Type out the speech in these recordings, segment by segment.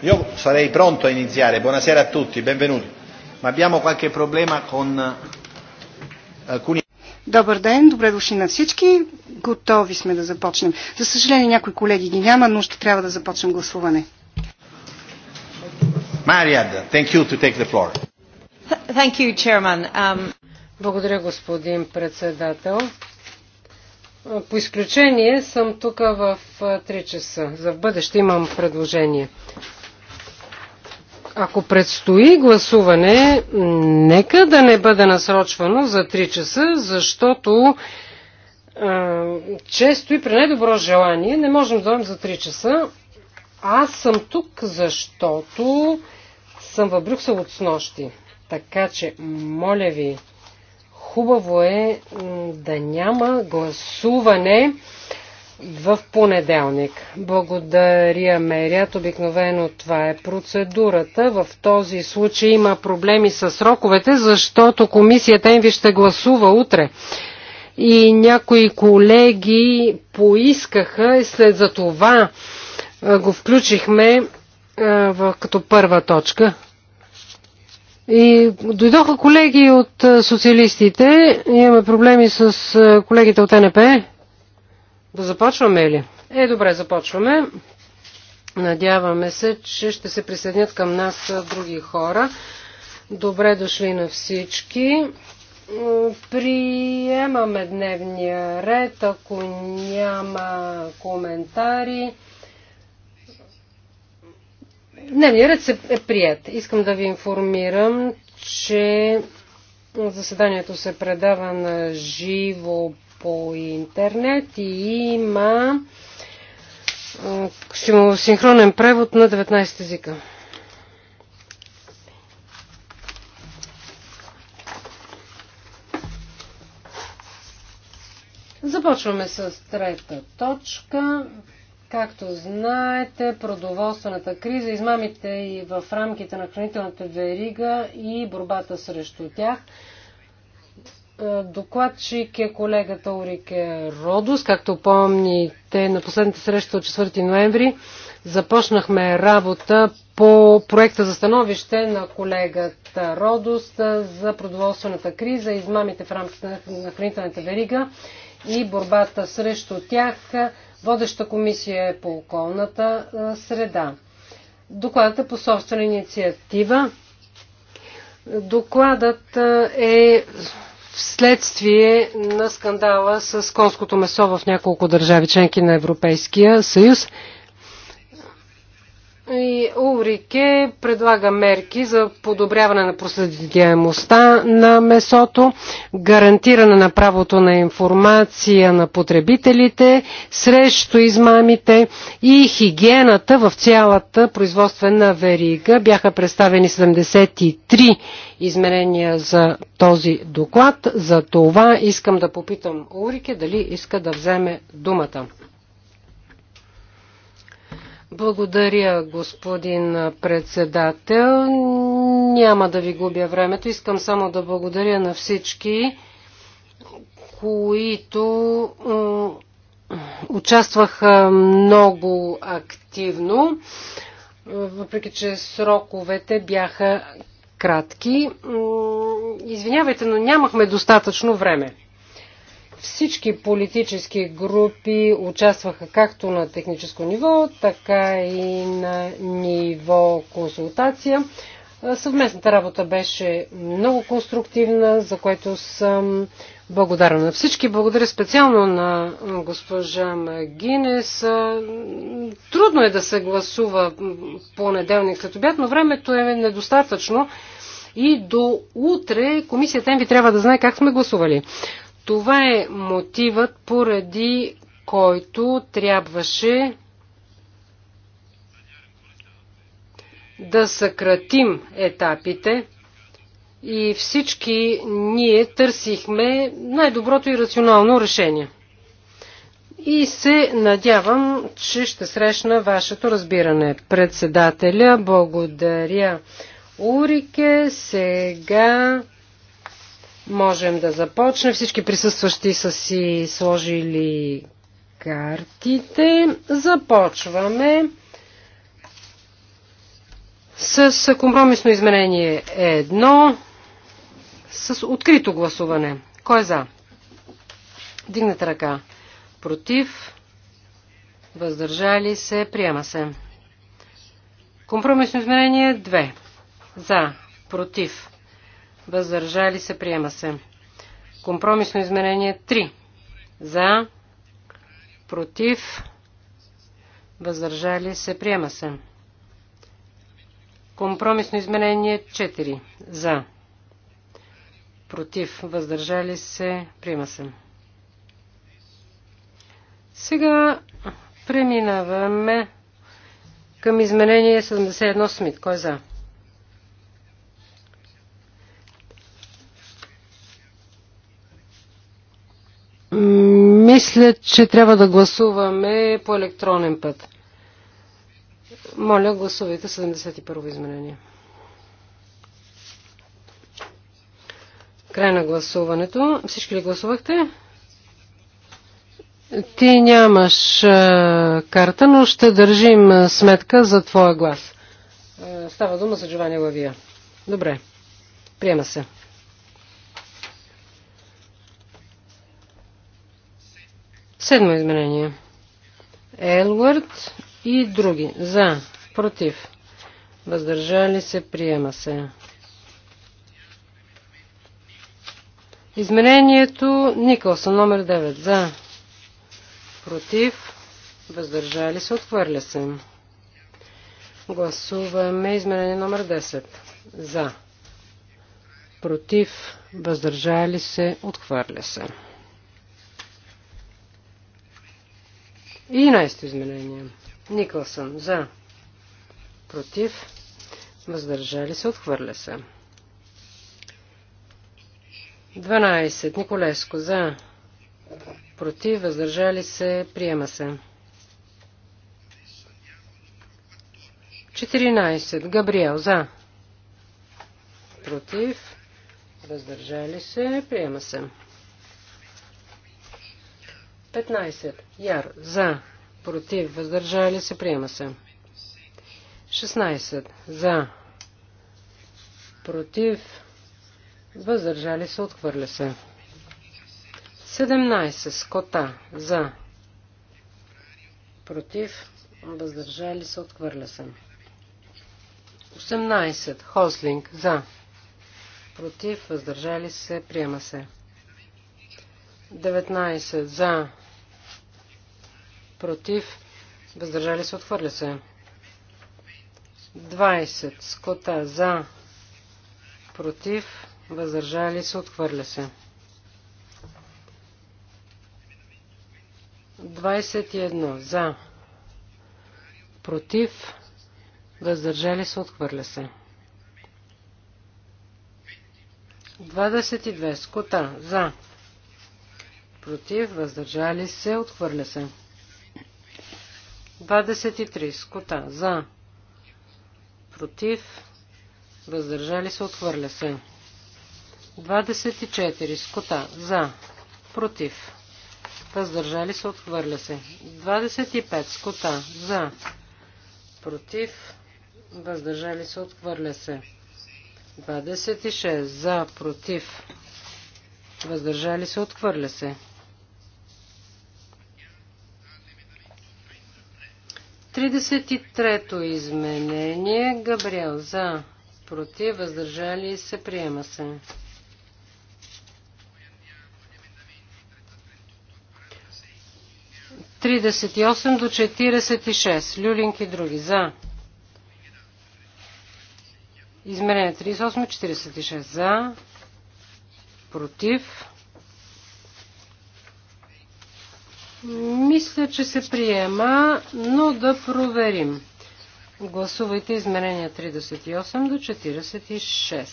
Io sarei pronto a iniziare. Buonasera a tutti, benvenuti. Ma abbiamo qualche problema con eh, alcuni. Добър ден, добре дошли на всички. Готови сме да започнем. За съжаление някои колеги ги няма, но ще трябва да започнем гласуване. Мариад, thank you to take the floor. Thank you, chairman. Um... Благодаря, господин председател. По изключение съм тук в 3 часа. За в бъдеще имам предложение. Ако предстои гласуване, нека да не бъде насрочвано за 3 часа, защото а, често и при най-добро желание не можем да дойдем за 3 часа. Аз съм тук, защото съм в Брюксел от снощи. Така че, моля ви, хубаво е да няма гласуване в понеделник. Благодаря, Мерят. Обикновено това е процедурата. В този случай има проблеми с сроковете, защото комисията им ви ще гласува утре. И някои колеги поискаха и след за това го включихме като първа точка. И дойдоха колеги от социалистите. Имаме проблеми с колегите от НП. Е. Да започваме ли? Е, добре, започваме. Надяваме се, че ще се присъединят към нас други хора. Добре дошли на всички. Приемаме дневния ред, ако няма коментари. Дневния ред се е прият. Искам да ви информирам, че заседанието се предава на живо по интернет и има синхронен превод на 19 езика. Започваме с трета точка. Както знаете, продоволствената криза, измамите и в рамките на хранителната верига и борбата срещу тях – Докладчик е колегата Орике Родос. Както помните, на последната среща от 4 ноември започнахме работа по проекта за становище на колегата Родос за продоволствената криза, измамите в рамките на хранителната верига и борбата срещу тях. Водеща комисия е по околната среда. Докладът е по собствена инициатива. Докладът е вследствие на скандала с конското месо в няколко държави членки на Европейския съюз. И Урике предлага мерки за подобряване на проследяемостта на месото, гарантиране на правото на информация на потребителите срещу измамите и хигиената в цялата производствена верига. Бяха представени 73 изменения за този доклад. За това искам да попитам Урике дали иска да вземе думата. Благодаря, господин председател. Няма да ви губя времето. Искам само да благодаря на всички, които участваха много активно, въпреки че сроковете бяха кратки. Извинявайте, но нямахме достатъчно време. Всички политически групи участваха както на техническо ниво, така и на ниво консултация. Съвместната работа беше много конструктивна, за което съм благодарна на всички. Благодаря специално на госпожа Магинес. Трудно е да се гласува понеделник след обяд, но времето е недостатъчно и до утре комисията ви трябва да знае как сме гласували. Това е мотивът, поради който трябваше да съкратим етапите и всички ние търсихме най-доброто и рационално решение. И се надявам, че ще срещна вашето разбиране. Председателя, благодаря. Урике, сега Можем да започнем. Всички присъстващи са си сложили картите. Започваме с компромисно изменение 1, с открито гласуване. Кой е за? Дигнете ръка. Против. Въздържали се. Приема се. Компромисно изменение 2. За. Против. Въздържали се. Приема се. Компромисно изменение 3. За. Против. Въздържали се. Приема се. Компромисно изменение 4. За. Против. Въздържали се. Приема се. Сега преминаваме към изменение 71 Смит. Кой е за? Мисля, че трябва да гласуваме по електронен път. Моля, гласувайте 71-во изменение. Край на гласуването. Всички ли гласувахте? Ти нямаш карта, но ще държим сметка за твоя глас. Става дума за Джованя Лавия. Добре. Приема се. Седмо изменение. Елвард и други. За. Против. Въздържали се. Приема се. Изменението Николсон номер 9. За. Против. Въздържали се. Отхвърля се. Гласуваме изменение номер 10. За. Против. Въздържали се. Отхвърля се. 11 изменение. Никълсън за. Против. Въздържали се. Отхвърля се. 12. Николеско за. Против. Въздържали се. Приема се. 14. Габриел за. Против. Въздържали се. Приема се. 15. Яр. За. Против. Въздържали се. Приема се. 16. За. Против. Въздържали се. Отхвърля се. 17. Скота. За. Против. Въздържали се. Отхвърля се. 18. Хослинг. За. Против. Въздържали се. Приема се. 19 за, против, въздържали се, отхвърля се. 20 скота за, против, въздържали се, отхвърля се. 21 за, против, въздържали се, отхвърля се. 22 скота за, против, въздържали се, отхвърля се. 23. Скота. За. Против. Въздържали се. Отхвърля се. 24. Скота. За. Против. Въздържали се. Отхвърля се. 25. Скота. За. Против. Въздържали се. Отхвърля се. 26. За. Против. Въздържали се. Отхвърля се. 33-то изменение. Габриел за. Против. Въздържали се. Приема се. Тридесет и осем до четиридесет и шест. Люлинки други. За. Измерение 38, 46. За. Против. Мисля, че се приема, но да проверим. Гласувайте изменения 38 до 46.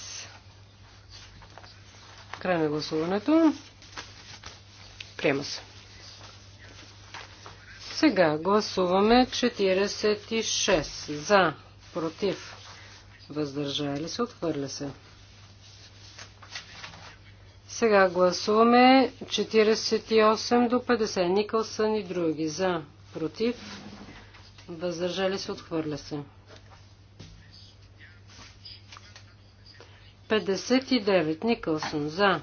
Край на гласуването. Приема се. Сега гласуваме 46 за, против, въздържали се, отхвърля се. Сега гласуваме 48 до 50. Никълсън и други. За, против, въздържали се, отхвърля се. 59. Никълсън. За.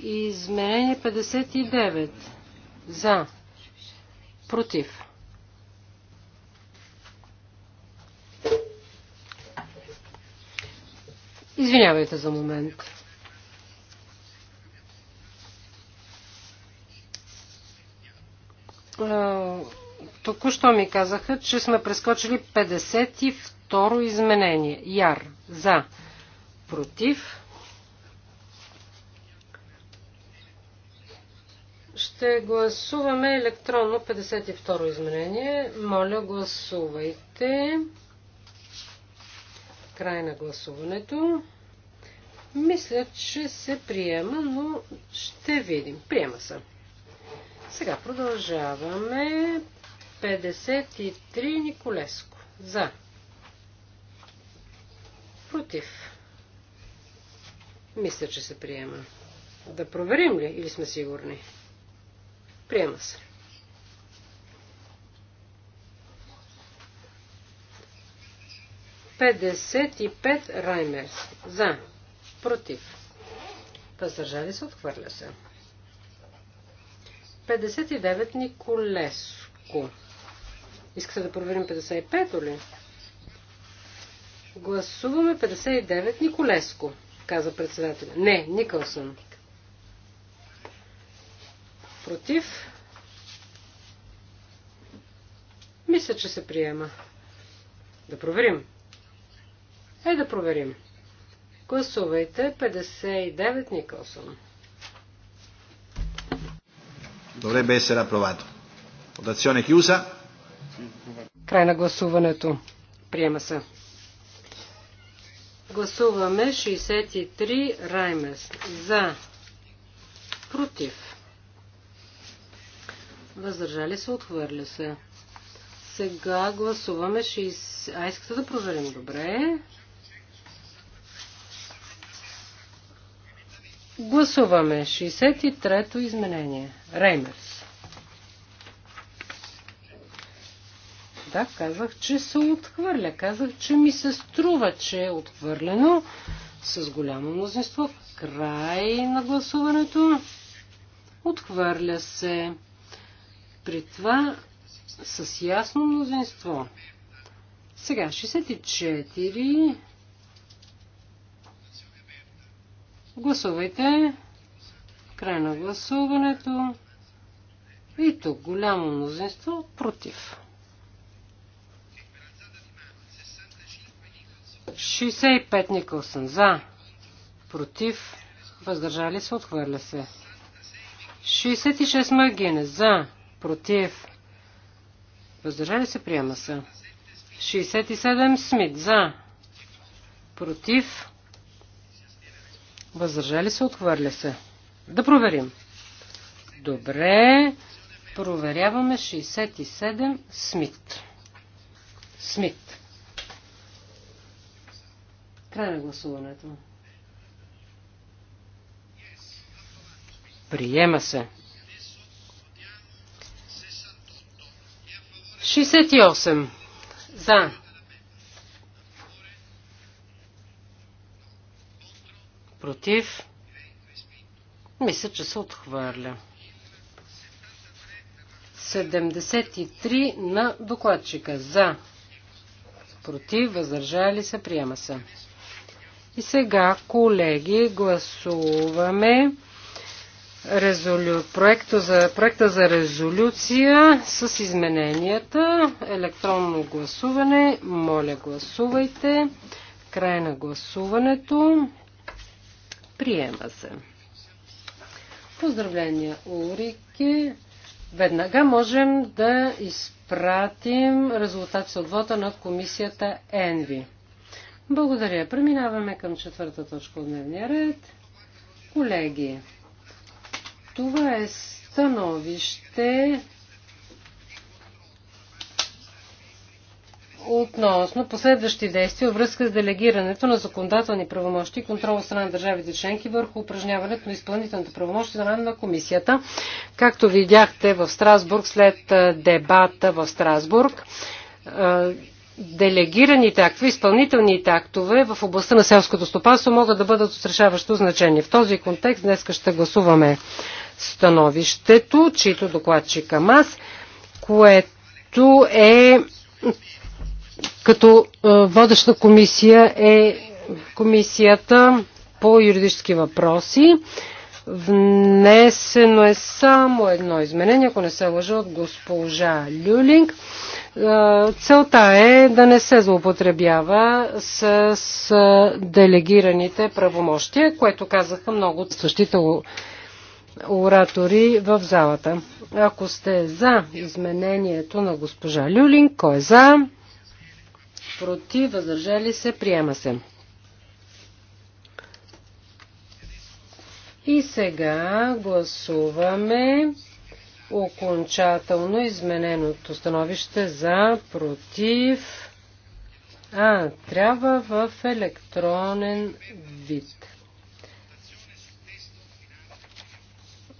Изменение 59. За. Против. Извинявайте за момент. Току-що ми казаха, че сме прескочили 52-ро изменение. Яр. За. Против. Ще гласуваме електронно 52-ро изменение. Моля, гласувайте. Гласувайте. Край на гласуването. Мисля, че се приема, но ще видим. Приема се. Сега продължаваме. 53 Николеско. За. Против. Мисля, че се приема. Да проверим ли или сме сигурни? Приема се. 55 Раймерс. За. Против. Въздържали се, отхвърля се. 59 Николеско. Искате да проверим 55 ли? Гласуваме 59 Николеско, каза председателя. Не, Никълсън. Против. Мисля, че се приема. Да проверим. Е да проверим. Гласувайте 59 Николсон. Dovrebbe се approvato. Votazione Хюса. Край на гласуването. Приема се. Гласуваме 63 Раймес. За. Против. Въздържали се, отхвърля се. Сега гласуваме 6... А искате да проверим добре. Гласуваме 63-то изменение. Реймерс. Да, казах, че се отхвърля. Казах, че ми се струва, че е отхвърлено с голямо мнозинство. Край на гласуването. Отхвърля се. При това с ясно мнозинство. Сега 64 Гласувайте. Край на гласуването. И тук голямо мнозинство против. 65 Николсън за. Против. Въздържали се. Отхвърля се. 66 Магине за. Против. Въздържали се. Приема се. 67 Смит за. Против ли се, отхвърля се. Да проверим. Добре. Проверяваме 67 Смит. Смит. Край на гласуването. Приема се. 68. За. Против. Мисля, че се отхвърля. 73 на докладчика. За. Против. Въздържали се. Приема се. И сега, колеги, гласуваме резолю... проекта, за... проекта за резолюция с измененията. Електронно гласуване. Моля, гласувайте. Край на гласуването. Приема се. Поздравления, Урике. Веднага можем да изпратим резултатите от вота на комисията ЕНВИ. Благодаря. Преминаваме към четвърта точка от дневния ред. Колеги, това е становище относно последващи действия във връзка с делегирането на законодателни правомощи и контрол от страна на държавите членки върху упражняването на изпълнителните правомощи на на комисията. Както видяхте в Страсбург след дебата в Страсбург, делегираните актове, изпълнителните актове в областта на селското стопанство могат да бъдат от решаващо значение. В този контекст днес ще гласуваме становището, чието към аз, което е като е, водеща комисия е комисията по юридически въпроси. Внесено е само едно изменение, ако не се лъжа, от госпожа Люлинг. Е, целта е да не се злоупотребява с, с делегираните правомощия, което казаха много от същите оратори в залата. Ако сте за изменението на госпожа Люлинг, кой е за? против, въздържали се, приема се. И сега гласуваме окончателно измененото становище за против. А, трябва в електронен вид.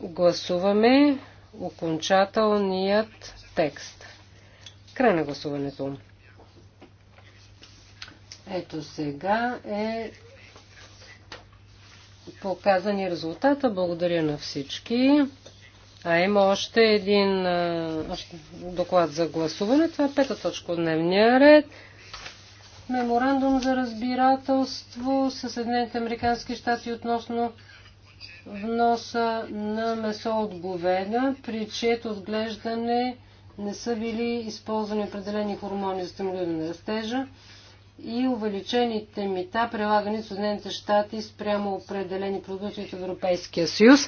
Гласуваме окончателният текст. Край на гласуването. Ето сега е показани резултата. Благодаря на всички. А има още един още доклад за гласуване. Това е пета точка от дневния ред. Меморандум за разбирателство с Съединените Американски щати относно вноса на месо от говеда, при чието отглеждане не са били използвани определени хормони за стимулиране на растежа и увеличените мита, прилагани в Съединените щати спрямо определени продукти от Европейския съюз.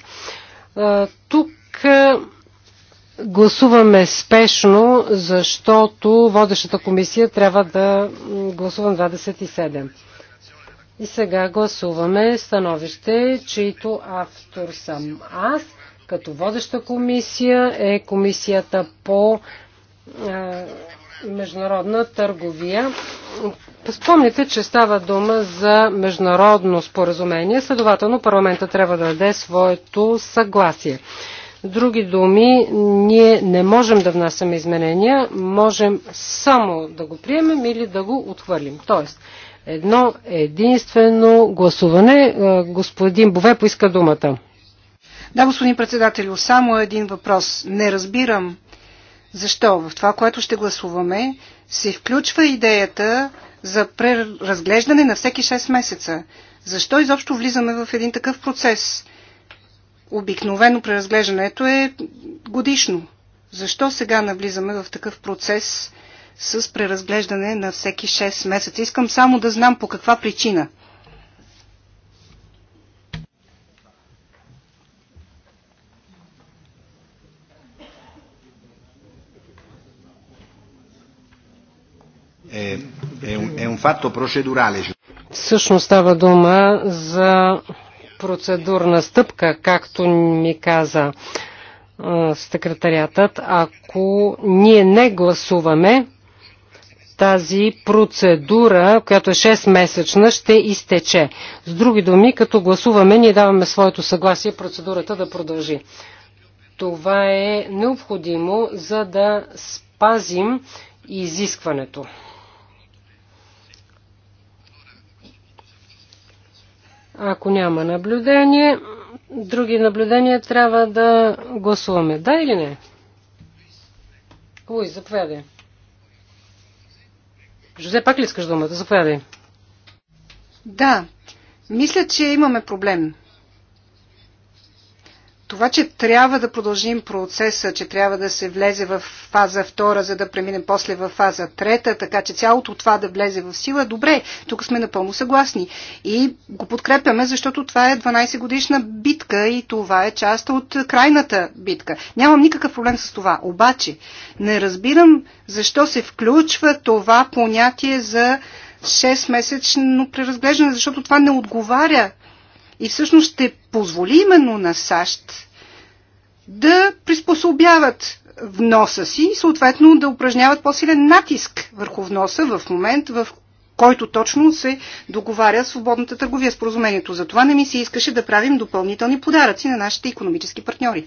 Тук гласуваме спешно, защото водещата комисия трябва да гласува 27. И сега гласуваме становище, чието автор съм аз. Като водеща комисия е комисията по международна търговия. Спомните, че става дума за международно споразумение, следователно парламента трябва да даде своето съгласие. Други думи, ние не можем да внасяме изменения, можем само да го приемем или да го отхвърлим. Тоест, едно единствено гласуване. Е, господин Бове поиска думата. Да, господин председател, само един въпрос. Не разбирам защо? В това, което ще гласуваме, се включва идеята за преразглеждане на всеки 6 месеца. Защо изобщо влизаме в един такъв процес? Обикновено преразглеждането е годишно. Защо сега навлизаме в такъв процес с преразглеждане на всеки 6 месеца? Искам само да знам по каква причина – е, е, е un fatto procedurale. Всъщност става дума за процедурна стъпка, както ми каза секретариатът. Ако ние не гласуваме, тази процедура, която е 6-месечна, ще изтече. С други думи, като гласуваме, ние даваме своето съгласие процедурата да продължи. Това е необходимо, за да спазим изискването. Ако няма наблюдение, други наблюдения трябва да гласуваме. Да или не? Луи, заповядай. Жозе, пак ли искаш думата? Заповядай. Да. Мисля, че имаме проблем това, че трябва да продължим процеса, че трябва да се влезе в фаза втора, за да преминем после в фаза трета, така че цялото това да влезе в сила, добре, тук сме напълно съгласни. И го подкрепяме, защото това е 12 годишна битка и това е част от крайната битка. Нямам никакъв проблем с това. Обаче, не разбирам защо се включва това понятие за 6-месечно преразглеждане, защото това не отговаря и всъщност ще позволи именно на САЩ да приспособяват вноса си и съответно да упражняват по-силен натиск върху вноса в момент, в който точно се договаря свободната търговия споразумението. Затова не ми се искаше да правим допълнителни подаръци на нашите економически партньори.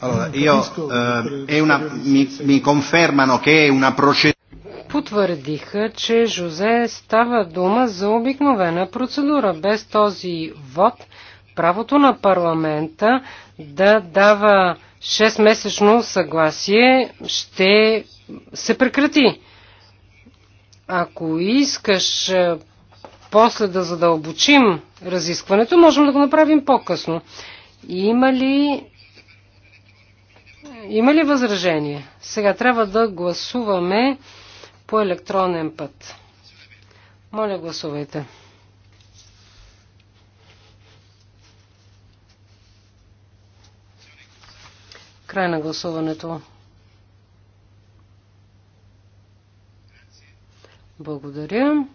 Allora, io, eh, è una, mi, mi confermano che è una procedura. Потвърдиха, че Жозе става дума за обикновена процедура. Без този вод правото на парламента да дава 6-месечно съгласие ще се прекрати. Ако искаш е, после да задълбочим разискването, можем да го направим по-късно. Има ли има ли възражение? Сега трябва да гласуваме по електронен път. Моля, гласувайте. Край на гласуването. Благодаря.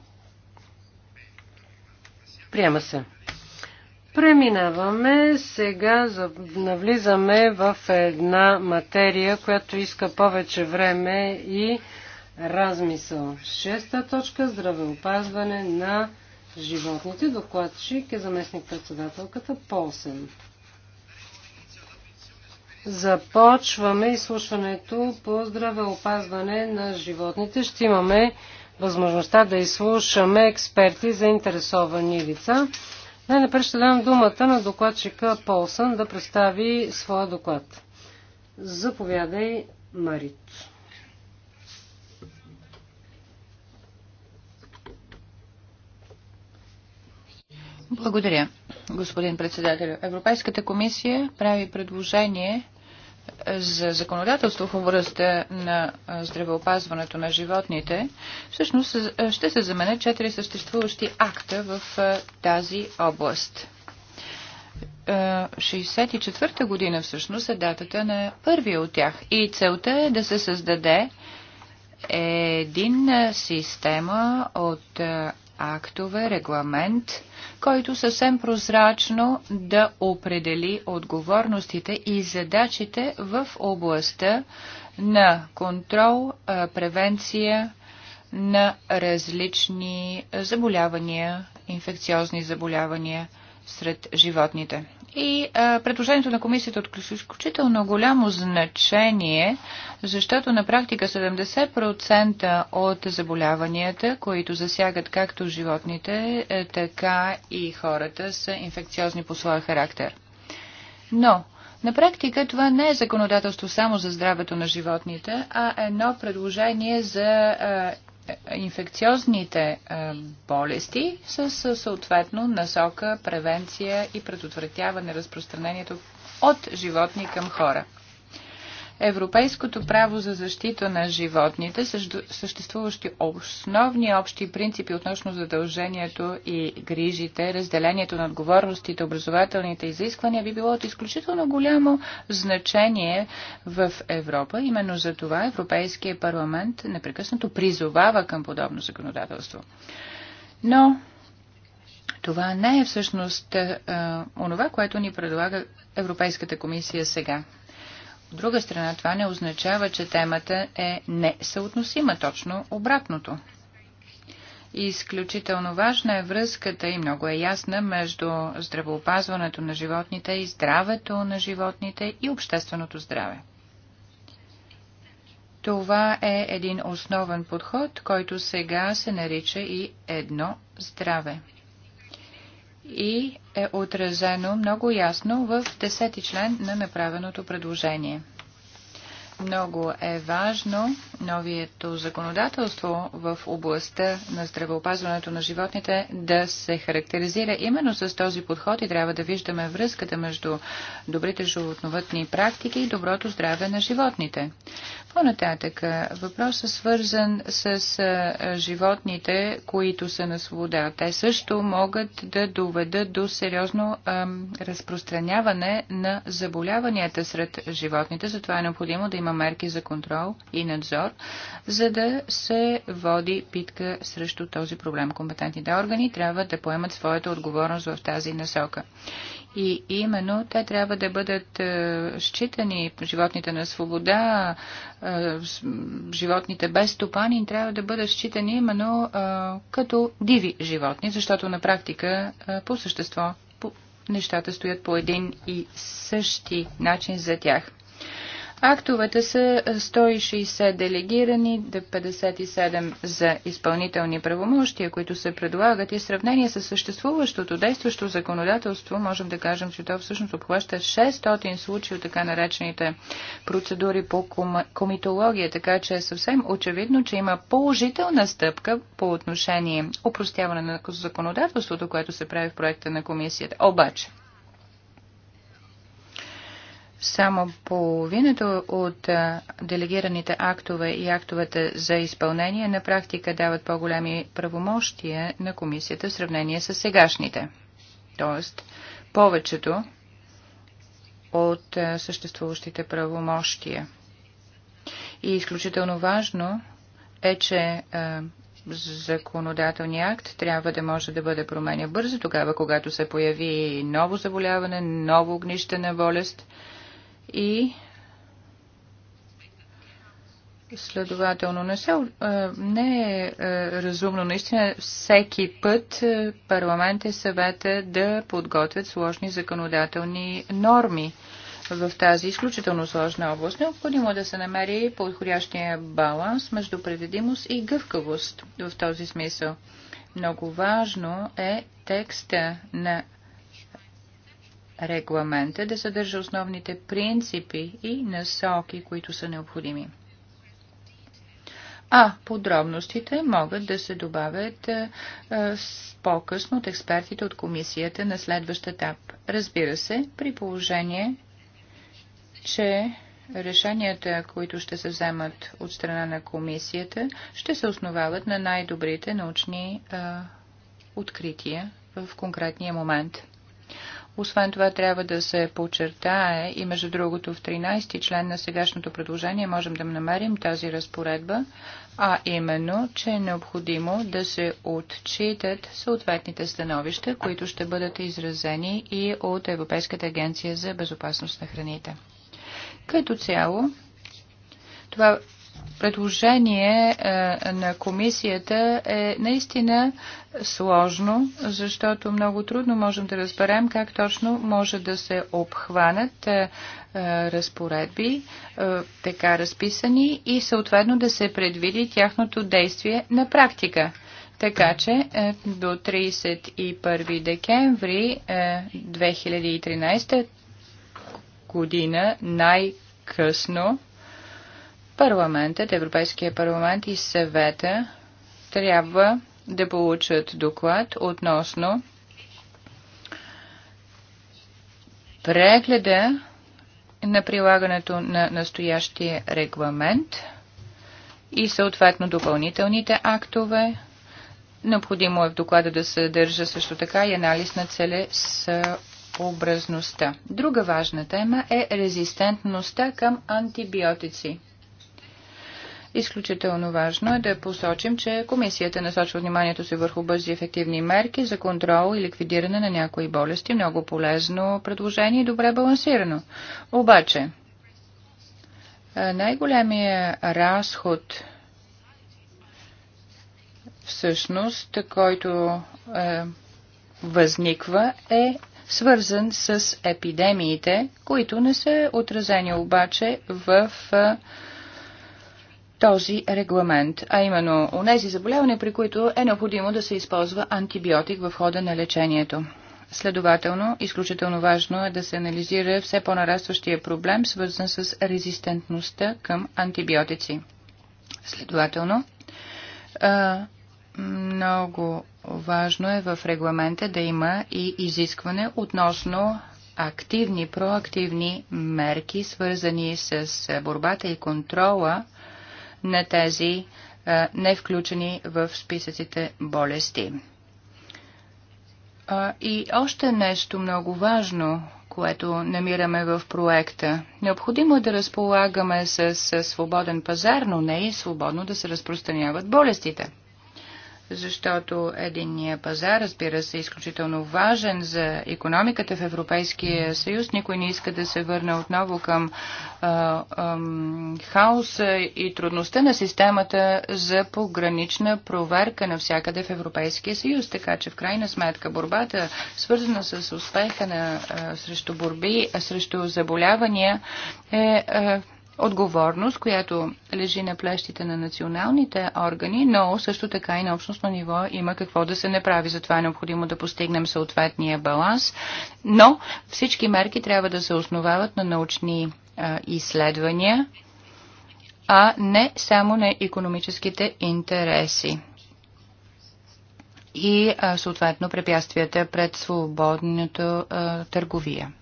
Приема се. Преминаваме сега, навлизаме в една материя, която иска повече време и размисъл. Шеста точка – здравеопазване на животните. Докладчик е заместник председателката Полсен. Започваме изслушването по здравеопазване на животните. Ще имаме възможността да изслушаме експерти за интересовани лица. Най-напред ще дам думата на докладчика Полсън да представи своя доклад. Заповядай, Марит. Благодаря, господин председател. Европейската комисия прави предложение за законодателство в областта на здравеопазването на животните, всъщност ще се заменят четири съществуващи акта в тази област. 64-та година всъщност е датата на първия от тях и целта е да се създаде един система от актове, регламент, който съвсем прозрачно да определи отговорностите и задачите в областта на контрол, превенция на различни заболявания, инфекциозни заболявания сред животните. И а, предложението на комисията е от изключително голямо значение, защото на практика 70% от заболяванията, които засягат както животните, е, така и хората, са инфекциозни по своя характер. Но на практика това не е законодателство само за здравето на животните, а едно предложение за а, инфекциозните е, болести с съответно насока превенция и предотвратяване разпространението от животни към хора европейското право за защита на животните, съществуващи основни общи принципи относно задължението и грижите, разделението на отговорностите, образователните изисквания, би било от изключително голямо значение в Европа. Именно за това Европейския парламент непрекъснато призовава към подобно законодателство. Но това не е всъщност а, онова, което ни предлага Европейската комисия сега друга страна, това не означава, че темата е несъотносима, точно обратното. Изключително важна е връзката и много е ясна между здравеопазването на животните и здравето на животните и общественото здраве. Това е един основен подход, който сега се нарича и едно здраве и е отразено много ясно в 10 член на направеното предложение. Много е важно новието законодателство в областта на здравеопазването на животните да се характеризира именно с този подход и трябва да виждаме връзката между добрите животновътни практики и доброто здраве на животните. По-нататък е, въпросът е свързан с е, животните, които са на свобода. Те също могат да доведат до сериозно разпространяване на заболяванията сред животните, затова е необходимо да има мерки за контрол и надзор, за да се води питка срещу този проблем. Компетентните органи трябва да поемат своята отговорност в тази насока. И именно те трябва да бъдат е, считани, животните на свобода, е, животните без стопани, трябва да бъдат считани именно е, като диви животни, защото на практика по същество нещата стоят по един и същи начин за тях. Актовете са 160 делегирани, 57 за изпълнителни правомощия, които се предлагат и в сравнение с съществуващото действащо законодателство, можем да кажем, че то всъщност обхваща 600 случаи от така наречените процедури по комитология, така че е съвсем очевидно, че има положителна стъпка по отношение упростяване на законодателството, което се прави в проекта на комисията. Обаче, само половината от делегираните актове и актовете за изпълнение на практика дават по-големи правомощия на комисията в сравнение с сегашните. Тоест, повечето от съществуващите правомощия. И изключително важно е, че законодателният акт трябва да може да бъде променя бързо, тогава когато се появи ново заболяване, ново огнище на болест – и Следователно, не, се, е, не е, е разумно наистина всеки път е, парламент и съвета да подготвят сложни законодателни норми в тази изключително сложна област. Необходимо да се намери подходящия баланс между предвидимост и гъвкавост в този смисъл. Много важно е текста на регламента да съдържа основните принципи и насоки, които са необходими. А подробностите могат да се добавят е, е, по-късно от експертите от комисията на следващ етап. Разбира се, при положение, че решенията, които ще се вземат от страна на комисията, ще се основават на най-добрите научни а, е, открития в конкретния момент. Освен това трябва да се подчертае и между другото в 13 ти член на сегашното предложение можем да намерим тази разпоредба, а именно, че е необходимо да се отчитат съответните становища, които ще бъдат изразени и от Европейската агенция за безопасност на храните. Като цяло, това предложение е, на комисията е наистина сложно, защото много трудно можем да разберем как точно може да се обхванат е, е, разпоредби, така разписани и съответно да се предвиди тяхното действие на практика. Така че до 31 декември 2013 година най-късно Парламентът, Европейския парламент и съвета трябва да получат доклад относно прегледа на прилагането на настоящия регламент и съответно допълнителните актове. Необходимо е в доклада да се държа също така и анализ на образността. Друга важна тема е резистентността към антибиотици. Изключително важно е да посочим, че комисията насочва вниманието си върху бързи ефективни мерки за контрол и ликвидиране на някои болести. Много полезно предложение и добре балансирано. Обаче, е, най-големия разход всъщност, който е, възниква, е свързан с епидемиите, които не са отразени обаче в е, този регламент, а именно онези заболявания, при които е необходимо да се използва антибиотик в хода на лечението. Следователно, изключително важно е да се анализира все по-нарастващия проблем, свързан с резистентността към антибиотици. Следователно, много важно е в регламента да има и изискване относно активни, проактивни мерки, свързани с борбата и контрола на тези не включени в списъците болести. И още нещо много важно, което намираме в проекта. Необходимо е да разполагаме с свободен пазар, но не и свободно да се разпространяват болестите защото единния пазар, разбира се, е изключително важен за економиката в Европейския съюз. Никой не иска да се върне отново към а, а, хаоса и трудността на системата за погранична проверка навсякъде в Европейския съюз. Така че в крайна сметка борбата, свързана с успеха на, а, срещу борби, а, срещу заболявания, е а, отговорност, която лежи на плещите на националните органи, но също така и на общностно ниво има какво да се направи. Затова е необходимо да постигнем съответния баланс. Но всички мерки трябва да се основават на научни а, изследвания, а не само на економическите интереси и а, съответно препятствията пред свободното а, търговия.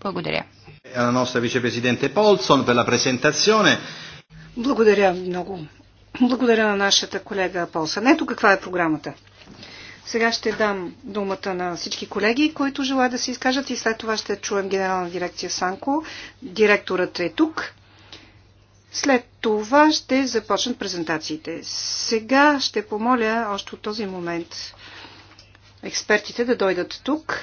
Благодаря. E Благодаря много. Благодаря на нашата колега Полсън. Ето каква е програмата. Сега ще дам думата на всички колеги, които желаят да се изкажат и след това ще чуем генерална дирекция Санко. Директорът е тук. След това ще започнат презентациите. Сега ще помоля още от този момент експертите да дойдат тук.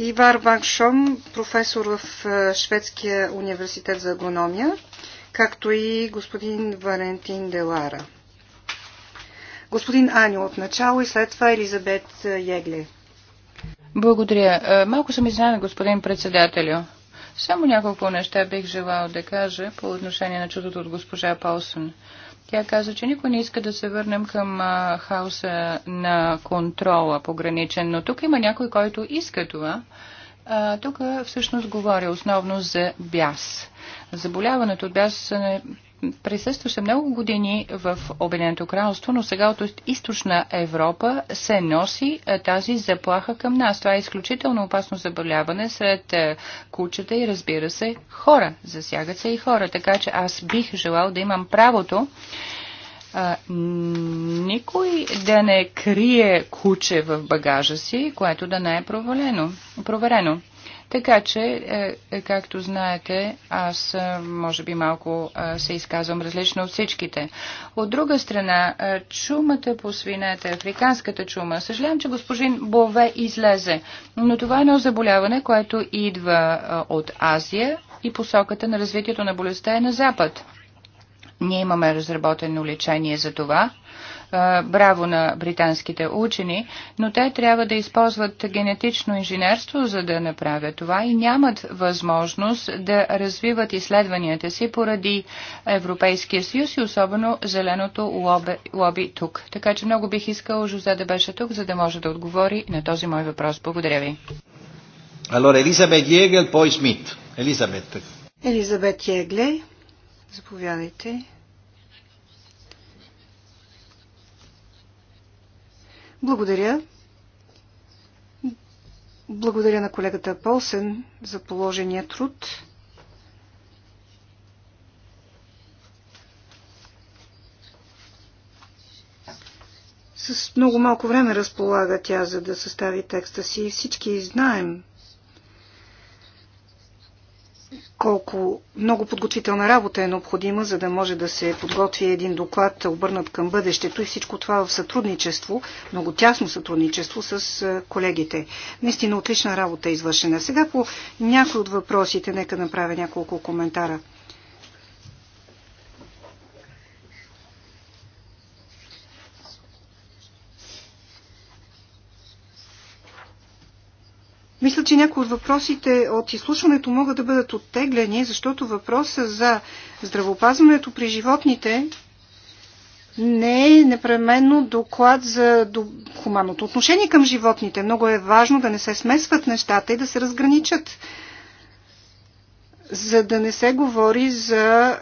Ивар Ваншом, професор в е, Шведския университет за агрономия, както и господин Валентин Делара. Господин Аню от начало и след това Елизабет е, Егле. Благодаря. Е, малко съм изненадан, господин председателю. Само няколко неща бих желал да кажа по отношение на чудото от госпожа Паусън. Тя каза, че никой не иска да се върнем към а, хаоса на контрола пограничен, но тук има някой, който иска това. А, тук всъщност говоря основно за бяс. Заболяването от бяс е присъстваше много години в Обединеното кралство, но сега от източна Европа се носи е, тази заплаха към нас. Това е изключително опасно заболяване сред е, кучета и разбира се хора. Засягат се и хора, така че аз бих желал да имам правото а, никой да не крие куче в багажа си, което да не е проверено. проверено. Така че, е, е, както знаете, аз е, може би малко се изказвам различно от всичките. От друга страна, чумата по свинете, африканската чума, съжалявам, че госпожин Бове излезе, но това е едно заболяване, което идва от Азия и посоката на развитието на болестта е на Запад. Ние имаме разработено лечение за това. Браво на британските учени, но те трябва да използват генетично инженерство, за да направят това и нямат възможност да развиват изследванията си поради Европейския съюз и особено зеленото лоби, лоби тук. Така че много бих искал Жозе да беше тук, за да може да отговори на този мой въпрос. Благодаря ви. Елизабет Elisabeth Jägel, poi Smith. Елизабет. Elisabeth Заповядайте. Благодаря. Благодаря на колегата Полсен за положения труд. С много малко време разполага тя, за да състави текста си. Всички знаем колко много подготвителна работа е необходима, за да може да се подготви един доклад, обърнат към бъдещето и всичко това в сътрудничество, много тясно сътрудничество с колегите. Наистина отлична работа е извършена. Сега по някои от въпросите, нека направя няколко коментара. Мисля, че някои от въпросите от изслушването могат да бъдат оттеглени, защото въпроса за здравопазването при животните не е непременно доклад за хуманното отношение към животните. Много е важно да не се смесват нещата и да се разграничат, за да не се говори за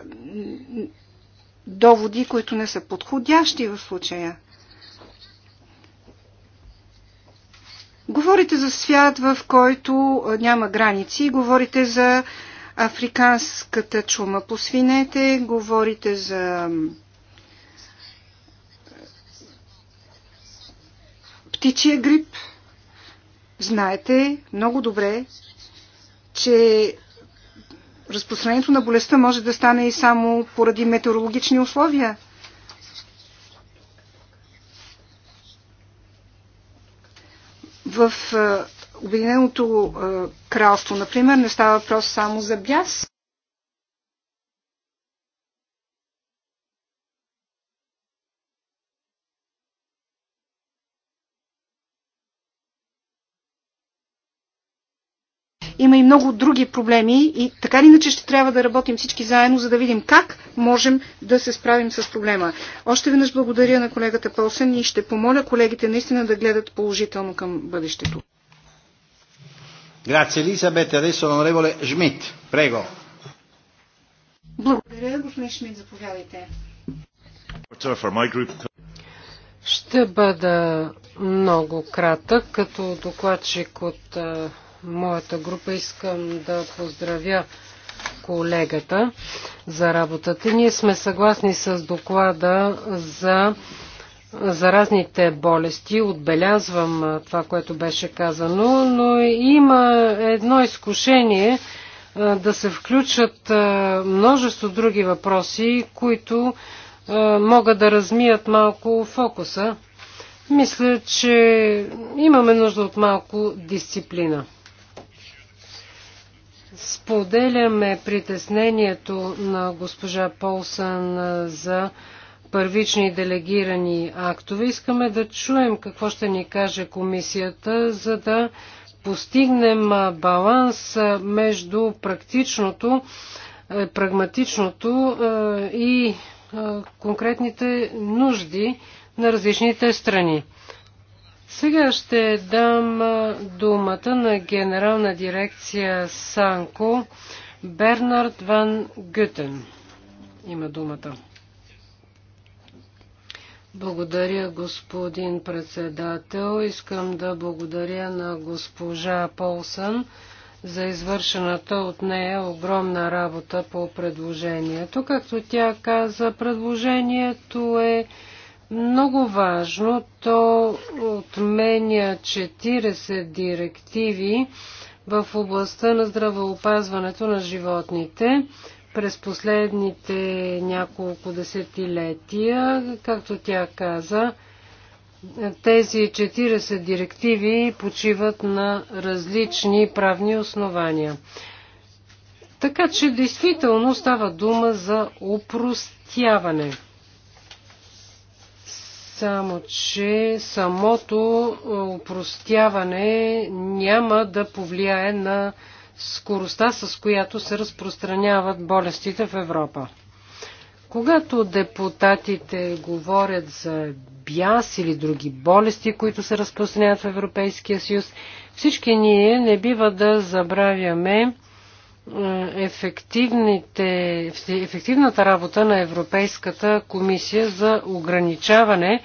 доводи, които не са подходящи в случая. Говорите за свят, в който няма граници, говорите за африканската чума по свинете, говорите за птичия грип. Знаете много добре, че разпространението на болестта може да стане и само поради метеорологични условия. в Обединеното кралство, например, не става въпрос само за бяс. Има и много други проблеми и така или иначе ще трябва да работим всички заедно, за да видим как можем да се справим с проблема. Още веднъж благодаря на колегата Полсен и ще помоля колегите наистина да гледат положително към бъдещето. Grazie Elisabeth. Adesso l'onorevole Schmidt. Prego. Благодаря, господин Шмидт, заповядайте. Ще бъда много кратък, като докладчик от моята група искам да поздравя колегата за работата. Ние сме съгласни с доклада за заразните болести. Отбелязвам това, което беше казано, но има едно изкушение да се включат множество други въпроси, които могат да размият малко фокуса. Мисля, че имаме нужда от малко дисциплина. Споделяме притеснението на госпожа Полсън за първични делегирани актове. Искаме да чуем какво ще ни каже комисията, за да постигнем баланс между практичното, е, прагматичното е, и е, конкретните нужди на различните страни. Сега ще дам думата на генерална дирекция Санко Бернард Ван Гютен. Има думата. Благодаря, господин председател. Искам да благодаря на госпожа Полсън за извършената от нея огромна работа по предложението. Както тя каза, предложението е много важно. То отменя 40 директиви в областта на здравеопазването на животните през последните няколко десетилетия. Както тя каза, тези 40 директиви почиват на различни правни основания. Така че действително става дума за упростяване. Само, че самото е, упростяване няма да повлияе на скоростта, с която се разпространяват болестите в Европа. Когато депутатите говорят за бяс или други болести, които се разпространяват в Европейския съюз, всички ние не бива да забравяме е, ефективната работа на Европейската комисия за ограничаване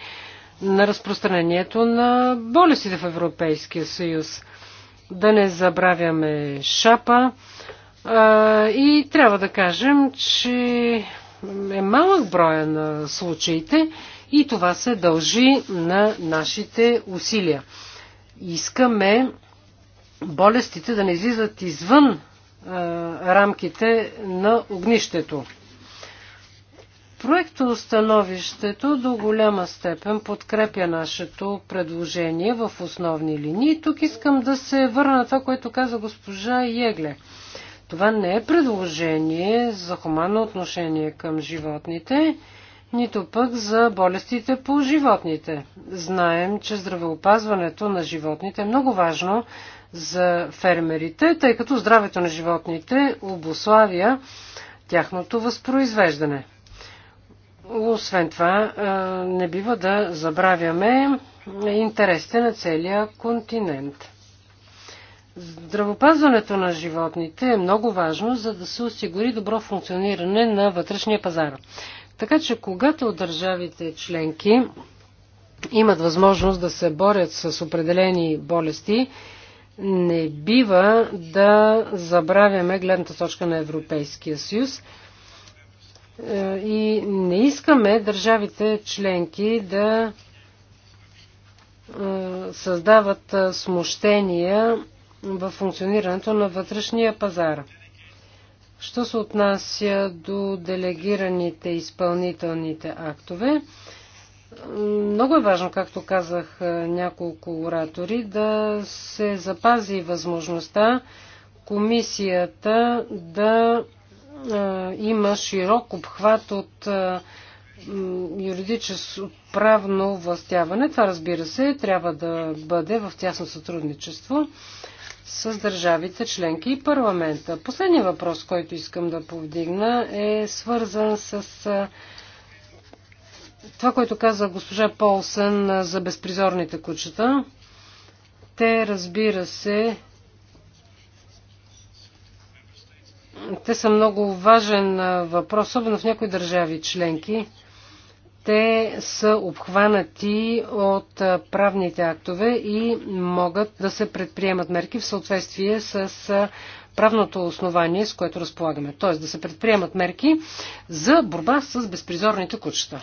на разпространението на болестите в Европейския съюз. Да не забравяме шапа. И трябва да кажем, че е малък броя на случаите и това се дължи на нашите усилия. Искаме болестите да не излизат извън рамките на огнището. Проектоустановището до голяма степен подкрепя нашето предложение в основни линии. Тук искам да се върна на това, което каза госпожа Егле. Това не е предложение за хуманно отношение към животните, нито пък за болестите по животните. Знаем, че здравеопазването на животните е много важно за фермерите, тъй като здравето на животните обославя тяхното възпроизвеждане. Освен това, не бива да забравяме интересите на целия континент. Здравопазването на животните е много важно, за да се осигури добро функциониране на вътрешния пазар. Така че, когато държавите членки имат възможност да се борят с определени болести, не бива да забравяме гледната точка на Европейския съюз е, и не искаме държавите членки да е, създават е, смущения в функционирането на вътрешния пазар. Що се отнася до делегираните изпълнителните актове, много е важно, както казах няколко оратори, да се запази възможността комисията да има широк обхват от юридическо правно властяване. Това, разбира се, трябва да бъде в тясно сътрудничество с държавите членки и парламента. Последният въпрос, който искам да повдигна, е свързан с това, което каза госпожа Полсън за безпризорните кучета, те, разбира се, те са много важен въпрос, особено в някои държави членки. Те са обхванати от правните актове и могат да се предприемат мерки в съответствие с правното основание, с което разполагаме. Т.е. да се предприемат мерки за борба с безпризорните кучета.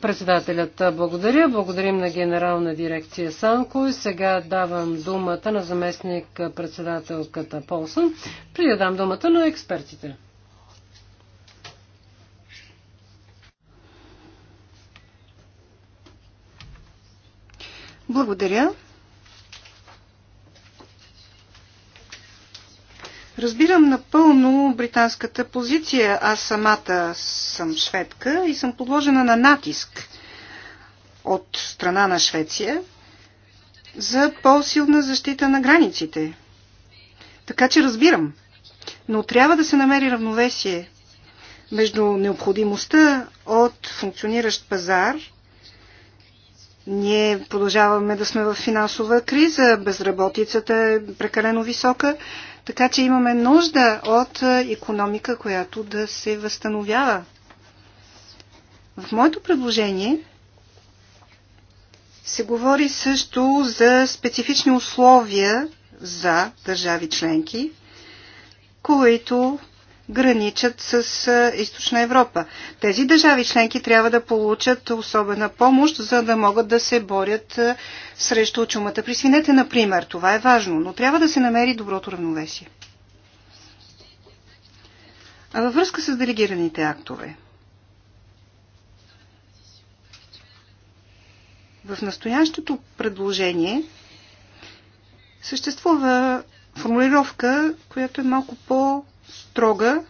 Председателят, благодаря. Благодарим на генерална дирекция Санко и сега давам думата на заместник председателката Полсън. Преди да дам думата на експертите. Благодаря. Разбирам напълно британската позиция. Аз самата съм шведка и съм подложена на натиск от страна на Швеция за по-силна защита на границите. Така че разбирам. Но трябва да се намери равновесие между необходимостта от функциониращ пазар – ние продължаваме да сме в финансова криза, безработицата е прекалено висока, така че имаме нужда от економика, която да се възстановява. В моето предложение се говори също за специфични условия за държави членки, които граничат с източна Европа. Тези държави членки трябва да получат особена помощ, за да могат да се борят срещу чумата при свинете, например. Това е важно, но трябва да се намери доброто равновесие. А във връзка с делегираните актове. В настоящото предложение съществува формулировка, която е малко по- строга,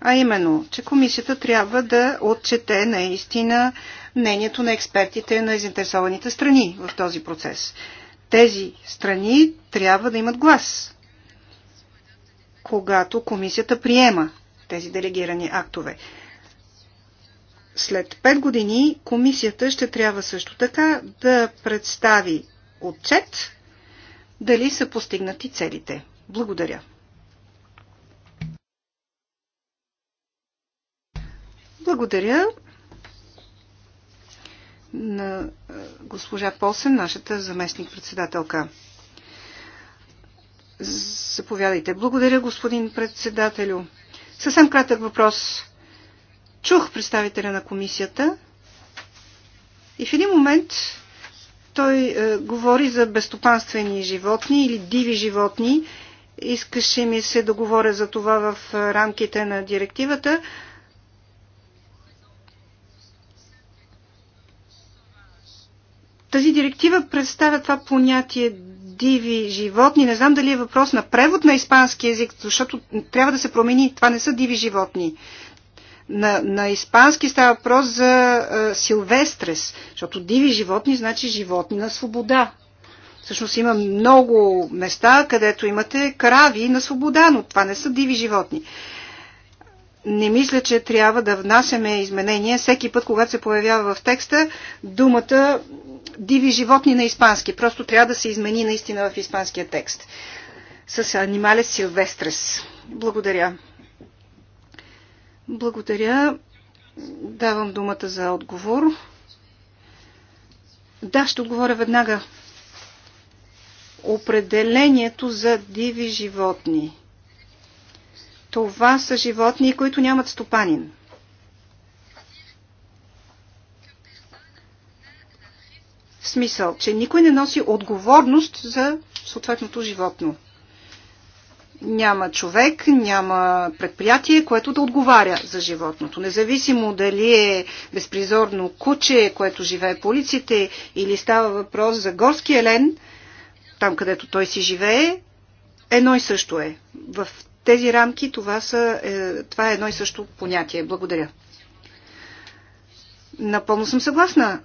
а именно, че комисията трябва да отчете наистина мнението на експертите на заинтересованите страни в този процес. Тези страни трябва да имат глас, когато комисията приема тези делегирани актове. След 5 години комисията ще трябва също така да представи отчет дали са постигнати целите. Благодаря. Благодаря на госпожа Полсен, нашата заместник-председателка. Заповядайте. Благодаря, господин председателю. Съвсем кратък въпрос. Чух представителя на комисията и в един момент той е, говори за безстопанствени животни или диви животни. Искаше ми се да говоря за това в рамките на директивата, Тази директива представя това понятие диви животни. Не знам дали е въпрос на превод на испански язик, защото трябва да се промени. Това не са диви животни. На, на испански става въпрос за а, силвестрес, защото диви животни значи животни на свобода. Всъщност има много места, където имате крави на свобода, но това не са диви животни не мисля, че трябва да внасяме изменения всеки път, когато се появява в текста думата диви животни на испански. Просто трябва да се измени наистина в испанския текст. С анимале силвестрес. Благодаря. Благодаря. Давам думата за отговор. Да, ще отговоря веднага. Определението за диви животни това са животни, които нямат стопанин. В смисъл, че никой не носи отговорност за съответното животно. Няма човек, няма предприятие, което да отговаря за животното. Независимо дали е безпризорно куче, което живее по улиците, или става въпрос за горски елен, там където той си живее, едно и също е. В тези рамки, това, са, е, това е едно и също понятие. Благодаря. Напълно съм съгласна.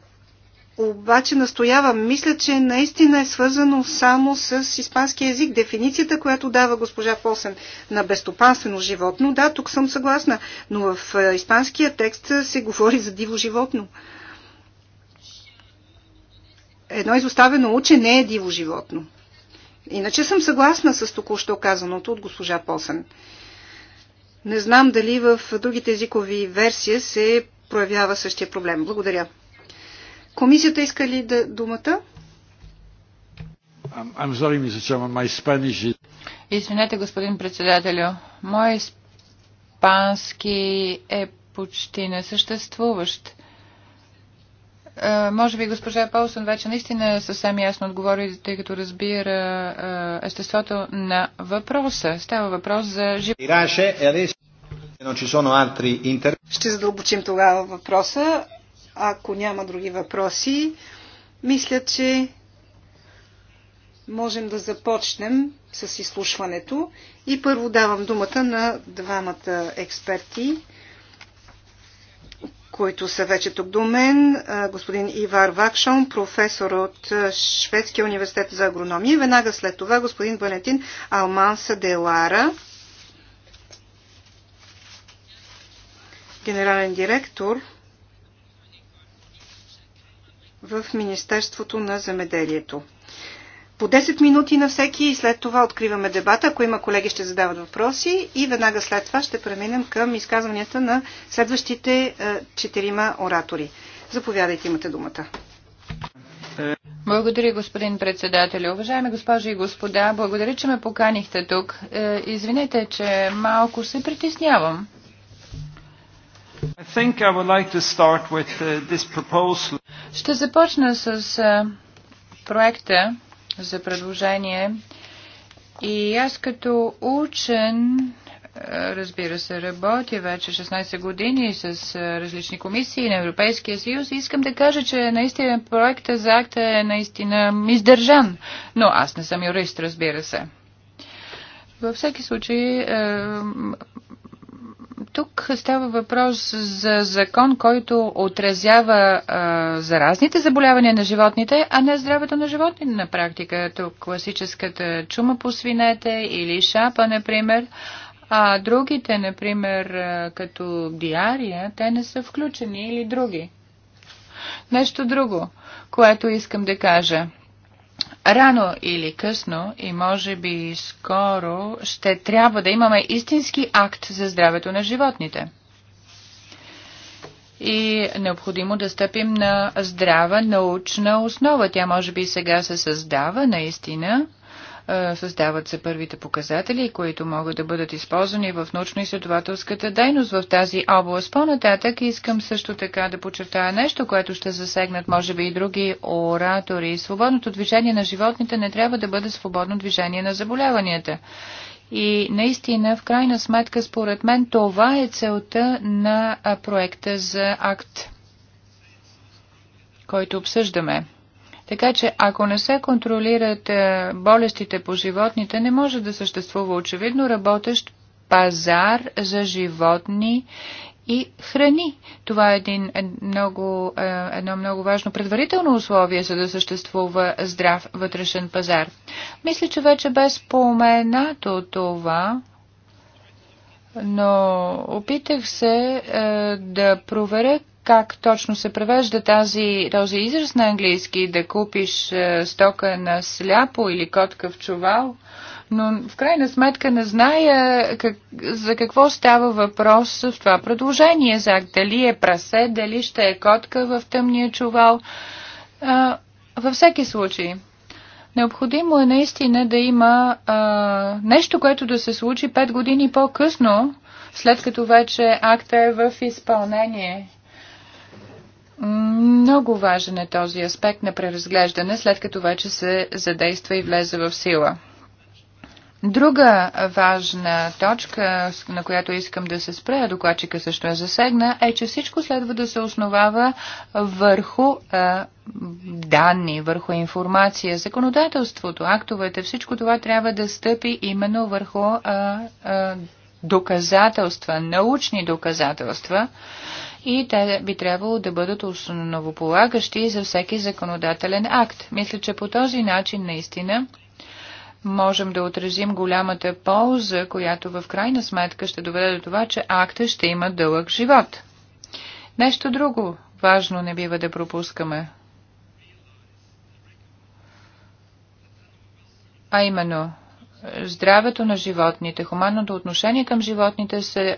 Обаче настоявам, мисля, че наистина е свързано само с испански язик. Дефиницията, която дава госпожа Фолсен на безстопанствено животно, да, тук съм съгласна, но в е, испанския текст се говори за диво животно. Едно изоставено уче не е диво животно. Иначе съм съгласна с току-що казаното от госпожа Посен. Не знам дали в другите езикови версии се проявява същия проблем. Благодаря. Комисията иска ли да думата? I'm sorry, Mr. Chairman, my Spanish is... Извинете, господин председателю. Мой испански е почти несъществуващ. Е, може би госпожа Полсън вече наистина съвсем ясно отговори, тъй като разбира е, естеството на въпроса. Става въпрос за живота. Е, Ще задълбочим тогава въпроса. Ако няма други въпроси, мисля, че можем да започнем с изслушването. И първо давам думата на двамата експерти които са вече тук до мен. Господин Ивар Вакшон, професор от Шведския университет за агрономия. веднага след това господин Валентин Алманса Делара, генерален директор в Министерството на земеделието по 10 минути на всеки и след това откриваме дебата. Ако има колеги, ще задават въпроси и веднага след това ще преминем към изказванията на следващите е, четирима оратори. Заповядайте, имате думата. Благодаря, господин председател. Уважаеми госпожи и господа, благодаря, че ме поканихте тук. Е, извинете, че малко се притеснявам. Uh, ще започна с е, проекта, за предложение. И аз като учен, разбира се, работя вече 16 години с различни комисии на Европейския съюз и искам да кажа, че наистина проекта за акта е наистина издържан. Но аз не съм юрист, разбира се. Във всеки случай, тук става въпрос за закон, който отразява а, заразните заболявания на животните, а не здравето на животните на практика. Тук класическата чума по свинете или шапа, например, а другите, например, като диария, те не са включени или други. Нещо друго, което искам да кажа рано или късно и може би скоро ще трябва да имаме истински акт за здравето на животните. И необходимо да стъпим на здрава научна основа. Тя може би сега се създава наистина е, създават се първите показатели, които могат да бъдат използвани в научно-изследователската дейност в тази област. По-нататък искам също така да подчертая нещо, което ще засегнат може би и други оратори. Свободното движение на животните не трябва да бъде свободно движение на заболяванията. И наистина, в крайна сметка, според мен, това е целта на проекта за акт, който обсъждаме. Така че ако не се контролират е, болестите по животните, не може да съществува очевидно работещ пазар за животни и храни. Това е един е, много, е, едно много важно предварително условие, за да съществува здрав вътрешен пазар. Мисля, че вече без споменато това, но опитах се е, да проверя как точно се превежда тази, този израз на английски, да купиш е, стока на сляпо или котка в чувал, но в крайна сметка не зная как, за какво става въпрос в това предложение, за дали е прасе, дали ще е котка в тъмния чувал. А, във всеки случай, необходимо е наистина да има а, нещо, което да се случи 5 години по късно след като вече акта е в изпълнение. Много важен е този аспект на преразглеждане, след като вече се задейства и влезе в сила. Друга важна точка, на която искам да се спрея, докладчика също е засегна, е, че всичко следва да се основава върху а, данни, върху информация. Законодателството, актовете, всичко това трябва да стъпи именно върху а, а, доказателства, научни доказателства и те би трябвало да бъдат основополагащи за всеки законодателен акт. Мисля, че по този начин наистина можем да отразим голямата полза, която в крайна сметка ще доведе до това, че акта ще има дълъг живот. Нещо друго важно не бива да пропускаме. А именно, здравето на животните, хуманното отношение към животните са е,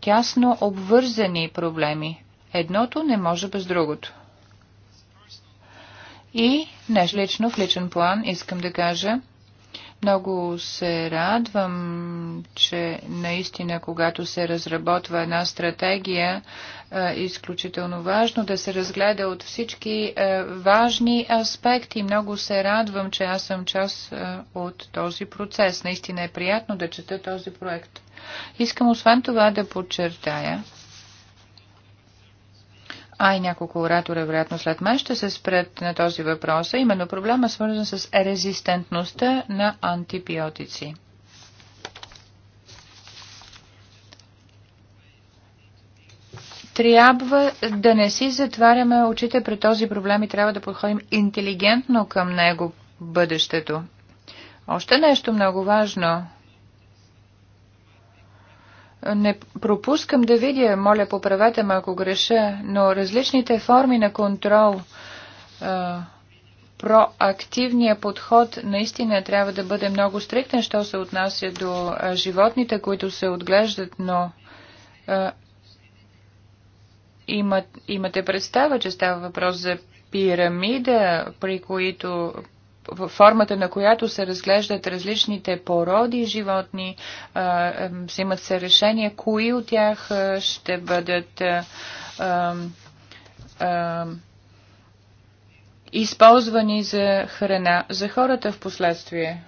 тясно обвързани проблеми. Едното не може без другото. И не лично в личен план искам да кажа, много се радвам, че наистина, когато се разработва една стратегия, е изключително важно да се разгледа от всички е, важни аспекти. Много се радвам, че аз съм част е, от този процес. Наистина е приятно да чета този проект. Искам освен това да подчертая, а и няколко оратора, вероятно след мен, ще се спрят на този въпрос, а именно проблема свързан с резистентността на антибиотици. трябва да не си затваряме очите пред този проблем и трябва да подходим интелигентно към него в бъдещето. Още нещо много важно не пропускам да видя, моля поправете ме ако греша, но различните форми на контрол, проактивния подход наистина трябва да бъде много стриктен, що се отнася до животните, които се отглеждат, но имате представа, че става въпрос за пирамида, при които формата на която се разглеждат различните породи животни, взимат се решения, кои от тях ще бъдат използвани за храна за хората в последствие.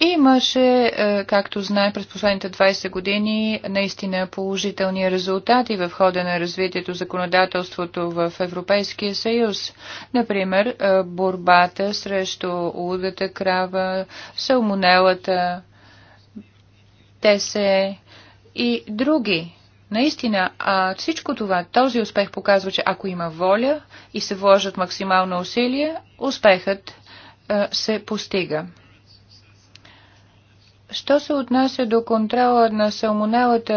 Имаше, е, както знаем, през последните 20 години наистина положителни резултати в хода на развитието законодателството в Европейския съюз. Например, е, борбата срещу лудата крава, салмонелата, тесе и други. Наистина, а всичко това, този успех показва, че ако има воля и се вложат максимално усилия, успехът е, се постига. Що се отнася до контрола на салмоналата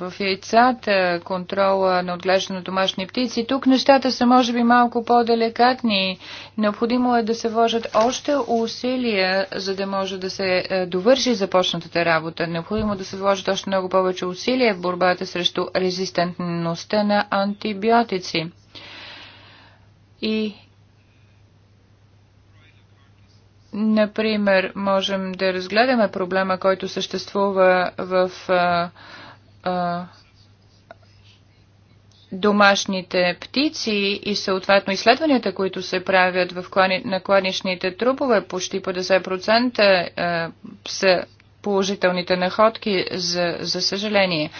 в яйцата, контрола на отглеждане на домашни птици, тук нещата са може би малко по-деликатни. Необходимо е да се вложат още усилия, за да може да се е, довърши започнатата работа. Необходимо да се вложат още много повече усилия в борбата срещу резистентността на антибиотици. И Например, можем да разгледаме проблема, който съществува в а, а, домашните птици и съответно изследванията, които се правят в клани, на кланичните трупове, почти 50% а, са положителните находки, за, за съжаление.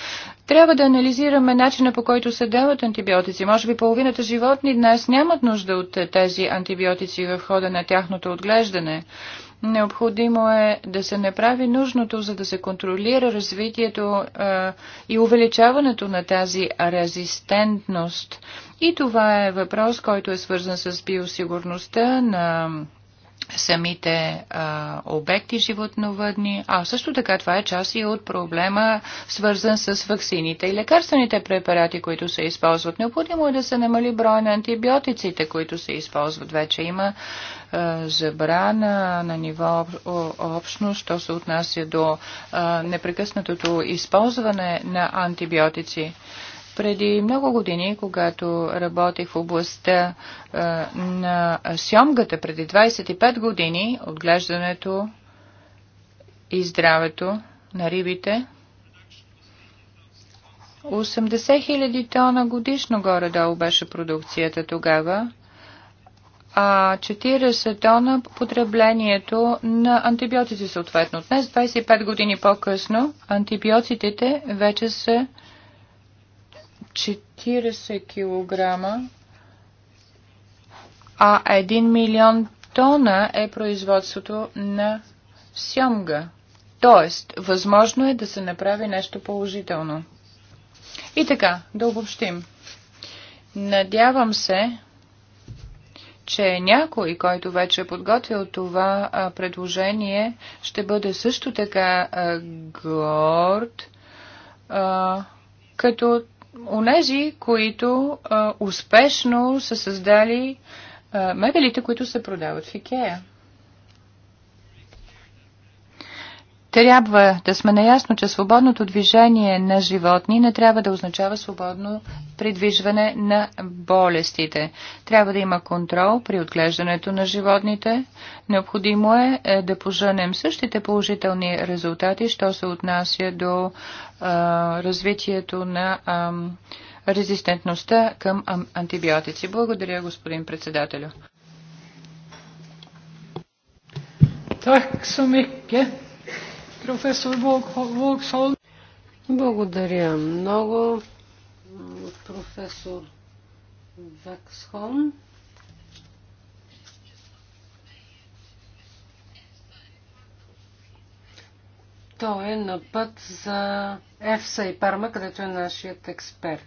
Трябва да анализираме начина по който се дават антибиотици. Може би половината животни днес нямат нужда от тези антибиотици в хода на тяхното отглеждане. Необходимо е да се направи нужното, за да се контролира развитието а, и увеличаването на тази резистентност. И това е въпрос, който е свързан с биосигурността на самите а, обекти животновъдни, а също така това е част и от проблема, свързан с ваксините и лекарствените препарати, които се използват. Необходимо е да се намали броя на антибиотиците, които се използват. Вече има а, забрана на ниво общност, що се отнася до а, непрекъснатото използване на антибиотици. А, преди много години, когато работих в областта а, е, на сьомгата, преди 25 години, отглеждането и здравето на рибите, 80 000 тона годишно горе-долу беше продукцията тогава, а 40 тона потреблението на антибиотици съответно. Днес, 25 години по-късно, антибиотиците вече са 40 кг, а 1 милион тона е производството на сьомга. Тоест, възможно е да се направи нещо положително. И така, да обобщим. Надявам се, че някой, който вече е подготвил това а, предложение, ще бъде също така а, горд, а, като онези, които а, успешно са създали а, мебелите, които се продават в Икея. Трябва да сме наясно, че свободното движение на животни не трябва да означава свободно придвижване на болестите. Трябва да има контрол при отглеждането на животните. Необходимо е, е да поженем същите положителни резултати, що се отнася до а, развитието на а, резистентността към антибиотици. Благодаря, господин председателю. Так, so mycket професор Волксхолм. Благодаря много, професор Ваксхолм. Той е на път за ЕФСА и Парма, където е нашият експерт.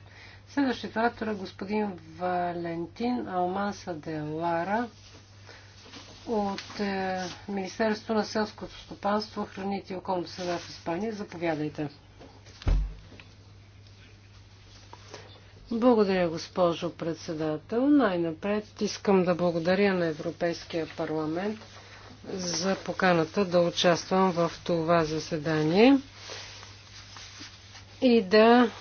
Следващият оратор е господин Валентин Алманса де Лара – от е, Министерството на селското стопанство, храните и околната среда в Испания. Заповядайте. Благодаря, госпожо председател. Най-напред искам да благодаря на Европейския парламент за поканата да участвам в това заседание и да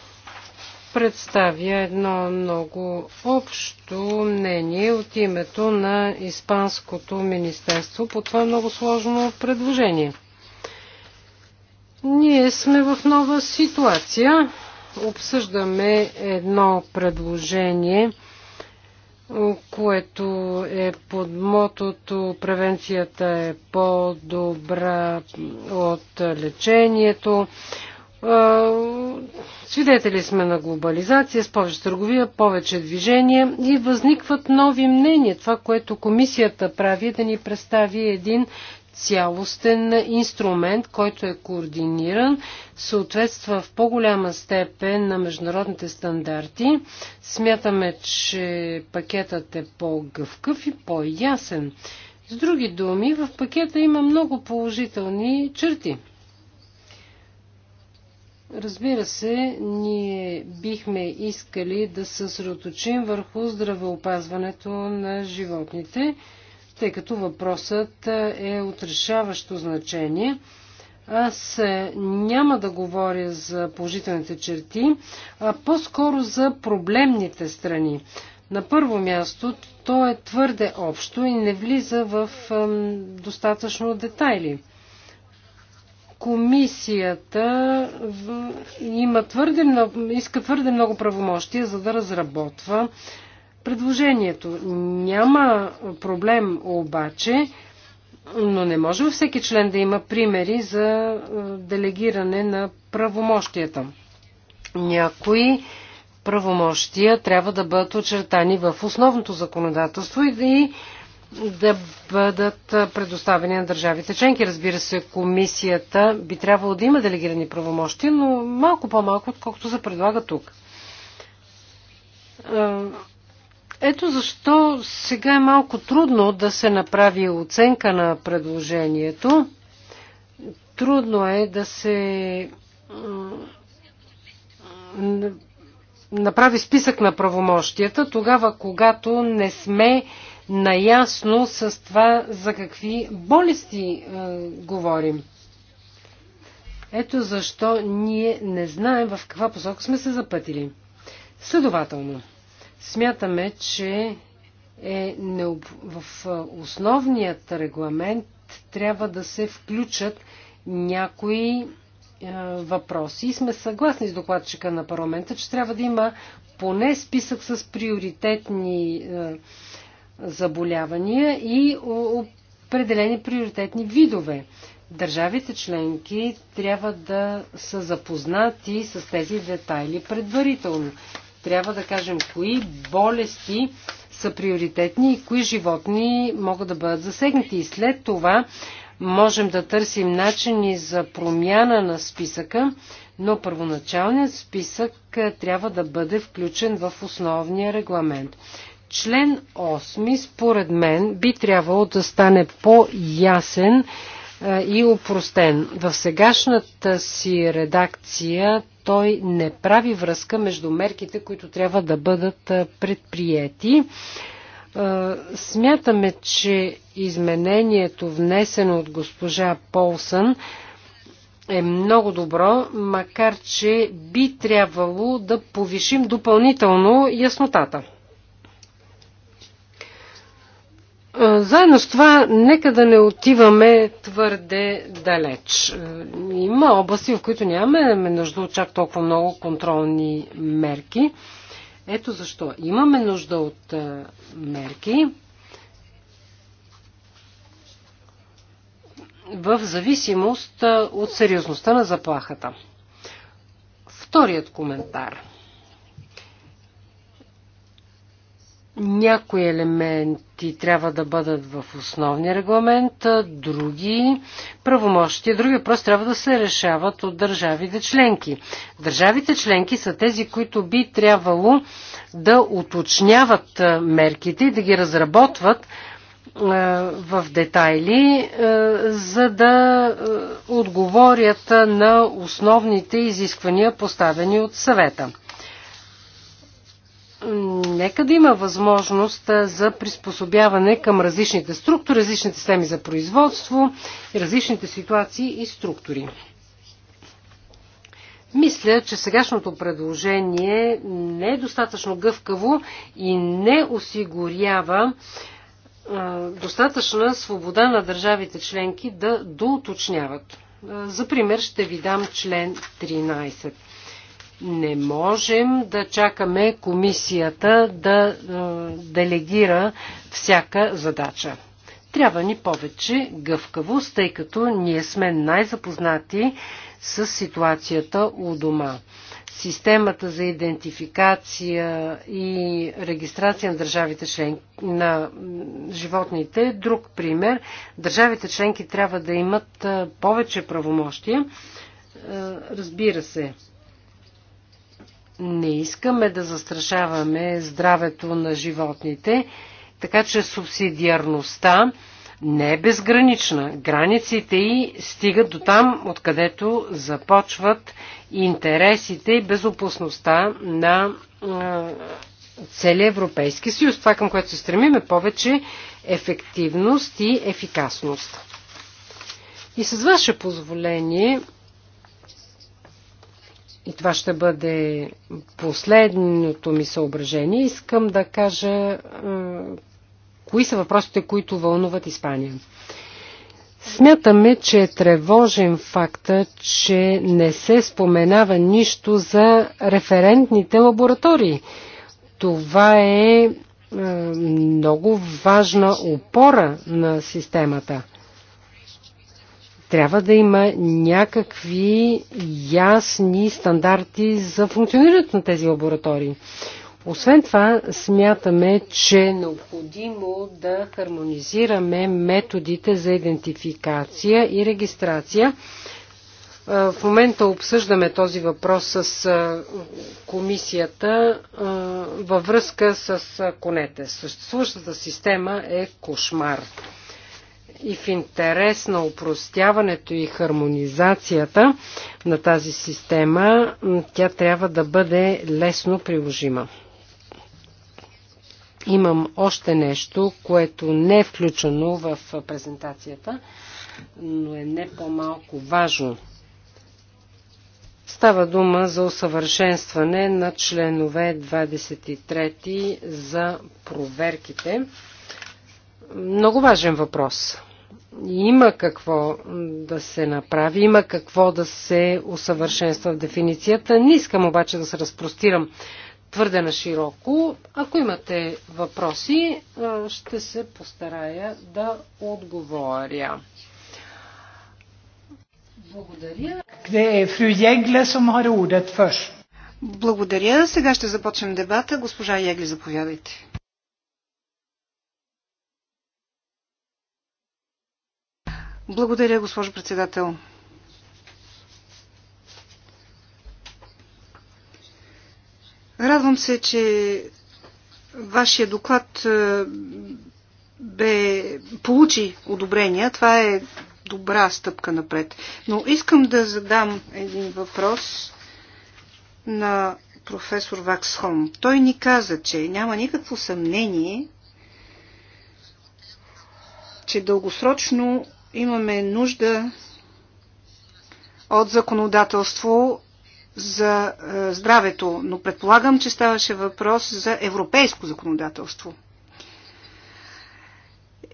представя едно много общо мнение от името на Испанското министерство по това много сложно предложение. Ние сме в нова ситуация. Обсъждаме едно предложение, което е под мотото превенцията е по-добра от лечението Свидетели сме на глобализация, с повече търговия, повече движение и възникват нови мнения. Това, което комисията прави е да ни представи един цялостен инструмент, който е координиран, съответства в по-голяма степен на международните стандарти. Смятаме, че пакетът е по-гъвкъв и по-ясен. С други думи, в пакета има много положителни черти. Разбира се, ние бихме искали да се съсредоточим върху здравеопазването на животните, тъй като въпросът е от решаващо значение. Аз е, няма да говоря за положителните черти, а по-скоро за проблемните страни. На първо място, то е твърде общо и не влиза в достатъчно детайли комисията има твърде много, иска твърде много правомощия, за да разработва предложението. Няма проблем обаче, но не може във всеки член да има примери за делегиране на правомощията. Някои правомощия трябва да бъдат очертани в основното законодателство и да бъдат предоставени на държавите членки. Разбира се, комисията би трябвало да има делегирани правомощи, но малко по-малко, отколкото се предлага тук. Ето защо сега е малко трудно да се направи оценка на предложението. Трудно е да се направи списък на правомощията, тогава когато не сме наясно с това за какви болести е, говорим. Ето защо ние не знаем в каква посока сме се запътили. Следователно, смятаме, че е необ... в е, основният регламент трябва да се включат някои е, въпроси. И сме съгласни с докладчика на парламента, че трябва да има поне списък с приоритетни е, заболявания и определени приоритетни видове. Държавите членки трябва да са запознати с тези детайли предварително. Трябва да кажем кои болести са приоритетни и кои животни могат да бъдат засегнати. И след това можем да търсим начини за промяна на списъка, но първоначалният списък е, трябва да бъде включен в основния регламент. Член 8, според мен, би трябвало да стане по-ясен е, и упростен. В сегашната си редакция той не прави връзка между мерките, които трябва да бъдат е, предприяти. Е, смятаме, че изменението, внесено от госпожа Полсън, е много добро, макар че би трябвало да повишим допълнително яснотата. Заедно с това, нека да не отиваме твърде далеч. Има области, в които нямаме нужда от чак толкова много контролни мерки. Ето защо имаме нужда от мерки в зависимост от сериозността на заплахата. Вторият коментар – Някои елементи трябва да бъдат в основния регламент, други правомощи, други въпроси трябва да се решават от държавите членки. Държавите членки са тези, които би трябвало да уточняват мерките и да ги разработват в детайли, за да отговорят на основните изисквания, поставени от съвета нека да има възможност за приспособяване към различните структури, различните системи за производство, различните ситуации и структури. Мисля, че сегашното предложение не е достатъчно гъвкаво и не осигурява достатъчна свобода на държавите членки да доуточняват. За пример ще ви дам член 13. Не можем да чакаме комисията да е, делегира всяка задача. Трябва ни повече гъвкавост, тъй като ние сме най-запознати с ситуацията у дома. Системата за идентификация и регистрация на държавите членки на животните е друг пример. Държавите членки трябва да имат е, повече правомощия. Е, разбира се, не искаме да застрашаваме здравето на животните, така че субсидиарността не е безгранична. Границите й стигат до там, откъдето започват интересите и безопасността на целия Европейски съюз. Това, към което се стремим е повече ефективност и ефикасност. И с ваше позволение и това ще бъде последното ми съображение, искам да кажа е, кои са въпросите, които вълнуват Испания. Смятаме, че е тревожен факта, че не се споменава нищо за референтните лаборатории. Това е, е много важна опора на системата. Трябва да има някакви ясни стандарти за функционирането на тези лаборатории. Освен това, смятаме, че е необходимо да хармонизираме методите за идентификация и регистрация. В момента обсъждаме този въпрос с комисията във връзка с конете. Съществуващата система е кошмар и в интерес на упростяването и хармонизацията на тази система, тя трябва да бъде лесно приложима. Имам още нещо, което не е включено в презентацията, но е не по-малко важно. Става дума за усъвършенстване на членове 23 за проверките. Много важен въпрос има какво да се направи, има какво да се усъвършенства в дефиницията. Не искам обаче да се разпростирам твърде на широко. Ако имате въпроси, ще се постарая да отговоря. Благодаря. Er Благодаря. Сега ще започнем дебата. Госпожа Егли, заповядайте. Благодаря, госпожо председател. Радвам се, че вашия доклад е, бе, получи одобрения. Това е добра стъпка напред. Но искам да задам един въпрос на професор Ваксхом. Той ни каза, че няма никакво съмнение, че дългосрочно имаме нужда от законодателство за е, здравето, но предполагам, че ставаше въпрос за европейско законодателство.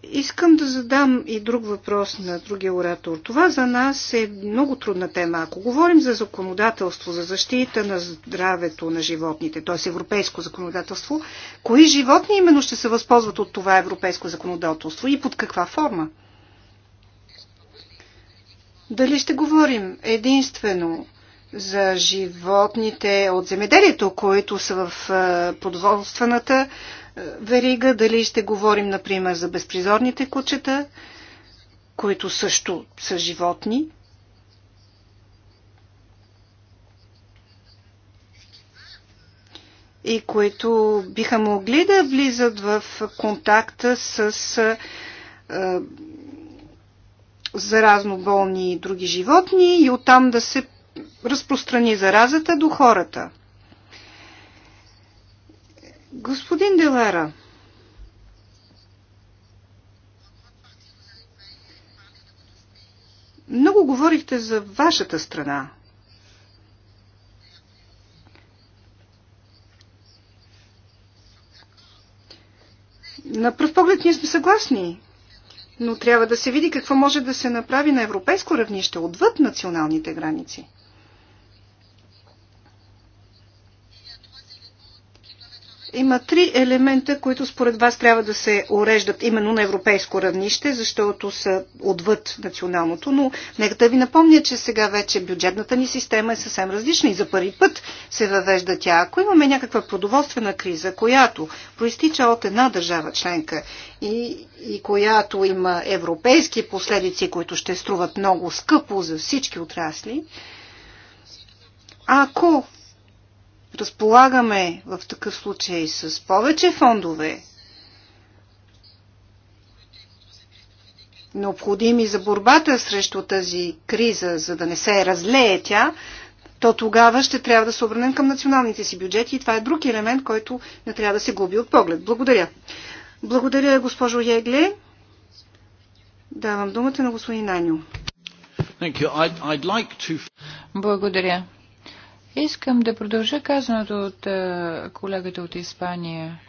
Искам да задам и друг въпрос на другия оратор. Това за нас е много трудна тема. Ако говорим за законодателство, за защита на здравето на животните, т.е. европейско законодателство, кои животни именно ще се възползват от това европейско законодателство и под каква форма? Дали ще говорим единствено за животните от земеделието, които са в подволствената верига, дали ще говорим, например, за безпризорните кучета, които също са животни. И които биха могли да влизат в контакта с заразно болни и други животни и оттам да се разпространи заразата до хората. Господин Делера, много говорихте за вашата страна. На пръв поглед ние сме съгласни но трябва да се види какво може да се направи на европейско равнище, отвъд националните граници. Има три елемента, които според вас трябва да се уреждат именно на европейско равнище, защото са отвъд националното, но нека да ви напомня, че сега вече бюджетната ни система е съвсем различна и за първи път се въвежда тя. Ако имаме някаква продоволствена криза, която проистича от една държава членка и, и която има европейски последици, които ще струват много скъпо за всички отрасли, ако разполагаме в такъв случай с повече фондове, необходими за борбата срещу тази криза, за да не се разлее тя, то тогава ще трябва да се обърнем към националните си бюджети и това е друг елемент, който не трябва да се губи от поглед. Благодаря. Благодаря, госпожо Егле. Давам думата на господин Аню. Благодаря. Искам да продължа казаното от е, колегата от Испания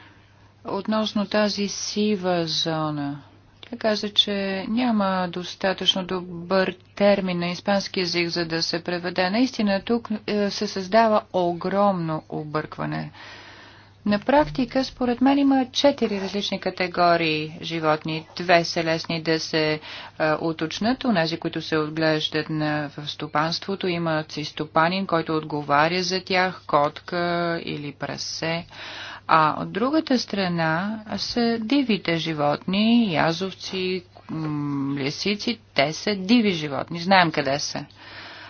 относно тази сива зона. Тя каза, че няма достатъчно добър термин на испански язик, за да се преведе. Наистина тук е, се създава огромно объркване. На практика, според мен, има четири различни категории животни. Две са лесни да се а, е, уточнат. Унези, които се отглеждат на, в стопанството, имат си стопанин, който отговаря за тях, котка или прасе. А от другата страна са дивите животни, язовци, лисици. Те са диви животни. Знаем къде са.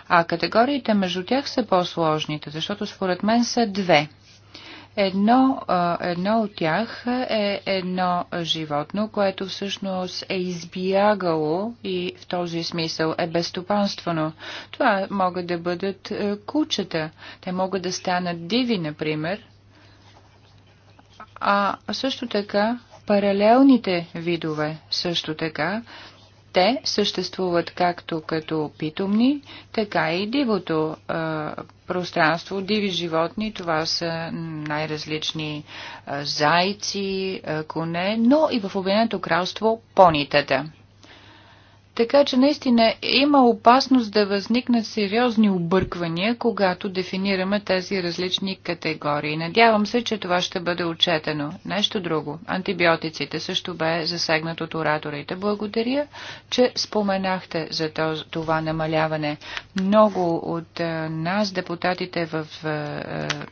А категориите между тях са по-сложните, защото според мен са две – Едно, едно от тях е едно животно, което всъщност е избягало и в този смисъл е безстопанствено. Това могат да бъдат е, кучета. Те могат да станат диви, например. А също така паралелните видове също така те съществуват както като питомни, така и дивото е, пространство, диви животни. Това са най-различни е, зайци, е, коне, но и в Обединеното кралство понитата. Така че наистина има опасност да възникнат сериозни обърквания, когато дефинираме тези различни категории. Надявам се, че това ще бъде отчетено. Нещо друго. Антибиотиците също бе засегнат от ораторите. Благодаря, че споменахте за това намаляване. Много от нас, депутатите в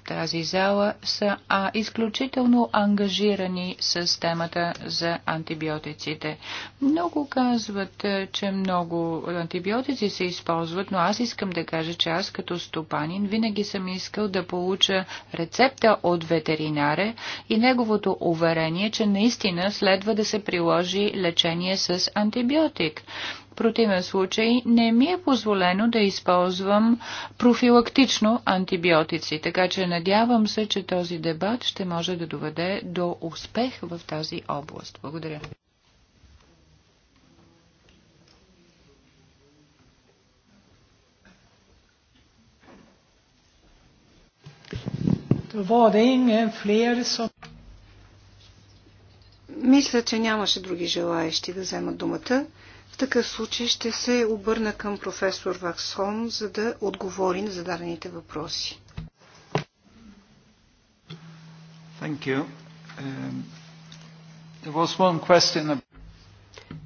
тази зала, са а, изключително ангажирани с темата за антибиотиците. Много казват, че много антибиотици се използват, но аз искам да кажа, че аз като стопанин винаги съм искал да получа рецепта от ветеринаре и неговото уверение, че наистина следва да се приложи лечение с антибиотик В противен случай не ми е позволено да използвам профилактично антибиотици. Така че надявам се, че този дебат ще може да доведе до успех в тази област. Благодаря. Var det ingen fler som... Мисля, че нямаше други желаящи да вземат думата. В такъв случай ще се обърна към професор Ваксхолм, за да отговори на зададените въпроси. Um,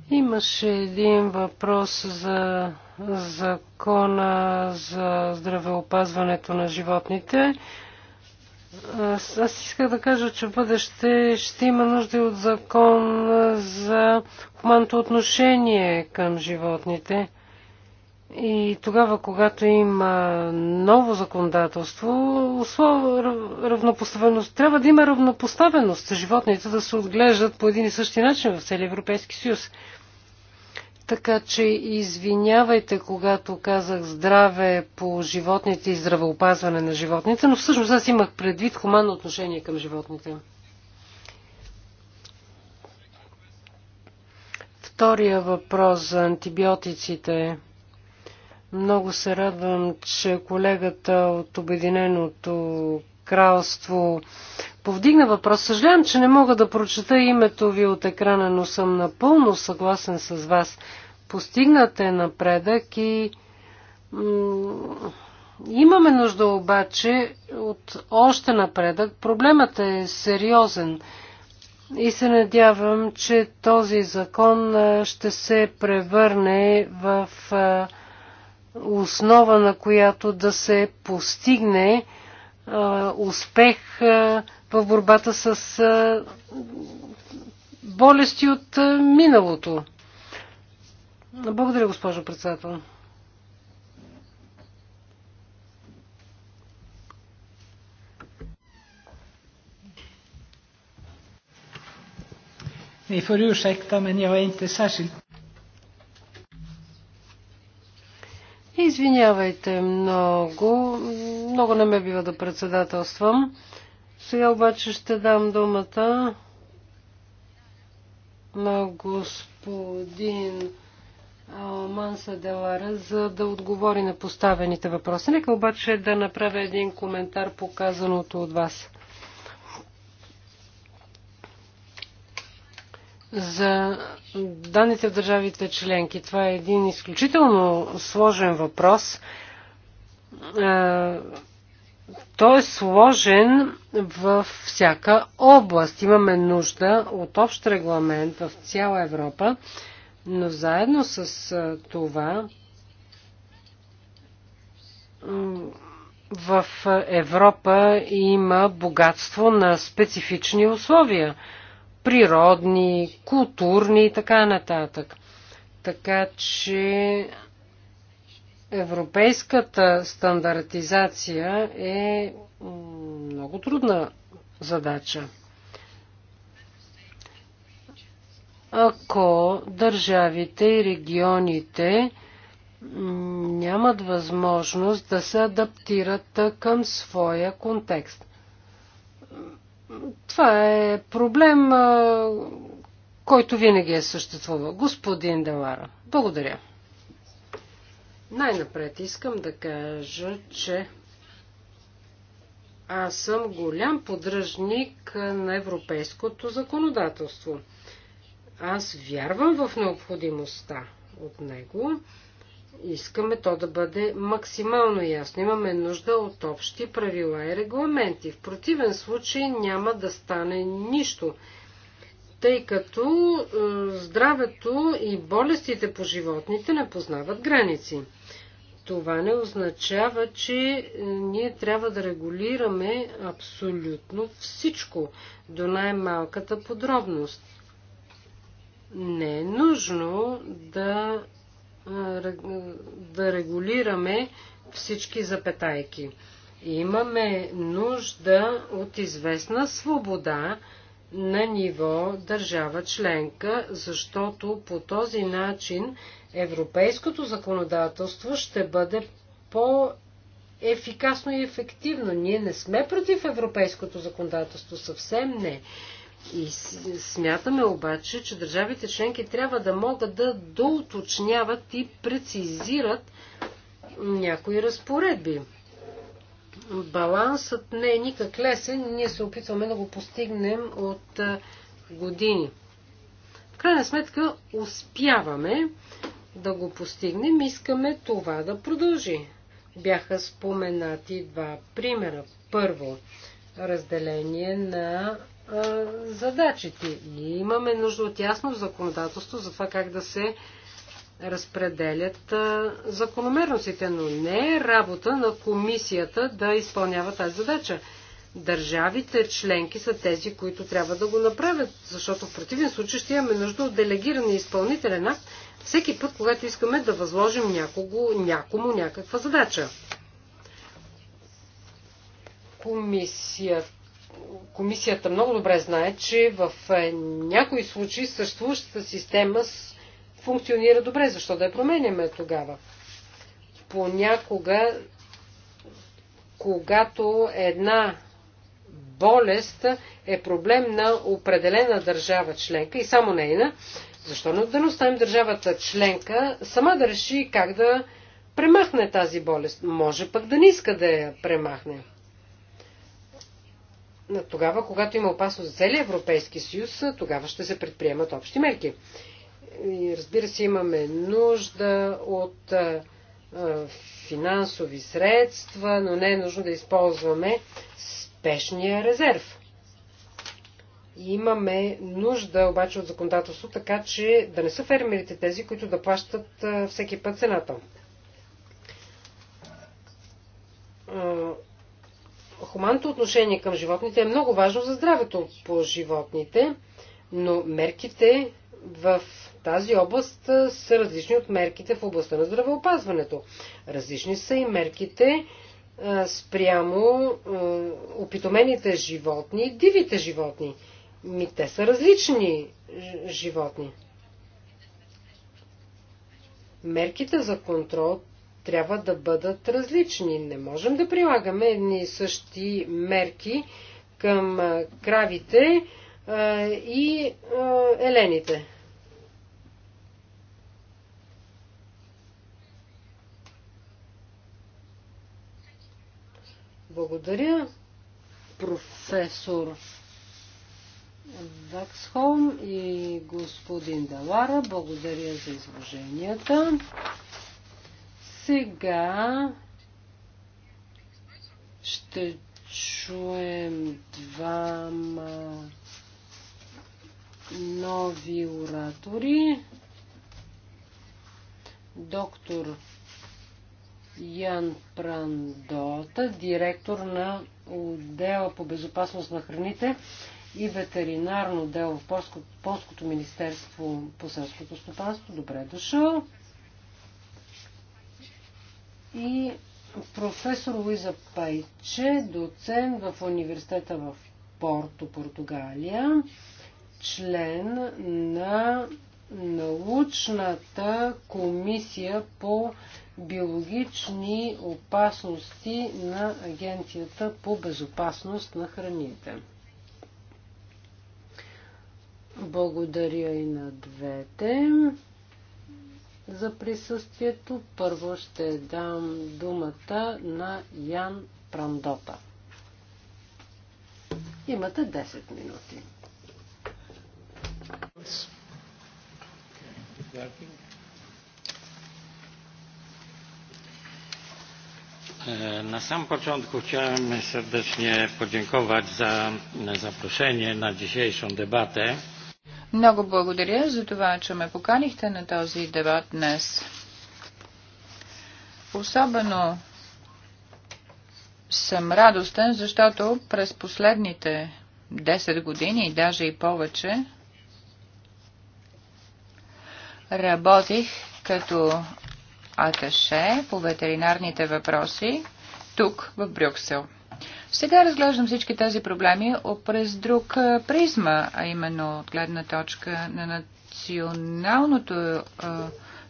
Имаше един въпрос за закона за здравеопазването на животните. Аз, аз исках да кажа, че в бъдеще ще има нужда и от закон за хуманното отношение към животните. И тогава, когато има ново законодателство, равнопоставеност, трябва да има равнопоставеност. Животните да се отглеждат по един и същи начин в целия Европейски съюз. Така че извинявайте, когато казах здраве по животните и здравеопазване на животните, но всъщност аз имах предвид хуманно отношение към животните. Втория въпрос за антибиотиците. Много се радвам, че колегата от Обединеното кралство повдигна въпрос. Съжалявам, че не мога да прочета името ви от екрана, но съм напълно съгласен с вас – Постигнат е напредък и имаме нужда обаче от още напредък. Проблемът е сериозен и се надявам, че този закон ще се превърне в основа, на която да се постигне успех в борбата с болести от миналото. Благодаря, госпожо председател. Ni får ursäkta, men jag är inte Извинявайте много. Много не ме бива да председателствам. Сега обаче ще дам думата на господин Манса Делара, за да отговори на поставените въпроси. Нека обаче да направя един коментар по казаното от вас. За данните в държавите членки, това е един изключително сложен въпрос. Е, той е сложен във всяка област. Имаме нужда от общ регламент в цяла Европа но заедно с това в Европа има богатство на специфични условия природни, културни и така нататък. Така че европейската стандартизация е много трудна задача. ако държавите и регионите нямат възможност да се адаптират към своя контекст. Това е проблем, който винаги е съществувал. Господин Делара, благодаря. Най-напред искам да кажа, че аз съм голям поддръжник на европейското законодателство – аз вярвам в необходимостта от него. Искаме то да бъде максимално ясно. Имаме нужда от общи правила и регламенти. В противен случай няма да стане нищо, тъй като е, здравето и болестите по животните не познават граници. Това не означава, че е, ние трябва да регулираме абсолютно всичко до най-малката подробност не е нужно да, да регулираме всички запетайки. Имаме нужда от известна свобода на ниво държава членка, защото по този начин европейското законодателство ще бъде по ефикасно и ефективно. Ние не сме против европейското законодателство, съвсем не. И смятаме обаче, че държавите членки трябва да могат да доуточняват и прецизират някои разпоредби. Балансът не е никак лесен, ние се опитваме да го постигнем от години. В крайна сметка успяваме да го постигнем, искаме това да продължи. Бяха споменати два примера. Първо, разделение на задачите. И имаме нужда от ясно законодателство за това как да се разпределят закономерностите, но не е работа на комисията да изпълнява тази задача. Държавите членки са тези, които трябва да го направят, защото в противен случай ще имаме нужда от делегиран и изпълнителен акт всеки път, когато искаме да възложим някого, някому някаква задача. Комисията комисията много добре знае, че в е, някои случаи съществуващата система функционира добре. Защо да я променяме тогава? Понякога, когато една болест е проблем на определена държава членка и само нейна, защо не да не оставим държавата членка сама да реши как да премахне тази болест? Може пък да не иска да я премахне тогава, когато има опасност за целия Европейски съюз, тогава ще се предприемат общи мерки. И разбира се, имаме нужда от а, финансови средства, но не е нужно да използваме спешния резерв. Имаме нужда обаче от законодателство, така че да не са фермерите тези, които да плащат всеки път цената хуманното отношение към животните е много важно за здравето по животните, но мерките в тази област са различни от мерките в областта на здравеопазването. Различни са и мерките спрямо опитомените животни и дивите животни. Ми те са различни животни. Мерките за контрол трябва да бъдат различни. Не можем да прилагаме едни и същи мерки към кравите и елените. Благодаря, професор Ваксхолм и господин Далара. Благодаря за изложенията. Сега ще чуем двама нови оратори. Доктор Ян Прандота, директор на отдела по безопасност на храните и ветеринарно дело в Полското, министерство по селското стопанство. Добре дошъл и професор Луиза Пайче, доцент в университета в Порто, Португалия, член на научната комисия по биологични опасности на Агенцията по безопасност на храните. Благодаря и на двете за присъствието. Първо ще дам думата на Ян Прандота. Имате 10 минути. Na sam początku chciałem serdecznie podziękować za zaproszenie na dzisiejszą debatę. Много благодаря за това, че ме поканихте на този дебат днес. Особено съм радостен, защото през последните 10 години и даже и повече работих като аташе по ветеринарните въпроси тук в Брюксел. Сега разглеждам всички тези проблеми през друг призма, а именно от гледна точка на националното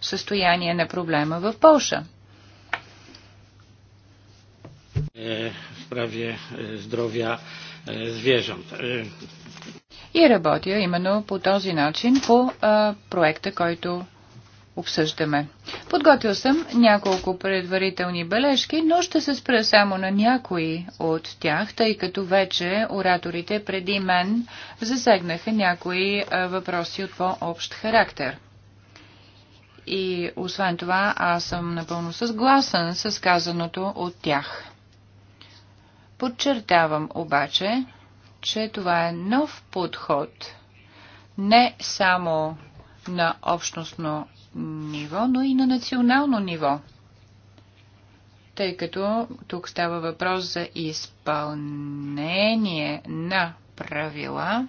състояние на проблема в Польша. Е, в е, здравия е, звежант. И работя именно по този начин по проекта, който обсъждаме. Подготвил съм няколко предварителни бележки, но ще се спра само на някои от тях, тъй като вече ораторите преди мен засегнаха някои въпроси от по-общ характер. И освен това, аз съм напълно съгласен с казаното от тях. Подчертавам обаче, че това е нов подход – не само на общностно ниво, но и на национално ниво. Тъй като тук става въпрос за изпълнение на правила,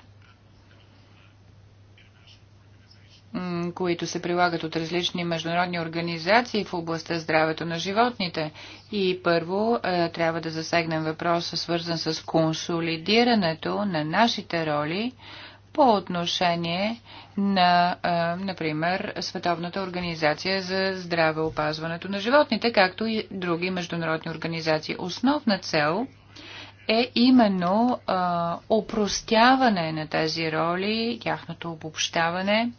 които се прилагат от различни международни организации в областта здравето на животните. И първо е, трябва да засегнем въпроса, свързан с консолидирането на нашите роли по отношение на, например, Световната организация за здраве опазването на животните, както и други международни организации. Основна цел е именно опростяване на тези роли, тяхното обобщаване.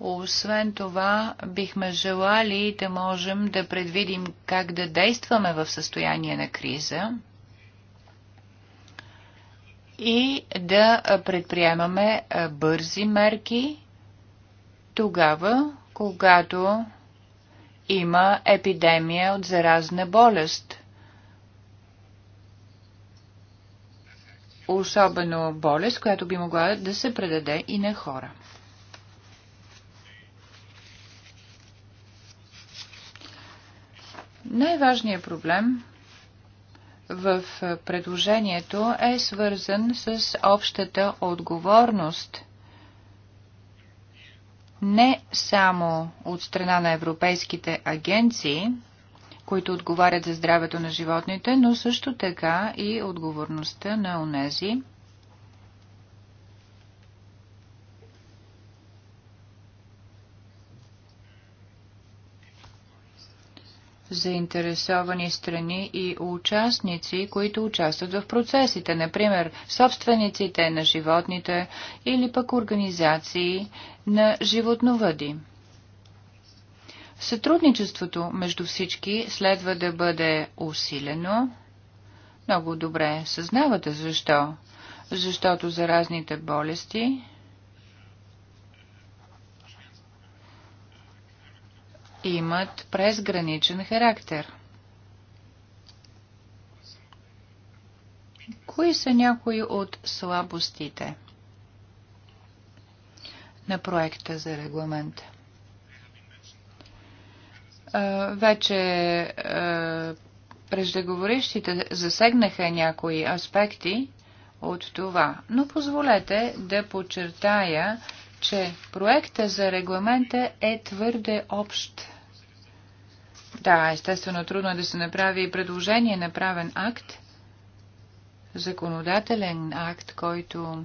Освен това, бихме желали да можем да предвидим как да действаме в състояние на криза и да предприемаме бързи мерки тогава, когато има епидемия от заразна болест. Особено болест, която би могла да се предаде и на хора. Най-важният проблем в предложението е свързан с общата отговорност не само от страна на европейските агенции, които отговарят за здравето на животните, но също така и отговорността на онези, заинтересовани страни и участници, които участват в процесите, например собствениците на животните или пък организации на животновъди. Сътрудничеството между всички следва да бъде усилено. Много добре съзнавате защо. Защото заразните болести имат презграничен характер. Кои са някои от слабостите на проекта за регламент? Вече преждеговорищите засегнаха някои аспекти от това, но позволете да подчертая, че проекта за регламента е твърде общ да, естествено, трудно е да се направи и предложение на правен акт, законодателен акт, който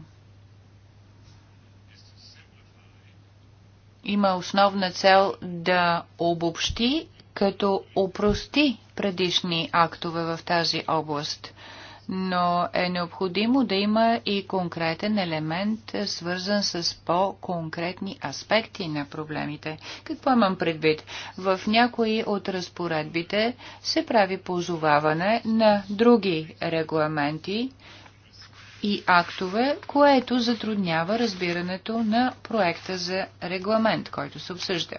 има основна цел да обобщи, като опрости предишни актове в тази област – но е необходимо да има и конкретен елемент, е, свързан с по-конкретни аспекти на проблемите. Какво имам предвид? В някои от разпоредбите се прави позоваване на други регламенти, и актове, което затруднява разбирането на проекта за регламент, който се обсъжда.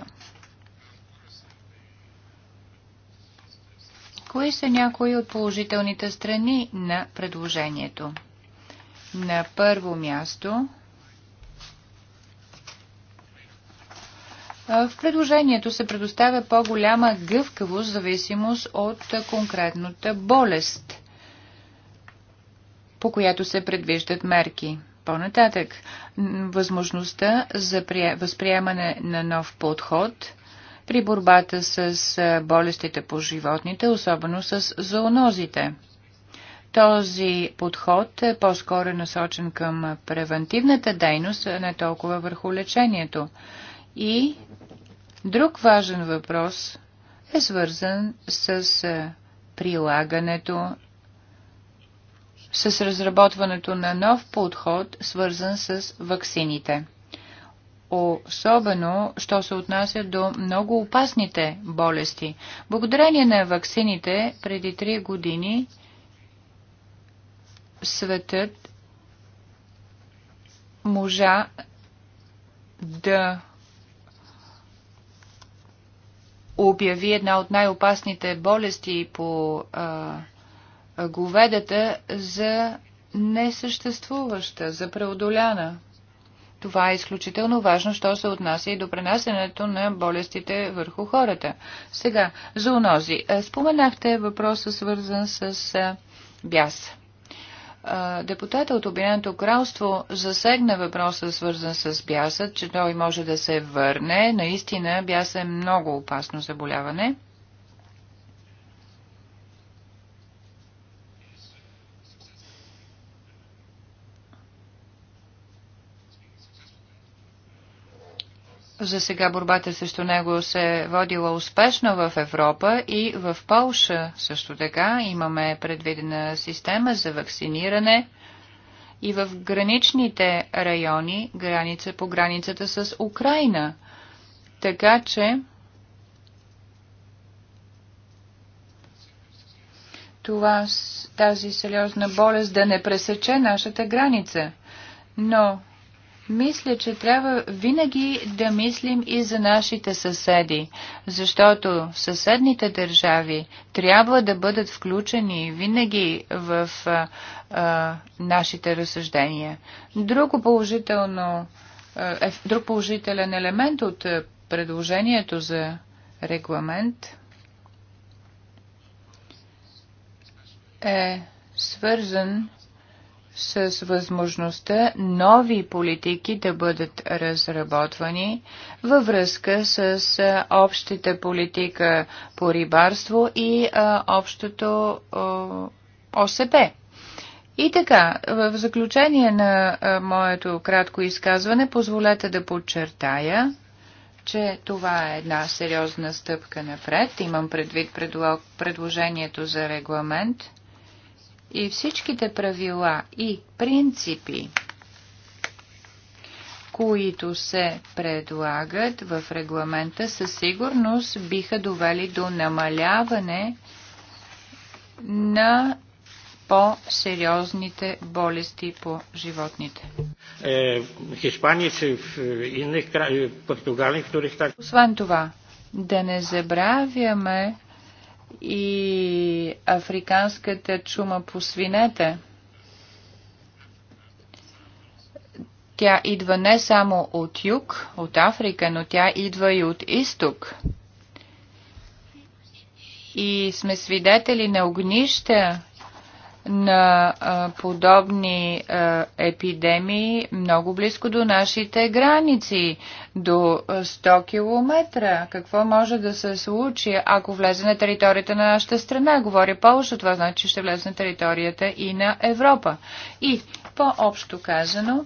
Кои са някои от положителните страни на предложението? На първо място В предложението се предоставя по-голяма гъвкавост в зависимост от конкретната болест, по която се предвиждат мерки. По-нататък, възможността за възприемане на нов подход при борбата с болестите по животните, особено с зоонозите. Този подход е по-скоро насочен към превентивната дейност, а не толкова върху лечението. И друг важен въпрос е свързан с прилагането, с разработването на нов подход, свързан с ваксините особено, що се отнася до много опасните болести. Благодарение на ваксините, преди 3 години светът можа да обяви една от най-опасните болести по а, говедата за несъществуваща, за преодоляна. Това е изключително важно, що се отнася и до пренасенето на болестите върху хората. Сега, зоонози. Е, споменахте въпроса свързан с е, бяс. Е, депутата от Обединеното кралство засегна въпроса, свързан с бясът, че той може да се върне. Наистина бяс е много опасно заболяване. За сега борбата срещу него се водила успешно в Европа и в Полша също така имаме предвидена система за вакциниране и в граничните райони, граница по границата с Украина. Така че това, тази сериозна болест да не пресече нашата граница. Но мисля, че трябва винаги да мислим и за нашите съседи, защото съседните държави трябва да бъдат включени винаги в а, а, нашите разсъждения. Друго положително, а, е, друг положителен елемент от предложението за регламент е свързан с възможността нови политики да бъдат разработвани във връзка с общата политика по рибарство и а, общото ОСП. И така, в заключение на а, моето кратко изказване, позволете да подчертая, че това е една сериозна стъпка напред. Имам предвид предлог, предложението за регламент – и всичките правила и принципи, които се предлагат в регламента, със сигурност биха довели до намаляване на по-сериозните болести по животните. Е, Португалии, в е, е, Освен това, да не забравяме и африканската чума по свинете. Тя идва не само от юг, от Африка, но тя идва и от изток. И сме свидетели на огнища на а, подобни а, епидемии много близко до нашите граници, до 100 км. Какво може да се случи, ако влезе на територията на нашата страна? Говори Полша, това значи, че ще влезе на територията и на Европа. И по-общо казано,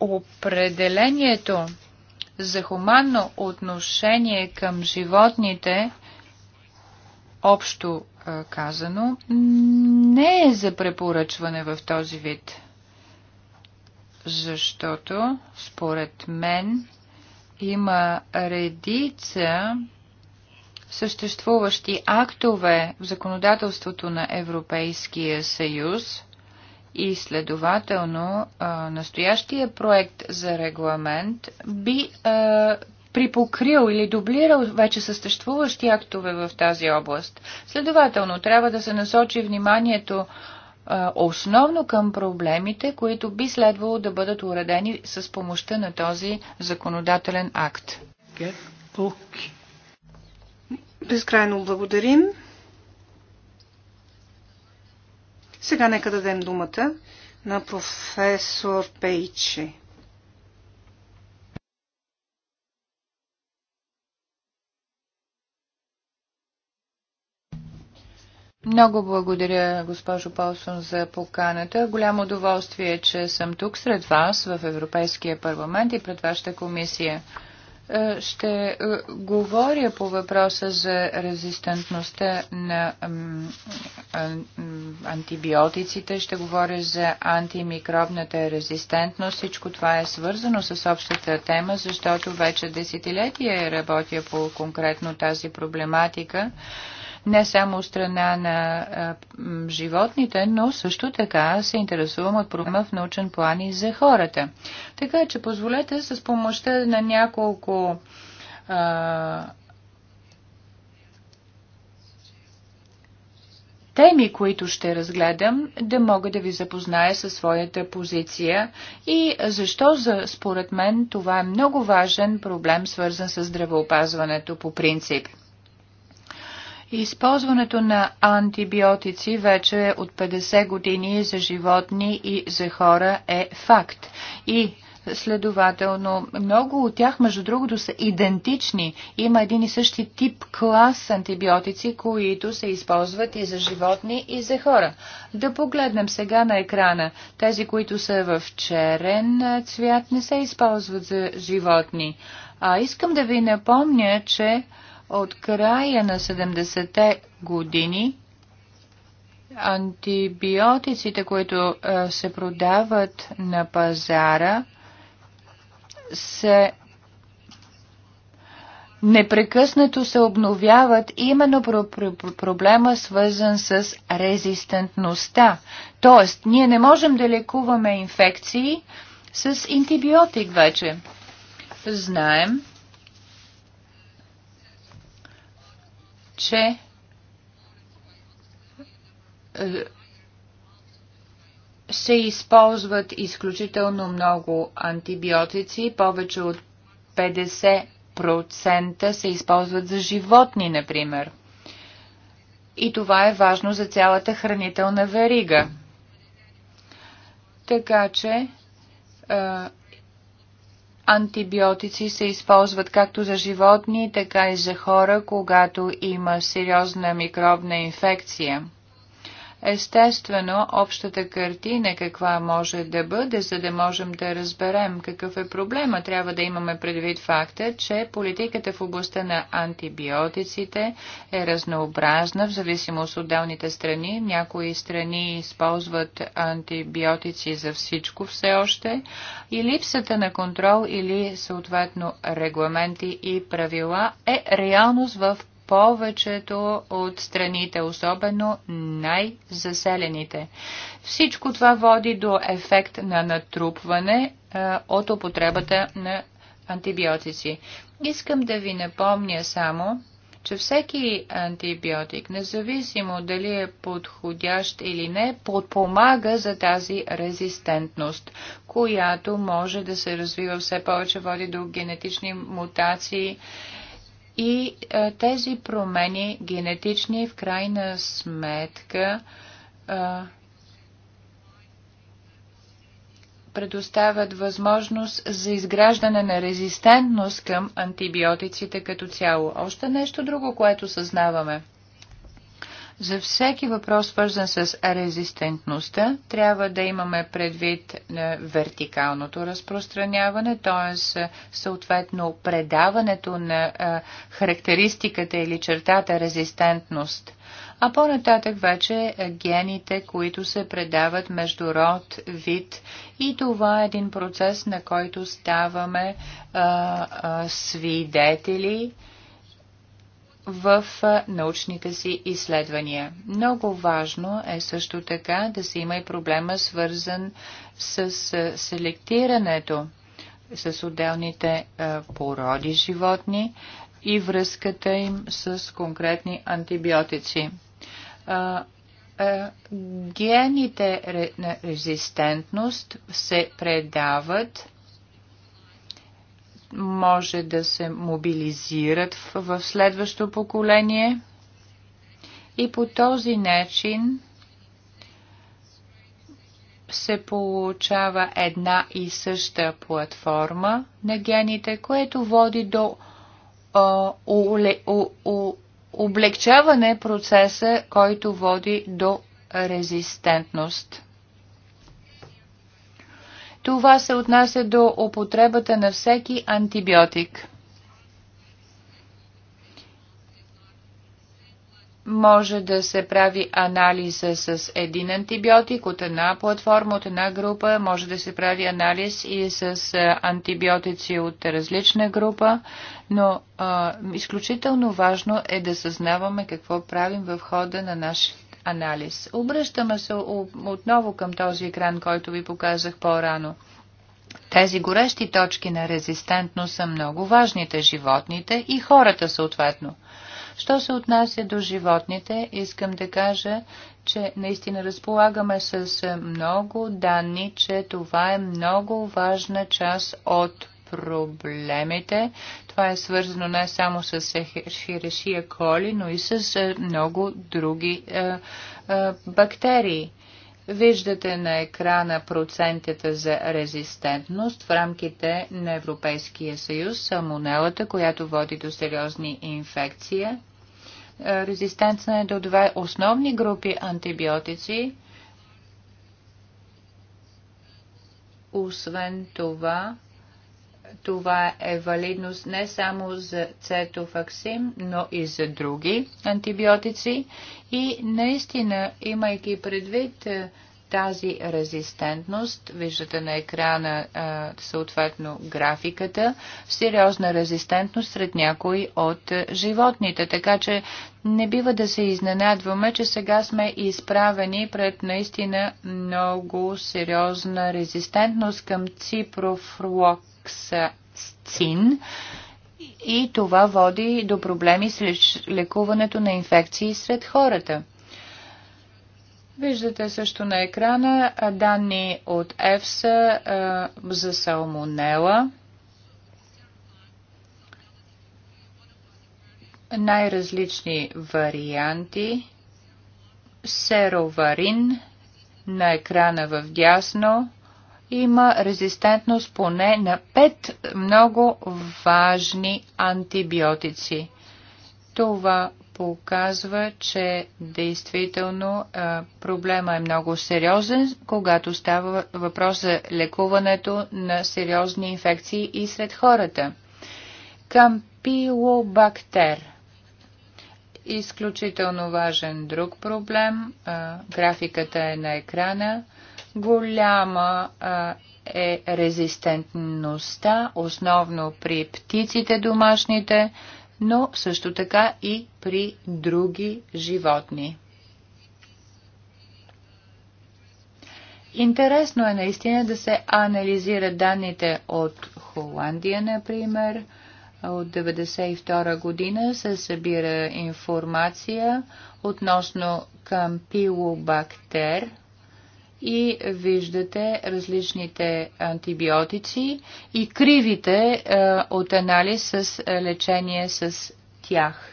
определението за хуманно отношение към животните – общо казано, не е за препоръчване в този вид. Защото, според мен, има редица съществуващи актове в законодателството на Европейския съюз и следователно настоящия проект за регламент би припокрил или дублирал вече съществуващи актове в тази област. Следователно, трябва да се насочи вниманието основно към проблемите, които би следвало да бъдат уредени с помощта на този законодателен акт. Безкрайно благодарим. Сега нека дадем думата на професор Пейче. Много благодаря, госпожо Полсон, за поканата. Голямо удоволствие, че съм тук сред вас в Европейския парламент и пред вашата комисия. Е, ще е, говоря по въпроса за резистентността на антибиотиците, ще говоря за антимикробната резистентност. Всичко това е свързано с общата тема, защото вече десетилетия работя по конкретно тази проблематика не само от страна на животните, но също така се интересувам от проблема в научен план и за хората. Така че позволете с помощта на няколко а, теми, които ще разгледам, да мога да ви запозная със своята позиция и защо за, според мен това е много важен проблем, свързан с здравеопазването по принцип. Използването на антибиотици вече от 50 години за животни и за хора е факт. И Следователно, много от тях, между другото, са идентични. Има един и същи тип клас антибиотици, които се използват и за животни, и за хора. Да погледнем сега на екрана. Тези, които са в черен цвят, не се използват за животни. А искам да ви напомня, че от края на 70-те години антибиотиците, които е, се продават на пазара, се непрекъснато се обновяват именно про- про- проблема свързан с резистентността. Тоест, ние не можем да лекуваме инфекции с антибиотик вече. Знаем, че е, се използват изключително много антибиотици, повече от 50% се използват за животни, например. И това е важно за цялата хранителна верига. Така че е, антибиотици се използват както за животни, така и за хора, когато има сериозна микробна инфекция естествено общата картина каква може да бъде, за да можем да разберем какъв е проблема. Трябва да имаме предвид факта, че политиката в областта на антибиотиците е разнообразна в зависимост от отделните страни. Някои страни използват антибиотици за всичко все още и липсата на контрол или съответно регламенти и правила е реалност в повечето от страните, особено най-заселените. Всичко това води до ефект на натрупване а, е, от употребата на антибиотици. Искам да ви напомня само, че всеки антибиотик, независимо дали е подходящ или не, подпомага за тази резистентност, която може да се развива все повече, води до генетични мутации и а, е, тези промени генетични в крайна сметка а, е, предоставят възможност за изграждане на резистентност към антибиотиците като цяло. Още нещо друго, което съзнаваме – за всеки въпрос, свързан с резистентността, трябва да имаме предвид е, вертикалното разпространяване, т.е. съответно предаването на е, характеристиката или чертата резистентност – а по-нататък вече е, гените, които се предават между род, вид и това е един процес, на който ставаме а, а, свидетели, в научните си изследвания. Много важно е също така да се има и проблема свързан с селектирането с отделните породи животни и връзката им с конкретни антибиотици. Гените на резистентност се предават може да се мобилизират в следващо поколение и по този начин се получава една и съща платформа на гените, което води до облегчаване процеса, който води до резистентност. Това се отнася до употребата на всеки антибиотик. може да се прави анализа с един антибиотик от една платформа, от една група, може да се прави анализ и с антибиотици от различна група, но а, изключително важно е да съзнаваме какво правим в хода на нашите анализ. Обръщаме се отново към този екран, който ви показах по-рано. Тези горещи точки на резистентност са много важните животните и хората съответно. Що се отнася до животните, искам да кажа, че наистина разполагаме с много данни, че това е много важна част от проблемите. Това е свързано не само с Хирешия коли, но и с е, много други е, е, бактерии. Виждате на екрана процентите за резистентност в рамките на Европейския съюз, самонелата, която води до сериозни инфекции. Резистентна е до две основни групи антибиотици. Освен това, това е валидност не само за цетофаксим, но и за други антибиотици. И наистина, имайки предвид е, тази резистентност, виждате на екрана е, съответно графиката, сериозна резистентност сред някои от животните. Така че не бива да се изненадваме, че сега сме изправени пред наистина много сериозна резистентност към ципрофлок ксацин и това води до проблеми с лекуването на инфекции сред хората. Виждате също на екрана данни от ЕФСА за салмонела. Най-различни варианти. Сероварин на екрана в дясно има резистентност поне на пет много важни антибиотици. Това показва, че действително проблема е много сериозен, когато става въпрос за лекуването на сериозни инфекции и сред хората. Кампилобактер – изключително важен друг проблем. А, графиката е на екрана. Голяма а, е резистентността, основно при птиците домашните, но също така и при други животни. Интересно е наистина да се анализират данните от Холандия, например. От 1992 година се събира информация относно кампилобактер – и виждате различните антибиотици и кривите е, от анализ с е, лечение с тях.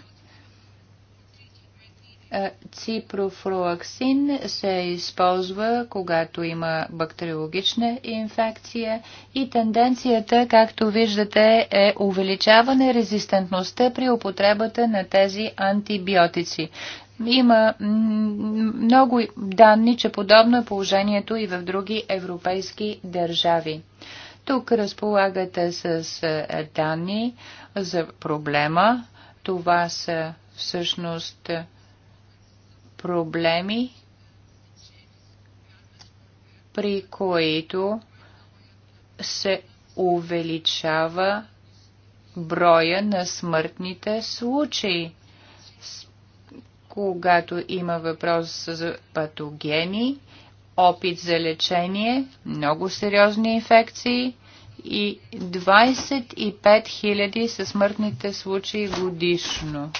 Е, ципрофлуаксин се използва, когато има бактериологична инфекция и тенденцията, както виждате, е увеличаване резистентността при употребата на тези антибиотици. Има много данни, че подобно е положението и в други европейски държави. Тук разполагате с е, данни за проблема. Това са всъщност проблеми, при които се увеличава броя на смъртните случаи когато има въпрос за патогени, опит за лечение, много сериозни инфекции и 25 000 са смъртните случаи годишно.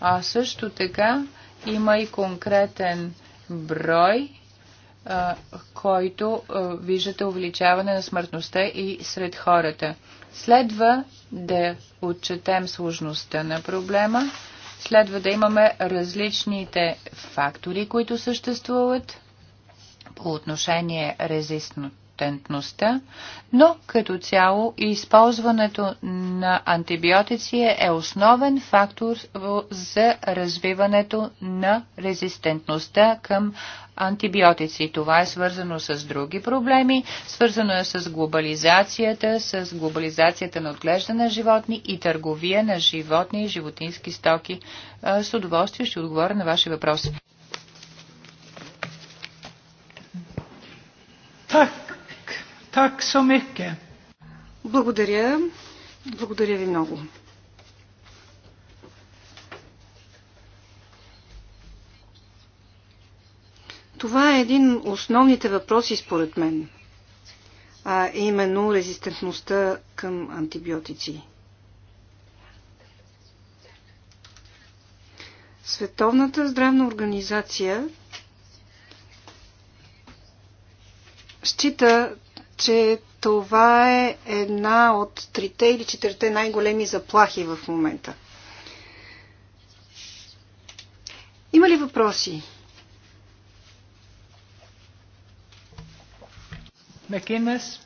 А също така има и конкретен брой, който виждате увеличаване на смъртността и сред хората. Следва да отчетем сложността на проблема Следва да имаме различните фактори, които съществуват по отношение резистентността, но като цяло използването на антибиотици е основен фактор за развиването на резистентността към антибиотици. Това е свързано с други проблеми, свързано е с глобализацията, с глобализацията на отглеждане на животни и търговия на животни и животински стоки. С удоволствие ще отговоря на ваши въпроси. Так, так, Благодаря. Благодаря ви много. Това е един от основните въпроси според мен, а именно резистентността към антибиотици. Световната здравна организация счита, че това е една от трите или четирите най-големи заплахи в момента. Има ли въпроси? Макинес.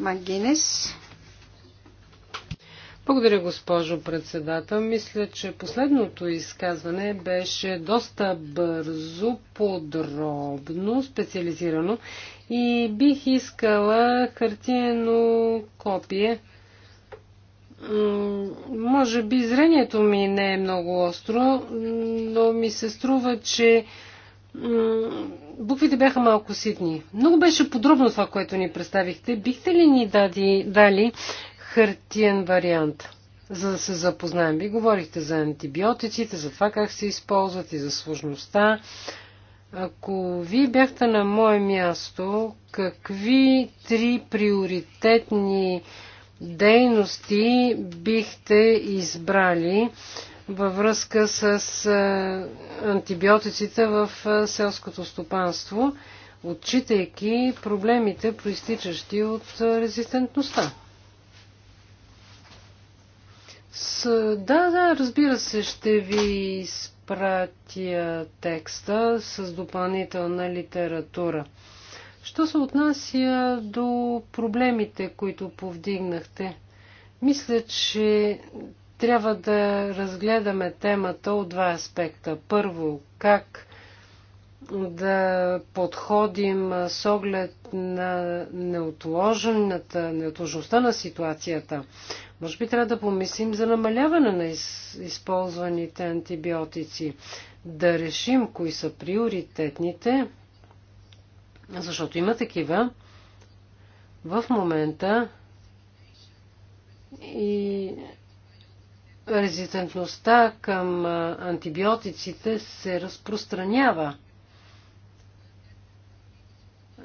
Макинес. Благодаря, госпожо председател. Мисля, че последното изказване беше доста бързо, подробно, специализирано и бих искала хартиено копие. Може би зрението ми не е много остро, но ми се струва, че буквите бяха малко ситни. Много беше подробно това, което ни представихте. Бихте ли ни дади, дали хартиен вариант, за да се запознаем? Ви говорихте за антибиотиците, за това как се използват и за сложността. Ако вие бяхте на мое място, какви три приоритетни дейности бихте избрали? във връзка с антибиотиците в селското стопанство, отчитайки проблемите, проистичащи от резистентността. С, да, да, разбира се, ще ви изпратя текста с допълнителна литература. Що се отнася до проблемите, които повдигнахте? Мисля, че трябва да разгледаме темата от два аспекта. Първо, как да подходим с оглед на неотложената, неотложността на ситуацията. Може би трябва да помислим за намаляване на из, използваните антибиотици, да решим кои са приоритетните, защото има такива. В момента и резистентността към антибиотиците се разпространява.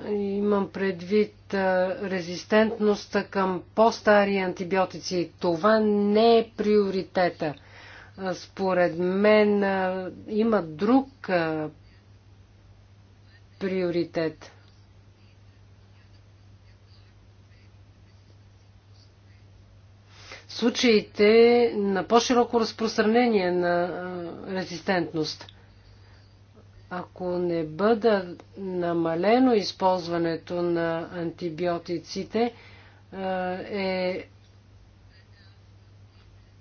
Имам предвид резистентността към по-стари антибиотици. Това не е приоритета. Според мен има друг приоритет. случаите на по-широко разпространение на резистентност. Ако не бъда намалено използването на антибиотиците, е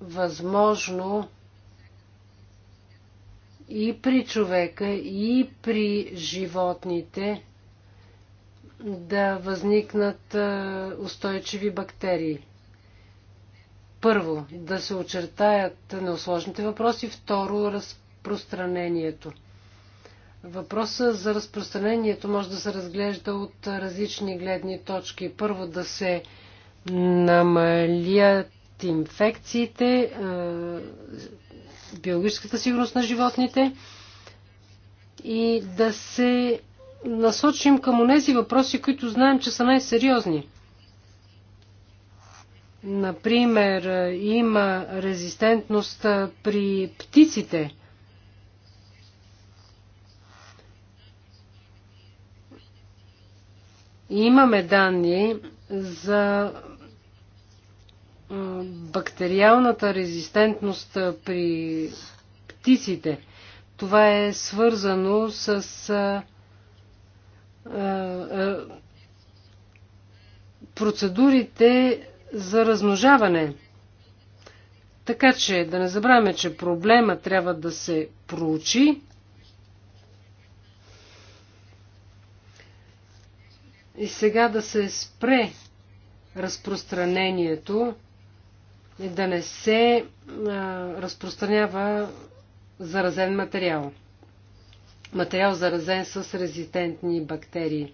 възможно и при човека, и при животните да възникнат устойчиви бактерии. Първо, да се очертаят неосложните въпроси. Второ, разпространението. Въпросът за разпространението може да се разглежда от различни гледни точки. Първо, да се намалят инфекциите, е, биологическата сигурност на животните и да се насочим към тези въпроси, които знаем, че са най-сериозни. Например, има резистентност при птиците. Имаме данни за бактериалната резистентност при птиците. Това е свързано с процедурите за размножаване. Така че да не забравяме, че проблема трябва да се проучи. И сега да се спре разпространението и да не се а, разпространява заразен материал. Материал заразен с резистентни бактерии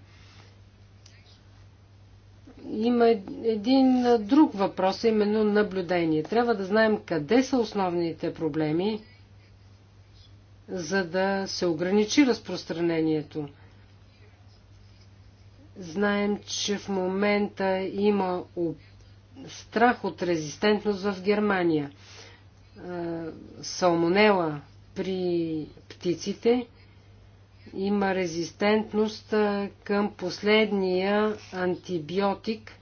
има един друг въпрос, именно наблюдение. Трябва да знаем къде са основните проблеми, за да се ограничи разпространението. Знаем, че в момента има страх от резистентност в Германия. Салмонела при птиците – има резистентност към последния антибиотик,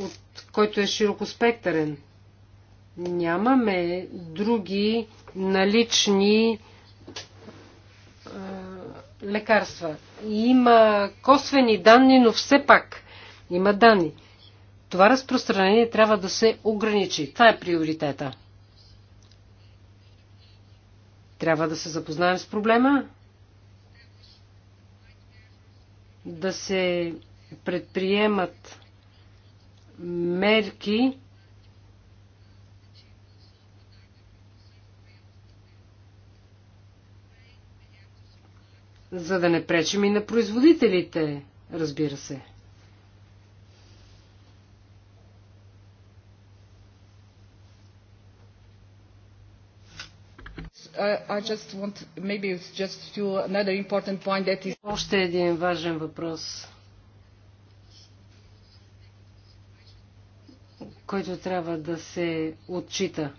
от който е широкоспектърен. Нямаме други налични лекарства. Има косвени данни, но все пак има данни. Това разпространение трябва да се ограничи. Това е приоритета. Трябва да се запознаем с проблема, да се предприемат мерки, за да не пречим и на производителите, разбира се. Want, is... Още един важен въпрос, който трябва да се отчита.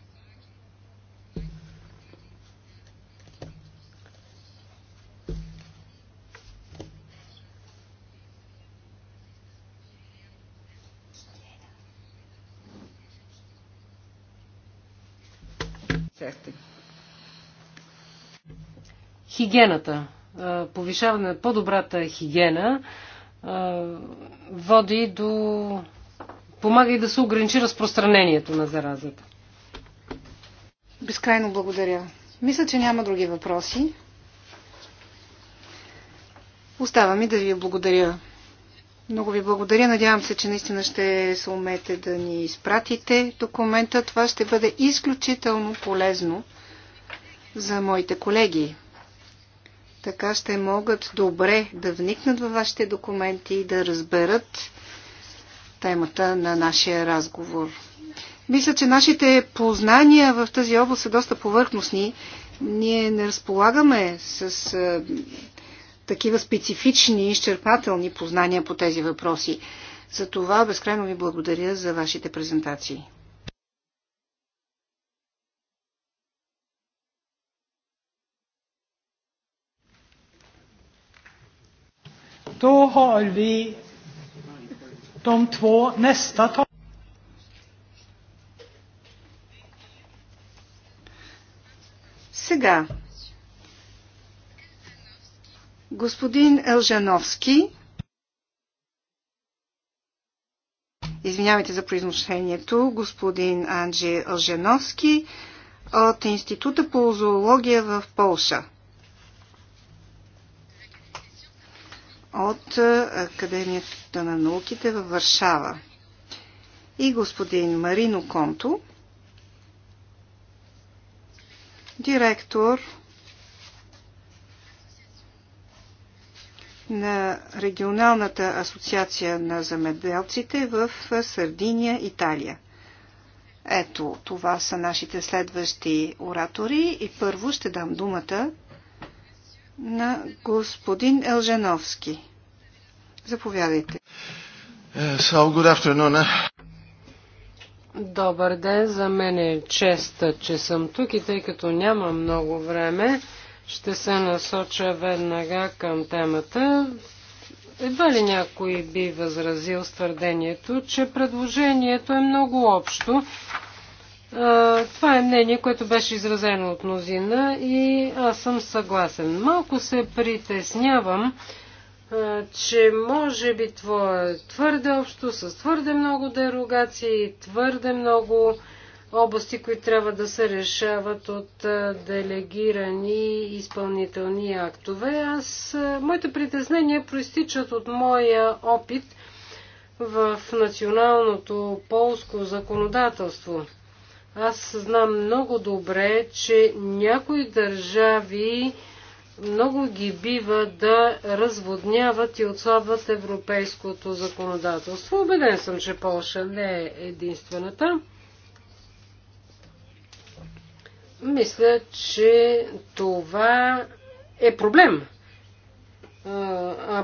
Хигиената. Повишаване на по-добрата хигиена води до... помага и да се ограничи разпространението на заразата. Безкрайно благодаря. Мисля, че няма други въпроси. Остава ми да ви благодаря. Много ви благодаря. Надявам се, че наистина ще се умете да ни изпратите документа. Това ще бъде изключително полезно за моите колеги. Така ще могат добре да вникнат във вашите документи и да разберат темата на нашия разговор. Мисля, че нашите познания в тази област са доста повърхностни. Ние не разполагаме с а, такива специфични, изчерпателни познания по тези въпроси. За това безкрайно ви благодаря за вашите презентации. Då har vi de två nästa tal. Сега господин Елжановски извинявайте за произношението, господин Анджи Елжановски от Института по зоология в Полша. от е, Академията на науките във Варшава и господин Марино Конто, директор на Регионалната асоциация на замеделците в Сардиния, Италия. Ето, това са нашите следващи оратори и първо ще дам думата на господин Елженовски. Заповядайте. Е, е. Добър ден, за мен е чест, че съм тук и тъй като няма много време, ще се насоча веднага към темата. Едва ли някой би възразил с твърдението, че предложението е много общо това е мнение, което беше изразено от мнозина и аз съм съгласен. Малко се притеснявам, че може би твое твърде общо, с твърде много дерогации, твърде много области, които трябва да се решават от делегирани изпълнителни актове. Аз, моите притеснения проистичат от моя опит в националното полско законодателство – аз знам много добре, че някои държави много ги бива да разводняват и отслабват европейското законодателство. Обеден съм, че Полша не е единствената. Мисля, че това е проблем. А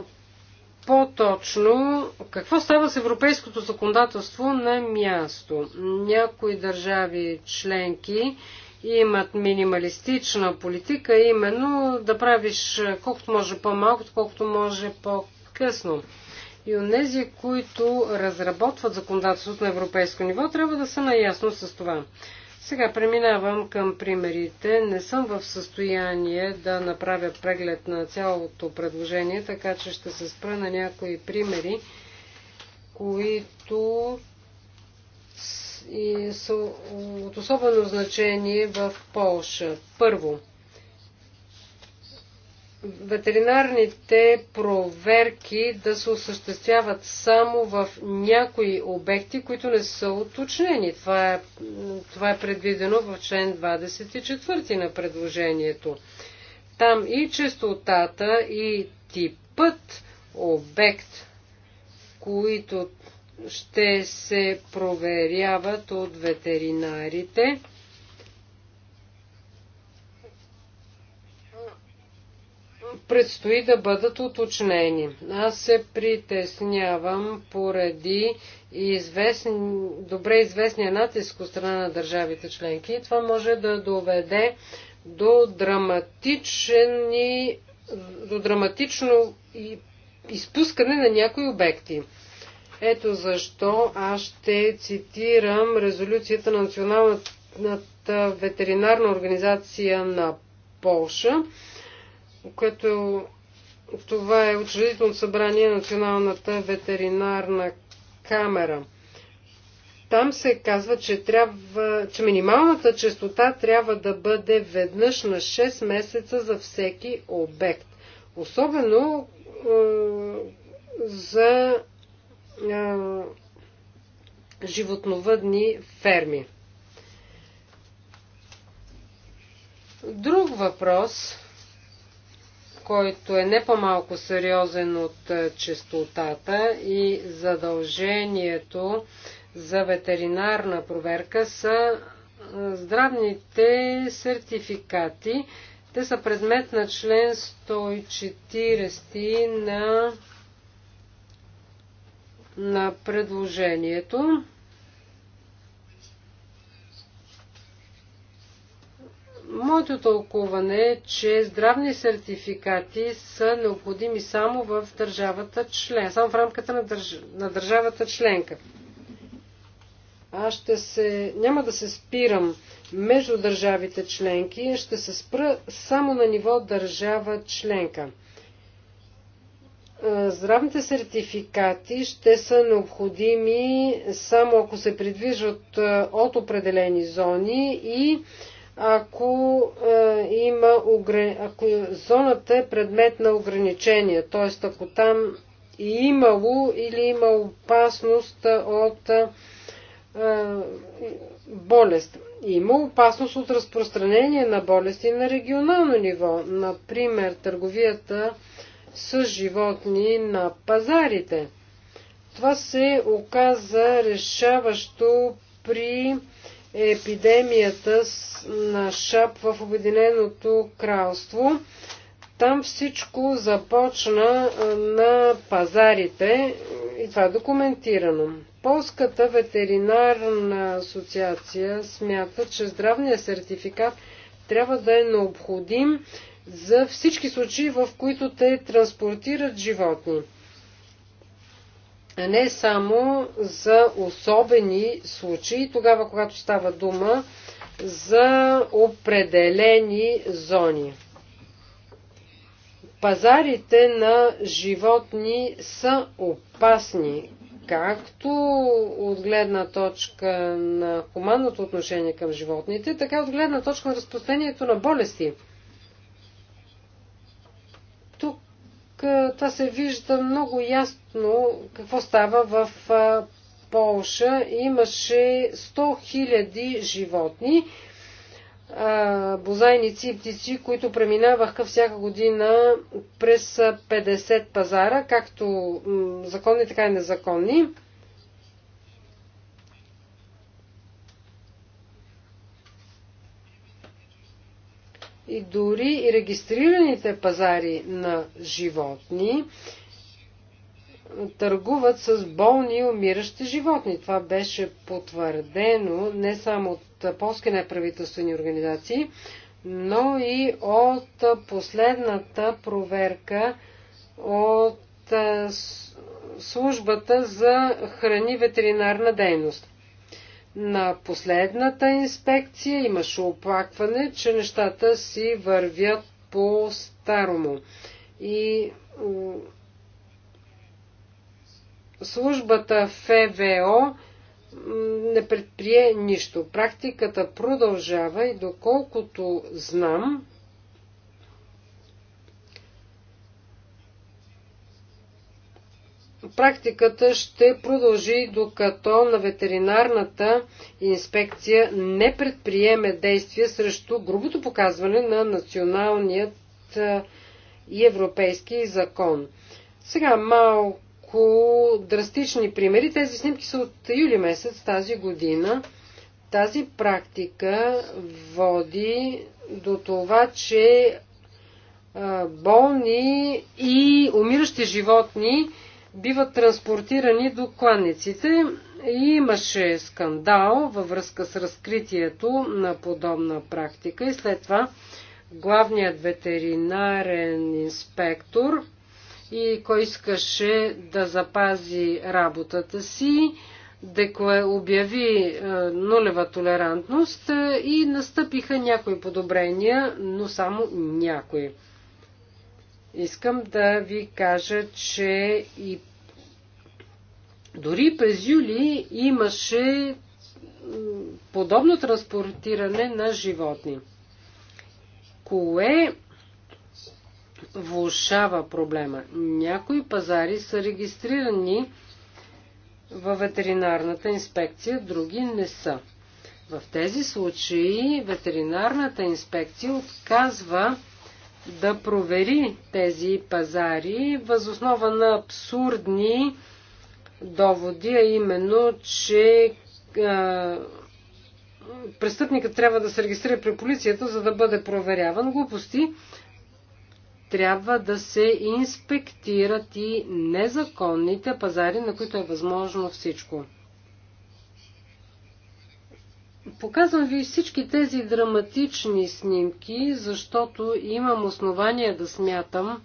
по-точно, какво става с европейското законодателство на място? Някои държави членки имат минималистична политика, именно да правиш колкото може по-малко, колкото може по-късно. И онези, които разработват законодателството на европейско ниво, трябва да са наясно с това. Сега преминавам към примерите. Не съм в състояние да направя преглед на цялото предложение, така че ще се спра на някои примери, които са от особено значение в Полша. Първо, ветеринарните проверки да се осъществяват само в някои обекти, които не са уточнени. Това е, това е предвидено в член 24 на предложението. Там и честотата, и типът обект, които ще се проверяват от ветеринарите, предстои да бъдат уточнени. Аз се притеснявам поради известен, добре известния натиск от страна на държавите членки. и Това може да доведе до, драматични, до драматично изпускане на някои обекти. Ето защо аз ще цитирам резолюцията на Националната ветеринарна организация на Полша, което това е учредително събрание на Националната ветеринарна камера. Там се казва, че, трябва, че минималната частота трябва да бъде веднъж на 6 месеца за всеки обект. Особено е, за е, животновъдни ферми. Друг въпрос който е не по-малко сериозен от е, честотата и задължението за ветеринарна проверка са е, здравните сертификати. Те са предмет на член 140 на, на предложението. Моето тълкуване е, че здравни сертификати са необходими само в държавата член, само в рамката на, държ... на държавата членка. Аз ще се... няма да се спирам между държавите членки, ще се спра само на ниво държава членка. Здравните сертификати ще са необходими само ако се придвижват от определени зони и ако, е, има, ако зоната е предмет на ограничение, т.е. ако там е имало или има опасност от е, болест. Има опасност от разпространение на болести на регионално ниво, например търговията с животни на пазарите. Това се оказа решаващо при епидемията на ШАП в Обединеното кралство. Там всичко започна на пазарите и това е документирано. Полската ветеринарна асоциация смята, че здравният сертификат трябва да е необходим за всички случаи, в които те транспортират животни не само за особени случаи, тогава когато става дума за определени зони. Пазарите на животни са опасни, както от гледна точка на хуманното отношение към животните, така от гледна точка на разпространението на болести – това се вижда много ясно какво става в Полша. Имаше 100 000 животни, бозайници и птици, които преминаваха всяка година през 50 пазара, както законни, така и незаконни. и дори и регистрираните пазари на животни търгуват с болни и умиращи животни. Това беше потвърдено не само от полски неправителствени организации, но и от последната проверка от службата за храни ветеринарна дейност. На последната инспекция имаше оплакване, че нещата си вървят по-старому. И службата ФВО не предприе нищо. Практиката продължава и доколкото знам, практиката ще продължи докато на ветеринарната инспекция не предприеме действия срещу грубото показване на националният и европейски закон. Сега малко драстични примери. Тези снимки са от юли месец тази година. Тази практика води до това, че болни и умиращи животни биват транспортирани до кланниците. И имаше скандал във връзка с разкритието на подобна практика и след това главният ветеринарен инспектор и кой искаше да запази работата си, декла... обяви е, нулева толерантност е, и настъпиха някои подобрения, но само някои. Искам да ви кажа, че и дори през юли имаше подобно транспортиране на животни. Кое влушава проблема? Някои пазари са регистрирани във ветеринарната инспекция, други не са. В тези случаи ветеринарната инспекция отказва да провери тези пазари възоснова на абсурдни доводи, а именно, че престъпникът трябва да се регистрира при полицията, за да бъде проверяван. Глупости трябва да се инспектират и незаконните пазари, на които е възможно всичко. Показвам ви всички тези драматични снимки, защото имам основание да смятам,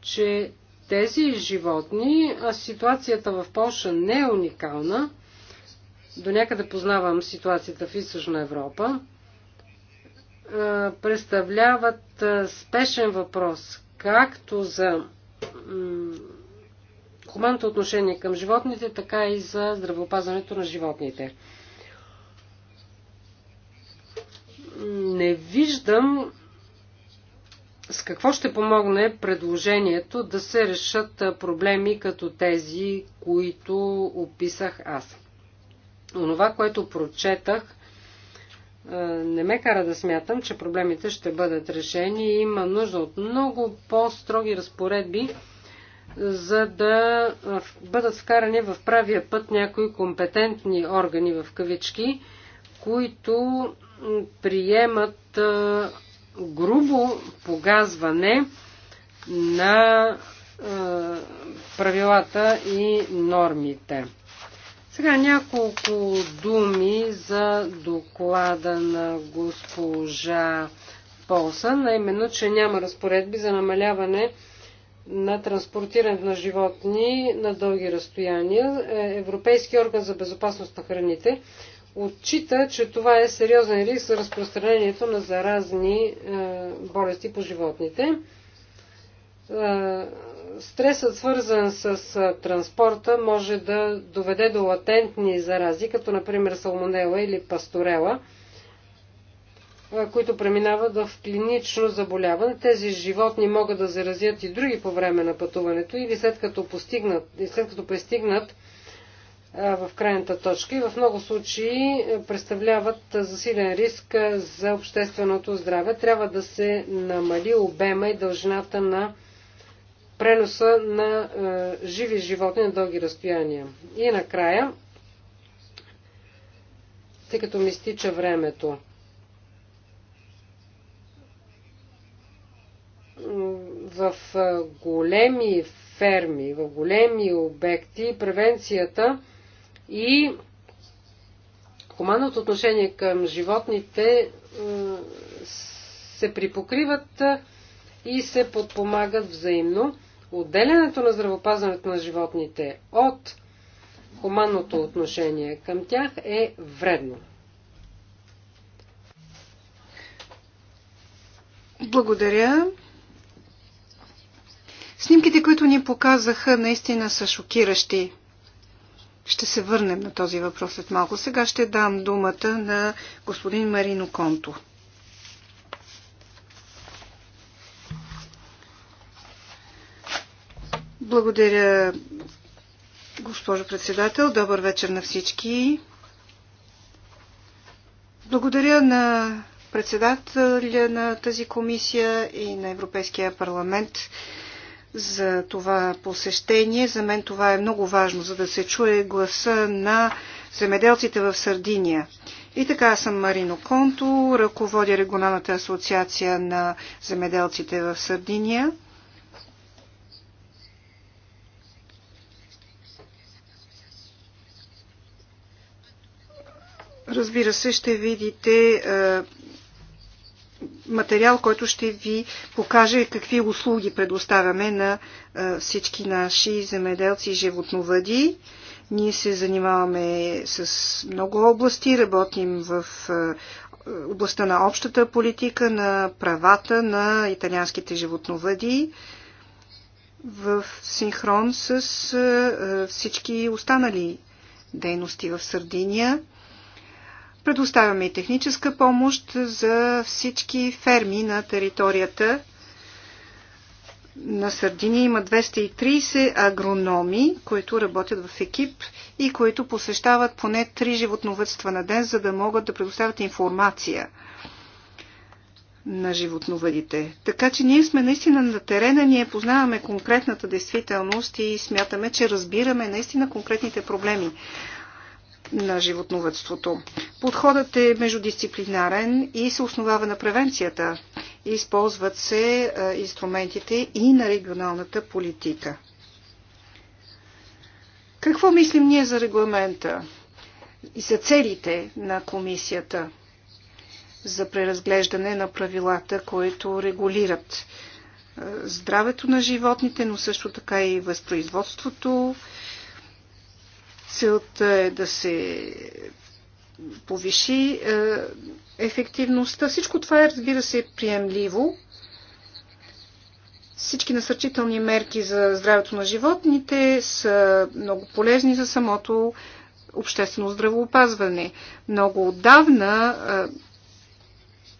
че тези животни, а ситуацията в Польша не е уникална, до някъде познавам ситуацията в Източна Европа, представляват спешен въпрос, както за хуманното отношение към животните, така и за здравеопазването на животните. не виждам с какво ще помогне предложението да се решат проблеми като тези, които описах аз. Онова, което прочетах, не ме кара да смятам, че проблемите ще бъдат решени и има нужда от много по-строги разпоредби, за да бъдат вкарани в правия път някои компетентни органи в кавички, които приемат грубо погазване на правилата и нормите. Сега няколко думи за доклада на госпожа Полса, наименно, че няма разпоредби за намаляване на транспортирането на животни на дълги разстояния. Е, Европейски орган за безопасност на храните отчита, че това е сериозен риск за разпространението на заразни е, болести по животните. Е, стресът, свързан с е, транспорта, може да доведе до латентни зарази, като например салмонела или пасторела, които преминават в клинично заболяване. Тези животни могат да заразят и други по време на пътуването или след като, постигнат, след като пристигнат в крайната точка и в много случаи представляват засилен риск за общественото здраве. Трябва да се намали обема и дължината на преноса на живи животни на дълги разстояния. И накрая, тъй като ми стича времето, в големи ферми, в големи обекти, превенцията и хуманното отношение към животните се припокриват и се подпомагат взаимно. Отделянето на здравопазването на животните от хуманното отношение към тях е вредно. Благодаря. Снимките, които ни показаха, наистина са шокиращи. Ще се върнем на този въпрос след малко. Сега ще дам думата на господин Марино Конто. Благодаря, госпожо председател. Добър вечер на всички. Благодаря на председателя на тази комисия и на Европейския парламент за това посещение. За мен това е много важно, за да се чуе гласа на земеделците в Сардиния. И така аз съм Марино Конто, ръководя регионалната асоциация на земеделците в Сардиния. Разбира се, ще видите е, материал, който ще ви покаже какви услуги предоставяме на е, всички наши земеделци и животновъди. Ние се занимаваме с много области, работим в е, областта на общата политика, на правата на италианските животновъди в синхрон с е, всички останали дейности в Сърдиния. Предоставяме и техническа помощ за всички ферми на територията на Сърдиния има 230 агрономи, които работят в екип и които посещават поне три животновътства на ден, за да могат да предоставят информация на животновъдите. Така че ние сме наистина на терена, ние познаваме конкретната действителност и смятаме, че разбираме наистина конкретните проблеми на животновътството. Подходът е междудисциплинарен и се основава на превенцията. Използват се е, инструментите и на регионалната политика. Какво мислим ние за регламента и за целите на комисията за преразглеждане на правилата, които регулират е, здравето на животните, но също така и възпроизводството, Целта е да се повиши е, ефективността. Всичко това е, разбира се, приемливо. Всички насърчителни мерки за здравето на животните са много полезни за самото обществено здравоопазване. Много отдавна е,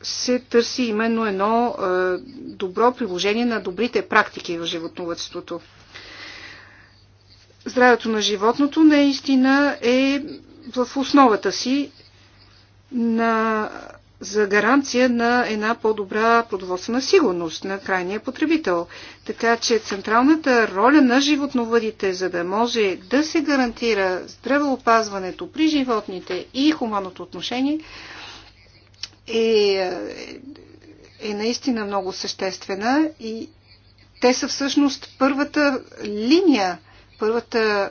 се търси именно едно е, добро приложение на добрите практики в животновътството здравето на животното наистина е в основата си на, за гаранция на една по-добра продоволствена сигурност на крайния потребител. Така че централната роля на животновъдите, за да може да се гарантира здравеопазването при животните и хуманното отношение, е, е, е наистина много съществена и те са всъщност първата линия първата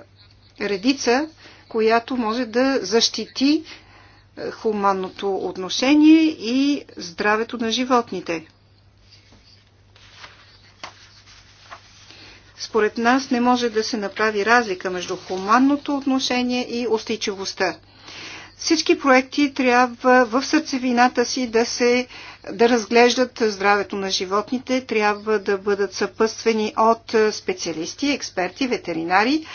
редица, която може да защити е, хуманното отношение и здравето на животните. Според нас не може да се направи разлика между хуманното отношение и устойчивостта. Всички проекти трябва в сърцевината си да се е, да разглеждат здравето на животните, трябва да бъдат съпътствени от специалисти, експерти, ветеринари,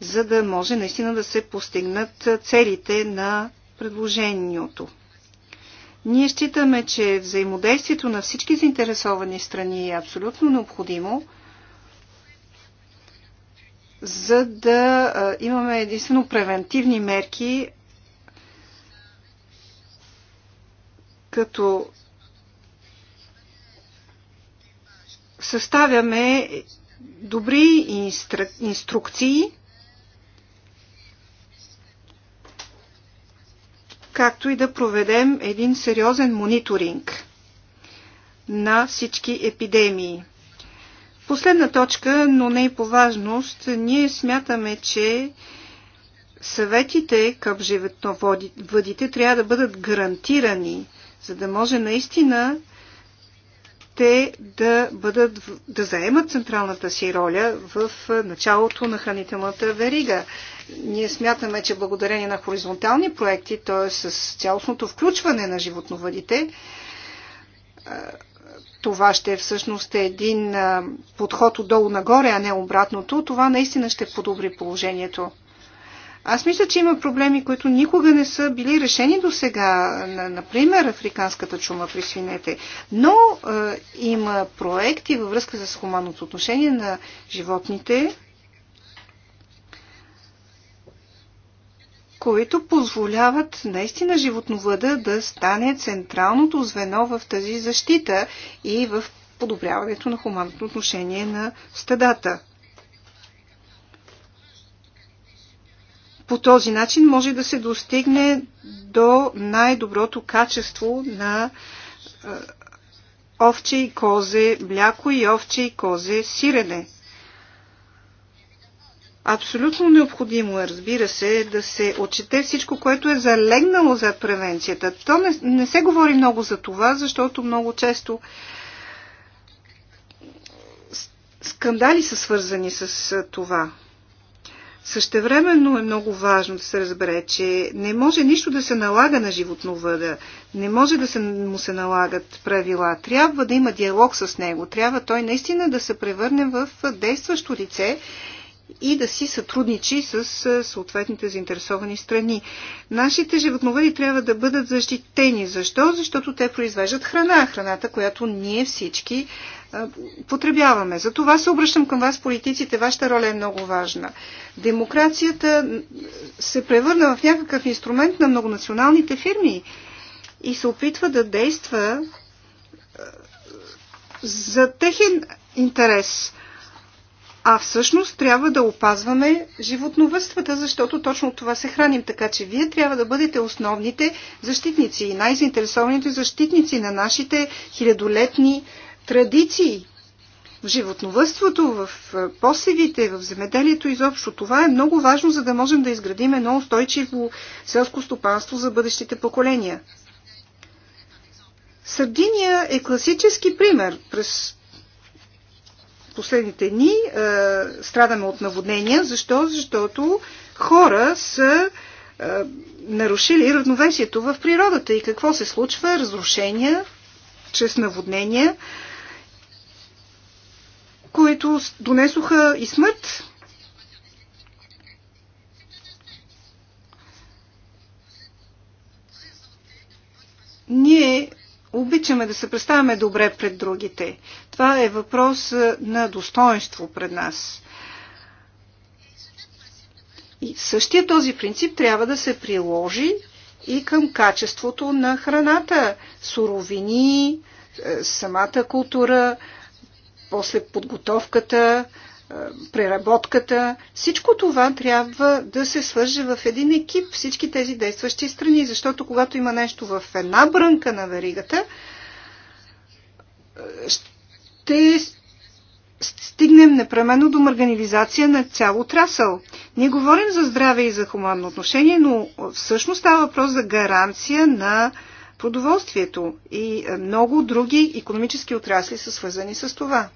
за да може наистина да се постигнат целите на предложението. Ние считаме, че взаимодействието на всички заинтересовани страни е абсолютно необходимо, за да имаме единствено превентивни мерки, като съставяме добри инструкции, както и да проведем един сериозен мониторинг на всички епидемии. Последна точка, но не и по важност, ние смятаме, че съветите към животноводите трябва да бъдат гарантирани, за да може наистина те да, бъдат, да заемат централната си роля в началото на хранителната верига. Ние смятаме, че благодарение на хоризонтални проекти, т.е. с цялостното включване на животновъдите, това ще е всъщност един подход отдолу нагоре, а не обратното. Това наистина ще подобри положението. Аз мисля, че има проблеми, които никога не са били решени до сега. Например, африканската чума при свинете. Но е, има проекти във връзка с хуманното отношение на животните, които позволяват наистина животновъда да стане централното звено в тази защита и в подобряването на хуманното отношение на стадата. По този начин може да се достигне до най-доброто качество на е, овче и козе мляко и овче и козе сирене. Абсолютно необходимо е, разбира се, да се отчете всичко, което е залегнало за превенцията. То не, не се говори много за това, защото много често скандали са свързани с е, това. Същевременно е много важно да се разбере, че не може нищо да се налага на животновъда, не може да се, му се налагат правила. Трябва да има диалог с него, трябва той наистина да се превърне в действащо лице и да си сътрудничи с съответните заинтересовани страни. Нашите животновъди трябва да бъдат защитени. Защо? Защото те произвеждат храна, храната, която ние всички потребяваме. За това се обръщам към вас, политиците. Вашата роля е много важна. Демокрацията се превърна в някакъв инструмент на многонационалните фирми и се опитва да действа за техен интерес а всъщност трябва да опазваме животновътствата, защото точно това се храним. Така че вие трябва да бъдете основните защитници и най-заинтересованите защитници на нашите хилядолетни традиции. В животновътството, в посевите, в земеделието изобщо. Това е много важно, за да можем да изградим едно устойчиво селско стопанство за бъдещите поколения. Сърдиния е класически пример. През последните дни е, страдаме от наводнения. Защо? Защото хора са е, нарушили равновесието в природата. И какво се случва? Разрушения чрез наводнения, които донесоха и смърт. Ние обичаме да се представяме добре пред другите. Това е въпрос е, на достоинство пред нас. И същия този принцип трябва да се приложи и към качеството на храната. Суровини, е, самата култура, после подготовката, преработката. Всичко това трябва да се свърже в един екип, всички тези действащи страни, защото когато има нещо в една брънка на веригата, ще стигнем непременно до марганилизация на цял отрасъл. Ние говорим за здраве и за хуманно отношение, но всъщност става въпрос за гаранция на продоволствието и много други економически отрасли са свързани с това.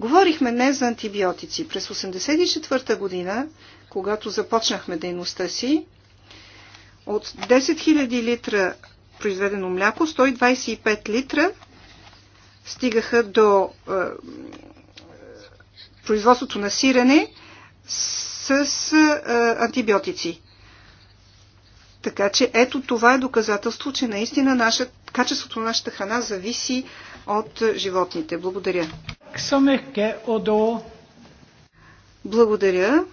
Говорихме днес за антибиотици. През 1984 година, когато започнахме дейността си, от 10 000 литра произведено мляко, 125 литра стигаха до е, производството на сирене с, с е, антибиотици. Така че ето това е доказателство, че наистина наша, качеството на нашата храна зависи от животните. Благодаря. Благодаря.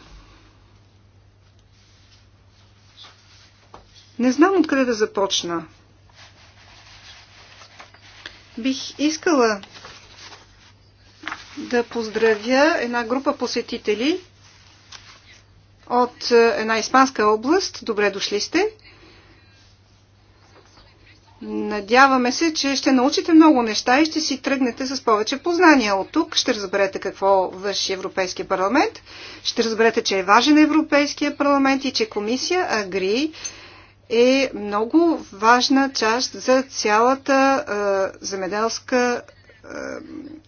Не знам откъде да започна. Бих искала да поздравя една група посетители от една испанска област. Добре дошли сте. Надяваме се, че ще научите много неща и ще си тръгнете с повече познания от тук. Ще разберете какво върши Европейския парламент, ще разберете, че е важен Европейския парламент и че комисия Агри е много важна част за цялата е, земеделска е,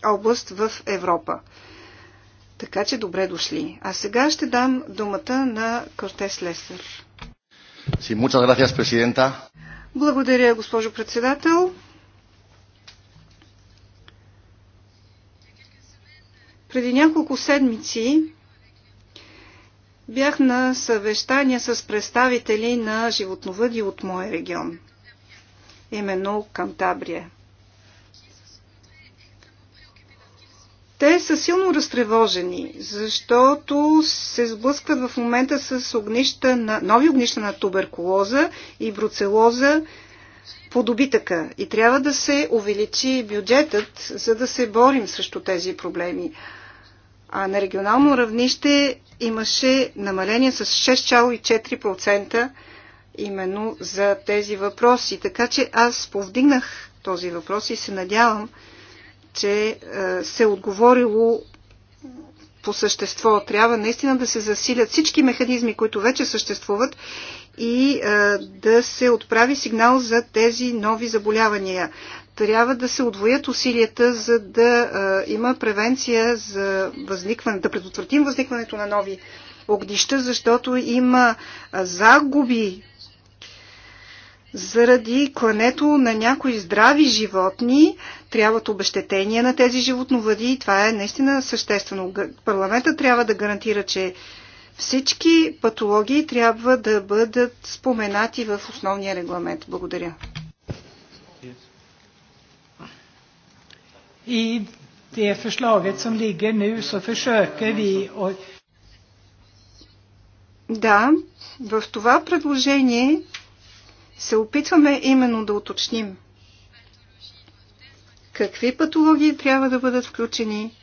област в Европа. Така че добре дошли. А сега ще дам думата на Кортес Лесър. Sí, muchas gracias, Presidenta. Благодаря, госпожо председател. Преди няколко седмици бях на съвещания с представители на животновъди от моя регион, именно Кантабрия. Те са силно разтревожени, защото се сблъскват в момента с огнища на, нови огнища на туберкулоза и бруцелоза по добитъка. И трябва да се увеличи бюджетът, за да се борим срещу тези проблеми. А на регионално равнище имаше намаление с 6,4% именно за тези въпроси. Така че аз повдигнах този въпрос и се надявам, че е, се отговорило по същество. Трябва наистина да се засилят всички механизми, които вече съществуват и е, да се отправи сигнал за тези нови заболявания. Трябва да се отвоят усилията, за да е, има превенция за възникване, да предотвратим възникването на нови огнища, защото има загуби заради клането на някои здрави животни трябват обещетения на тези животновъди и това е наистина съществено. Парламента трябва да гарантира, че всички патологии трябва да бъдат споменати в основния регламент. Благодаря. И det förslaget som ligger nu så försöker vi Да, в това предложение се опитваме именно да уточним какви патологии трябва да бъдат включени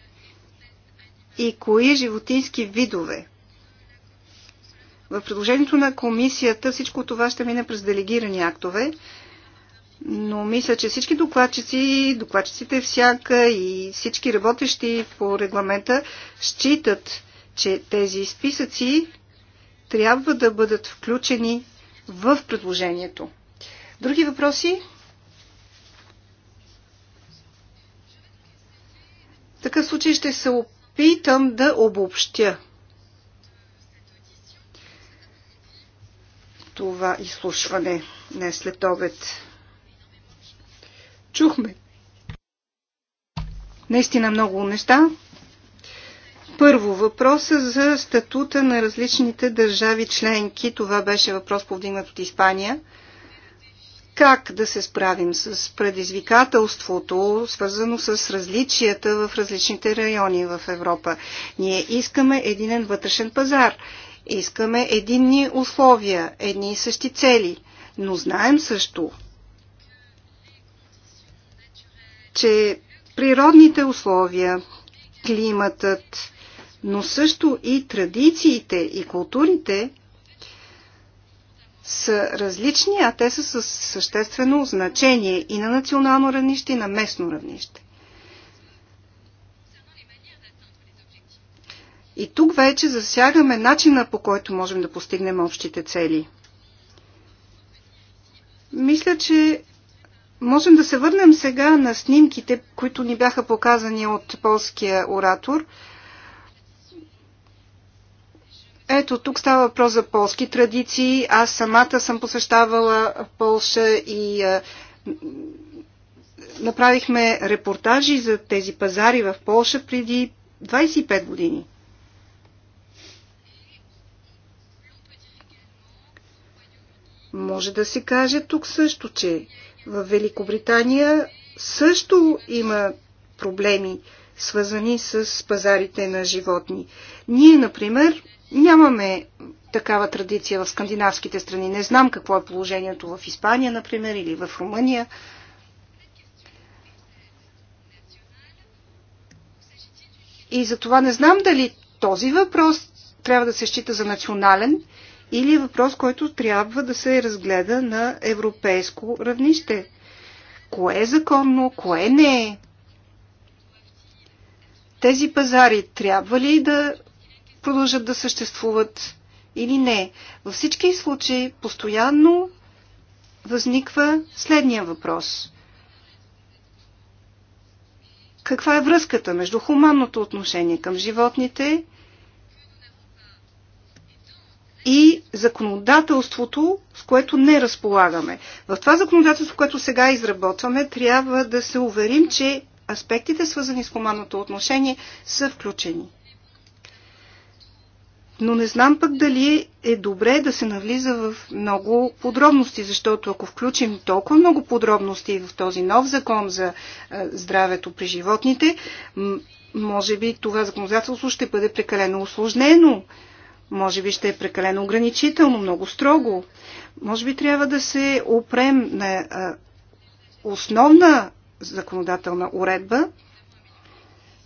и кои животински видове. В предложението на комисията всичко това ще мине през делегирани актове, но мисля, че всички докладчици, докладчиците всяка и всички работещи по регламента считат, че тези списъци трябва да бъдат включени в предложението. Други въпроси? В такъв случай ще се опитам да обобщя това изслушване днес след обед. Чухме наистина много неща. Първо, въпроса за статута на различните държави членки. Това беше въпрос повдигнат от Испания. Как да се справим с предизвикателството, свързано с различията в различните райони в Европа? Ние искаме единен вътрешен пазар. Искаме единни условия, едни и същи цели. Но знаем също, че природните условия, климатът, но също и традициите и културите са различни, а те са със съществено значение и на национално равнище, и на местно равнище. И тук вече засягаме начина по който можем да постигнем общите цели. Мисля, че можем да се върнем сега на снимките, които ни бяха показани от полския оратор – ето, тук става въпрос за полски традиции. Аз самата съм посещавала Полша и а, направихме репортажи за тези пазари в Полша преди 25 години. Може да се каже тук също, че в Великобритания също има проблеми, свързани с пазарите на животни. Ние, например, Нямаме такава традиция в скандинавските страни. Не знам какво е положението в Испания, например, или в Румъния. И за това не знам дали този въпрос трябва да се счита за национален или е въпрос, който трябва да се разгледа на европейско равнище. Кое е законно, кое не е? Тези пазари трябва ли да продължат да съществуват или не. Във всички случаи постоянно възниква следния въпрос. Каква е връзката между хуманното отношение към животните и законодателството, с което не разполагаме. В това законодателство, което сега изработваме, трябва да се уверим, че аспектите, свързани с хуманното отношение, са включени. Но не знам пък дали е добре да се навлиза в много подробности, защото ако включим толкова много подробности в този нов закон за здравето при животните, може би това законодателство ще бъде прекалено осложнено. Може би ще е прекалено ограничително, много строго. Може би трябва да се опрем на основна законодателна уредба,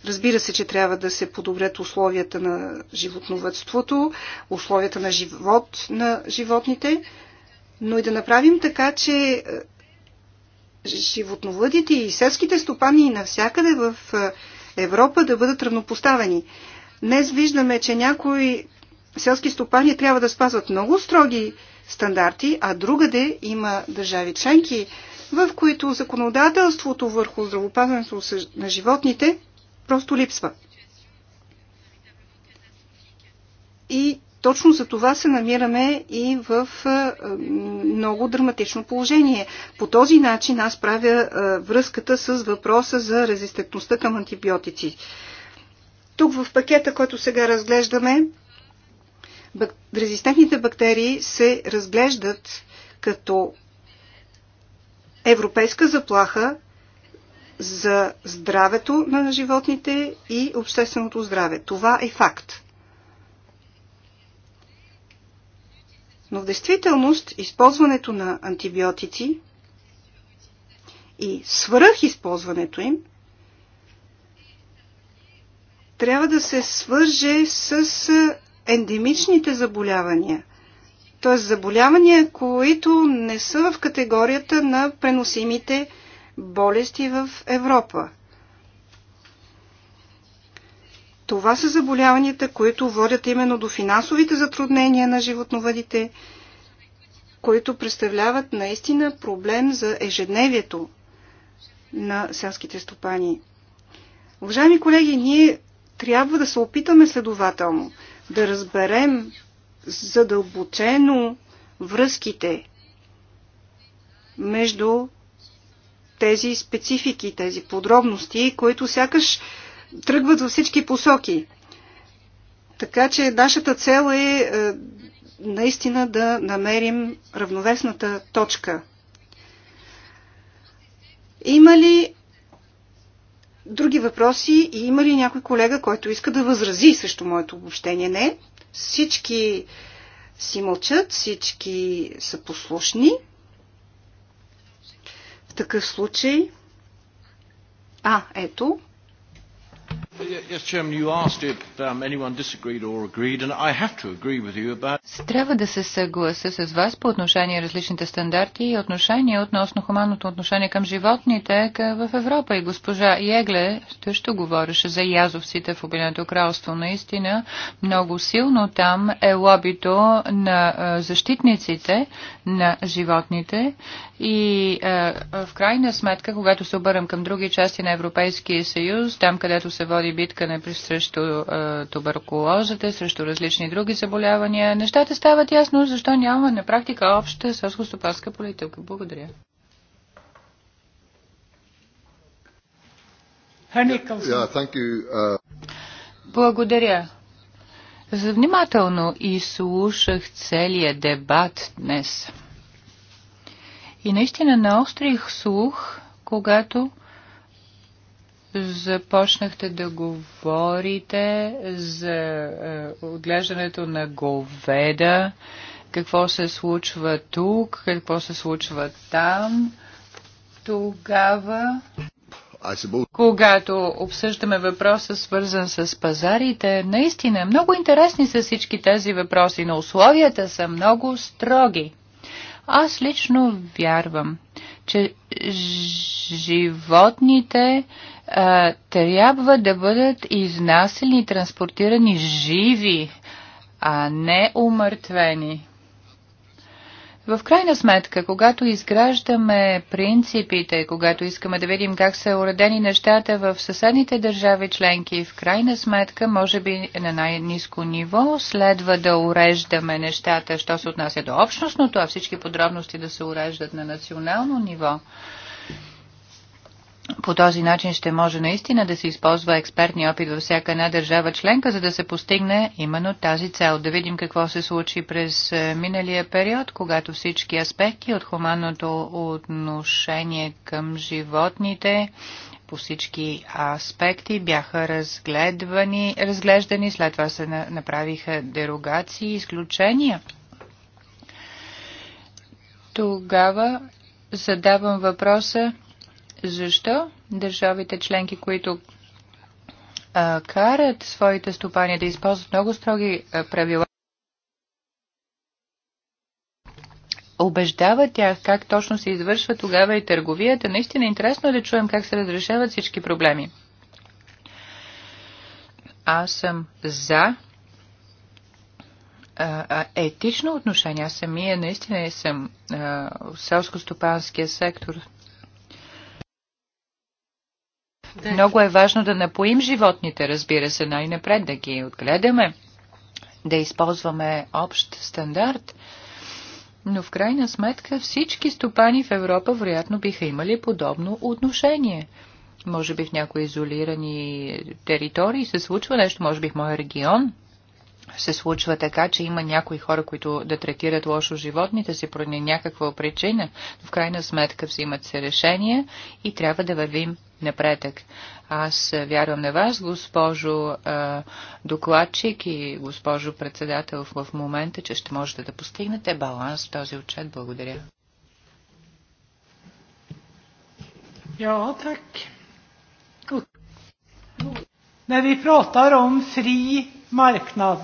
Разбира се, че трябва да се подобрят условията на животновътството, условията на живот на животните, но и да направим така, че е, животновъдите и селските стопани навсякъде в е, Европа да бъдат равнопоставени. Днес виждаме, че някои селски стопани трябва да спазват много строги стандарти, а другаде има държави членки, в които законодателството върху здравопазването на животните просто липсва. И точно за това се намираме и в много драматично положение. По този начин аз правя връзката с въпроса за резистентността към антибиотици. Тук в пакета, който сега разглеждаме, резистентните бактерии се разглеждат като европейска заплаха за здравето на животните и общественото здраве. Това е факт. Но в действителност използването на антибиотици и свръхизползването им трябва да се свърже с ендемичните заболявания. Т.е. заболявания, които не са в категорията на преносимите заболявания болести в Европа. Това са заболяванията, които водят именно до финансовите затруднения на животновъдите, които представляват наистина проблем за ежедневието на селските стопани. Уважаеми колеги, ние трябва да се опитаме следователно да разберем задълбочено връзките между тези специфики, тези подробности, които сякаш тръгват във всички посоки. Така че нашата цел е, е наистина да намерим равновесната точка. Има ли други въпроси и има ли някой колега, който иска да възрази срещу моето обобщение? Не. Всички си мълчат, всички са послушни. В такъв случай... А, ето. Um, трябва да се съглася с вас по отношение на различните стандарти и отношение относно хуманното отношение към животните в Европа. И госпожа Егле също говореше за язовците в Обединеното кралство. Наистина много силно там е лобито на защитниците на животните и в крайна сметка, когато се обърнем към други части на Европейския съюз, там където се води Битка битка срещу е, туберкулозата, срещу различни други заболявания. Нещата стават ясно, защо няма на практика обща селско-стопанска политика. Благодаря. Uh, Благодаря. За внимателно изслушах целия дебат днес. И наистина наострих слух, когато започнахте да говорите за е, отглеждането на говеда, какво се случва тук, какво се случва там. Тогава, когато обсъждаме въпроса, свързан с пазарите, наистина много интересни са всички тези въпроси, но условията са много строги. Аз лично вярвам, че животните а, трябва да бъдат изнасени и транспортирани живи, а не умъртвени. В крайна сметка, когато изграждаме принципите, когато искаме да видим как са уредени нещата в съседните държави членки, в крайна сметка, може би на най-низко ниво, следва да уреждаме нещата, що се отнася до общностното, а всички подробности да се уреждат на национално ниво. По този начин ще може наистина да се използва експертния опит във всяка една държава членка, за да се постигне именно тази цел. Да видим какво се случи през е, миналия период, когато всички аспекти от хуманното отношение към животните по всички аспекти бяха разгледвани, разглеждани, след това се направиха дерогации и изключения. Тогава задавам въпроса защо държавите членки, които а, карат своите стопани да използват много строги а, правила, убеждава тях как точно се извършва тогава и търговията. Наистина е интересно да чуем как се разрешават всички проблеми. Аз съм за етично отношение. Аз самия наистина съм в селско-стопанския сектор много е важно да напоим животните, разбира се, най-напред да ги отгледаме, да използваме общ стандарт. Но в крайна сметка всички стопани в Европа вероятно биха имали подобно отношение. Може би в някои изолирани територии се случва нещо, може би в моя регион се случва така, че има някои хора, които да третират лошо животните си поради някаква причина. В крайна сметка взимат се решения и трябва да вървим напредък. Аз вярвам на вас, госпожо а, докладчик и госпожо председател в момента, че ще можете да постигнете баланс в този отчет. Благодаря. Ja, tack. När vi pratar om fri marknad,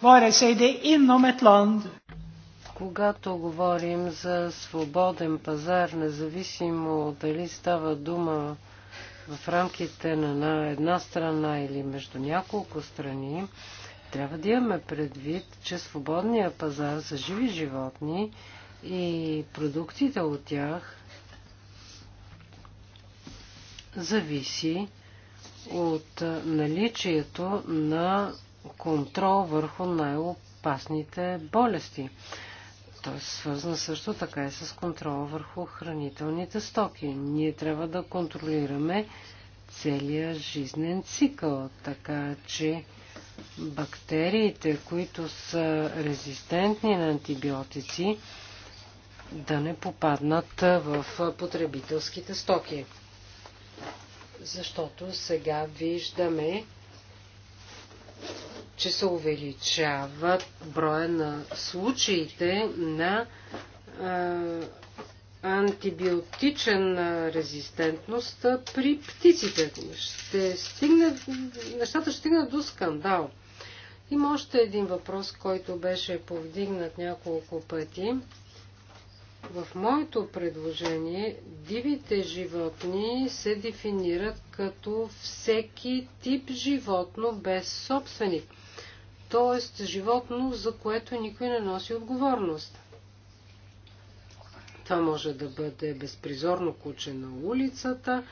vare sig det är inom ett land когато говорим за свободен пазар, независимо дали става дума в рамките на една страна или между няколко страни, трябва да имаме предвид, че свободния пазар за живи животни и продуктите от тях зависи от наличието на контрол върху най-опасните болести. Той е свързан също така и с контрола върху хранителните стоки. Ние трябва да контролираме целия жизнен цикъл, така че бактериите, които са резистентни на антибиотици, да не попаднат в потребителските стоки. Защото сега виждаме че се увеличават броя на случаите на антибиотичен резистентност при птиците. Ще стигне, нещата ще стигнат до скандал. Има още един въпрос, който беше повдигнат няколко пъти. В моето предложение дивите животни се дефинират като всеки тип животно без собственик т.е. животно, за което никой не носи отговорност. Това може да бъде безпризорно куче на улицата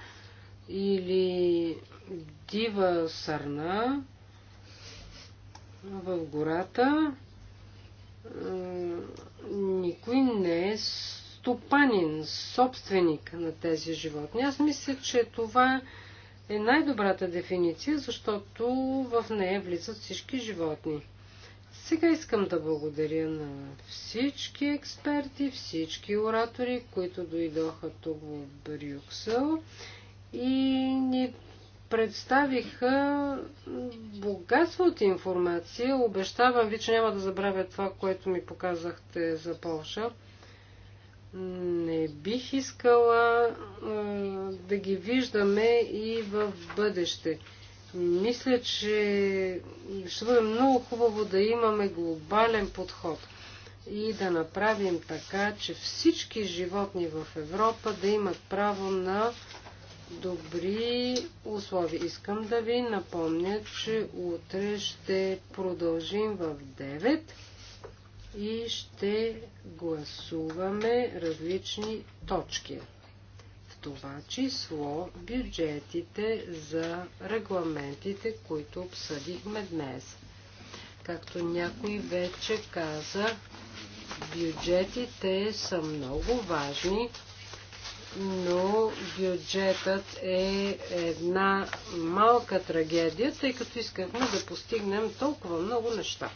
или дива сърна в гората. Никой не е стопанин, собственик на тези животни. Аз мисля, че това е е най-добрата дефиниция, защото в нея влизат всички животни. Сега искам да благодаря на всички експерти, всички оратори, които дойдоха тук в Брюксел и ни представиха богатство от информация. Обещавам ви, че няма да забравя това, което ми показахте за Полша. Не бих искала а, да ги виждаме и в бъдеще. Мисля, че ще бъде много хубаво да имаме глобален подход и да направим така, че всички животни в Европа да имат право на добри условия. Искам да ви напомня, че утре ще продължим в 9 и ще гласуваме различни точки. В това число бюджетите за регламентите, които обсъдихме днес. Както някой вече каза, бюджетите са много важни, но бюджетът е една малка трагедия, тъй като искахме да постигнем толкова много неща.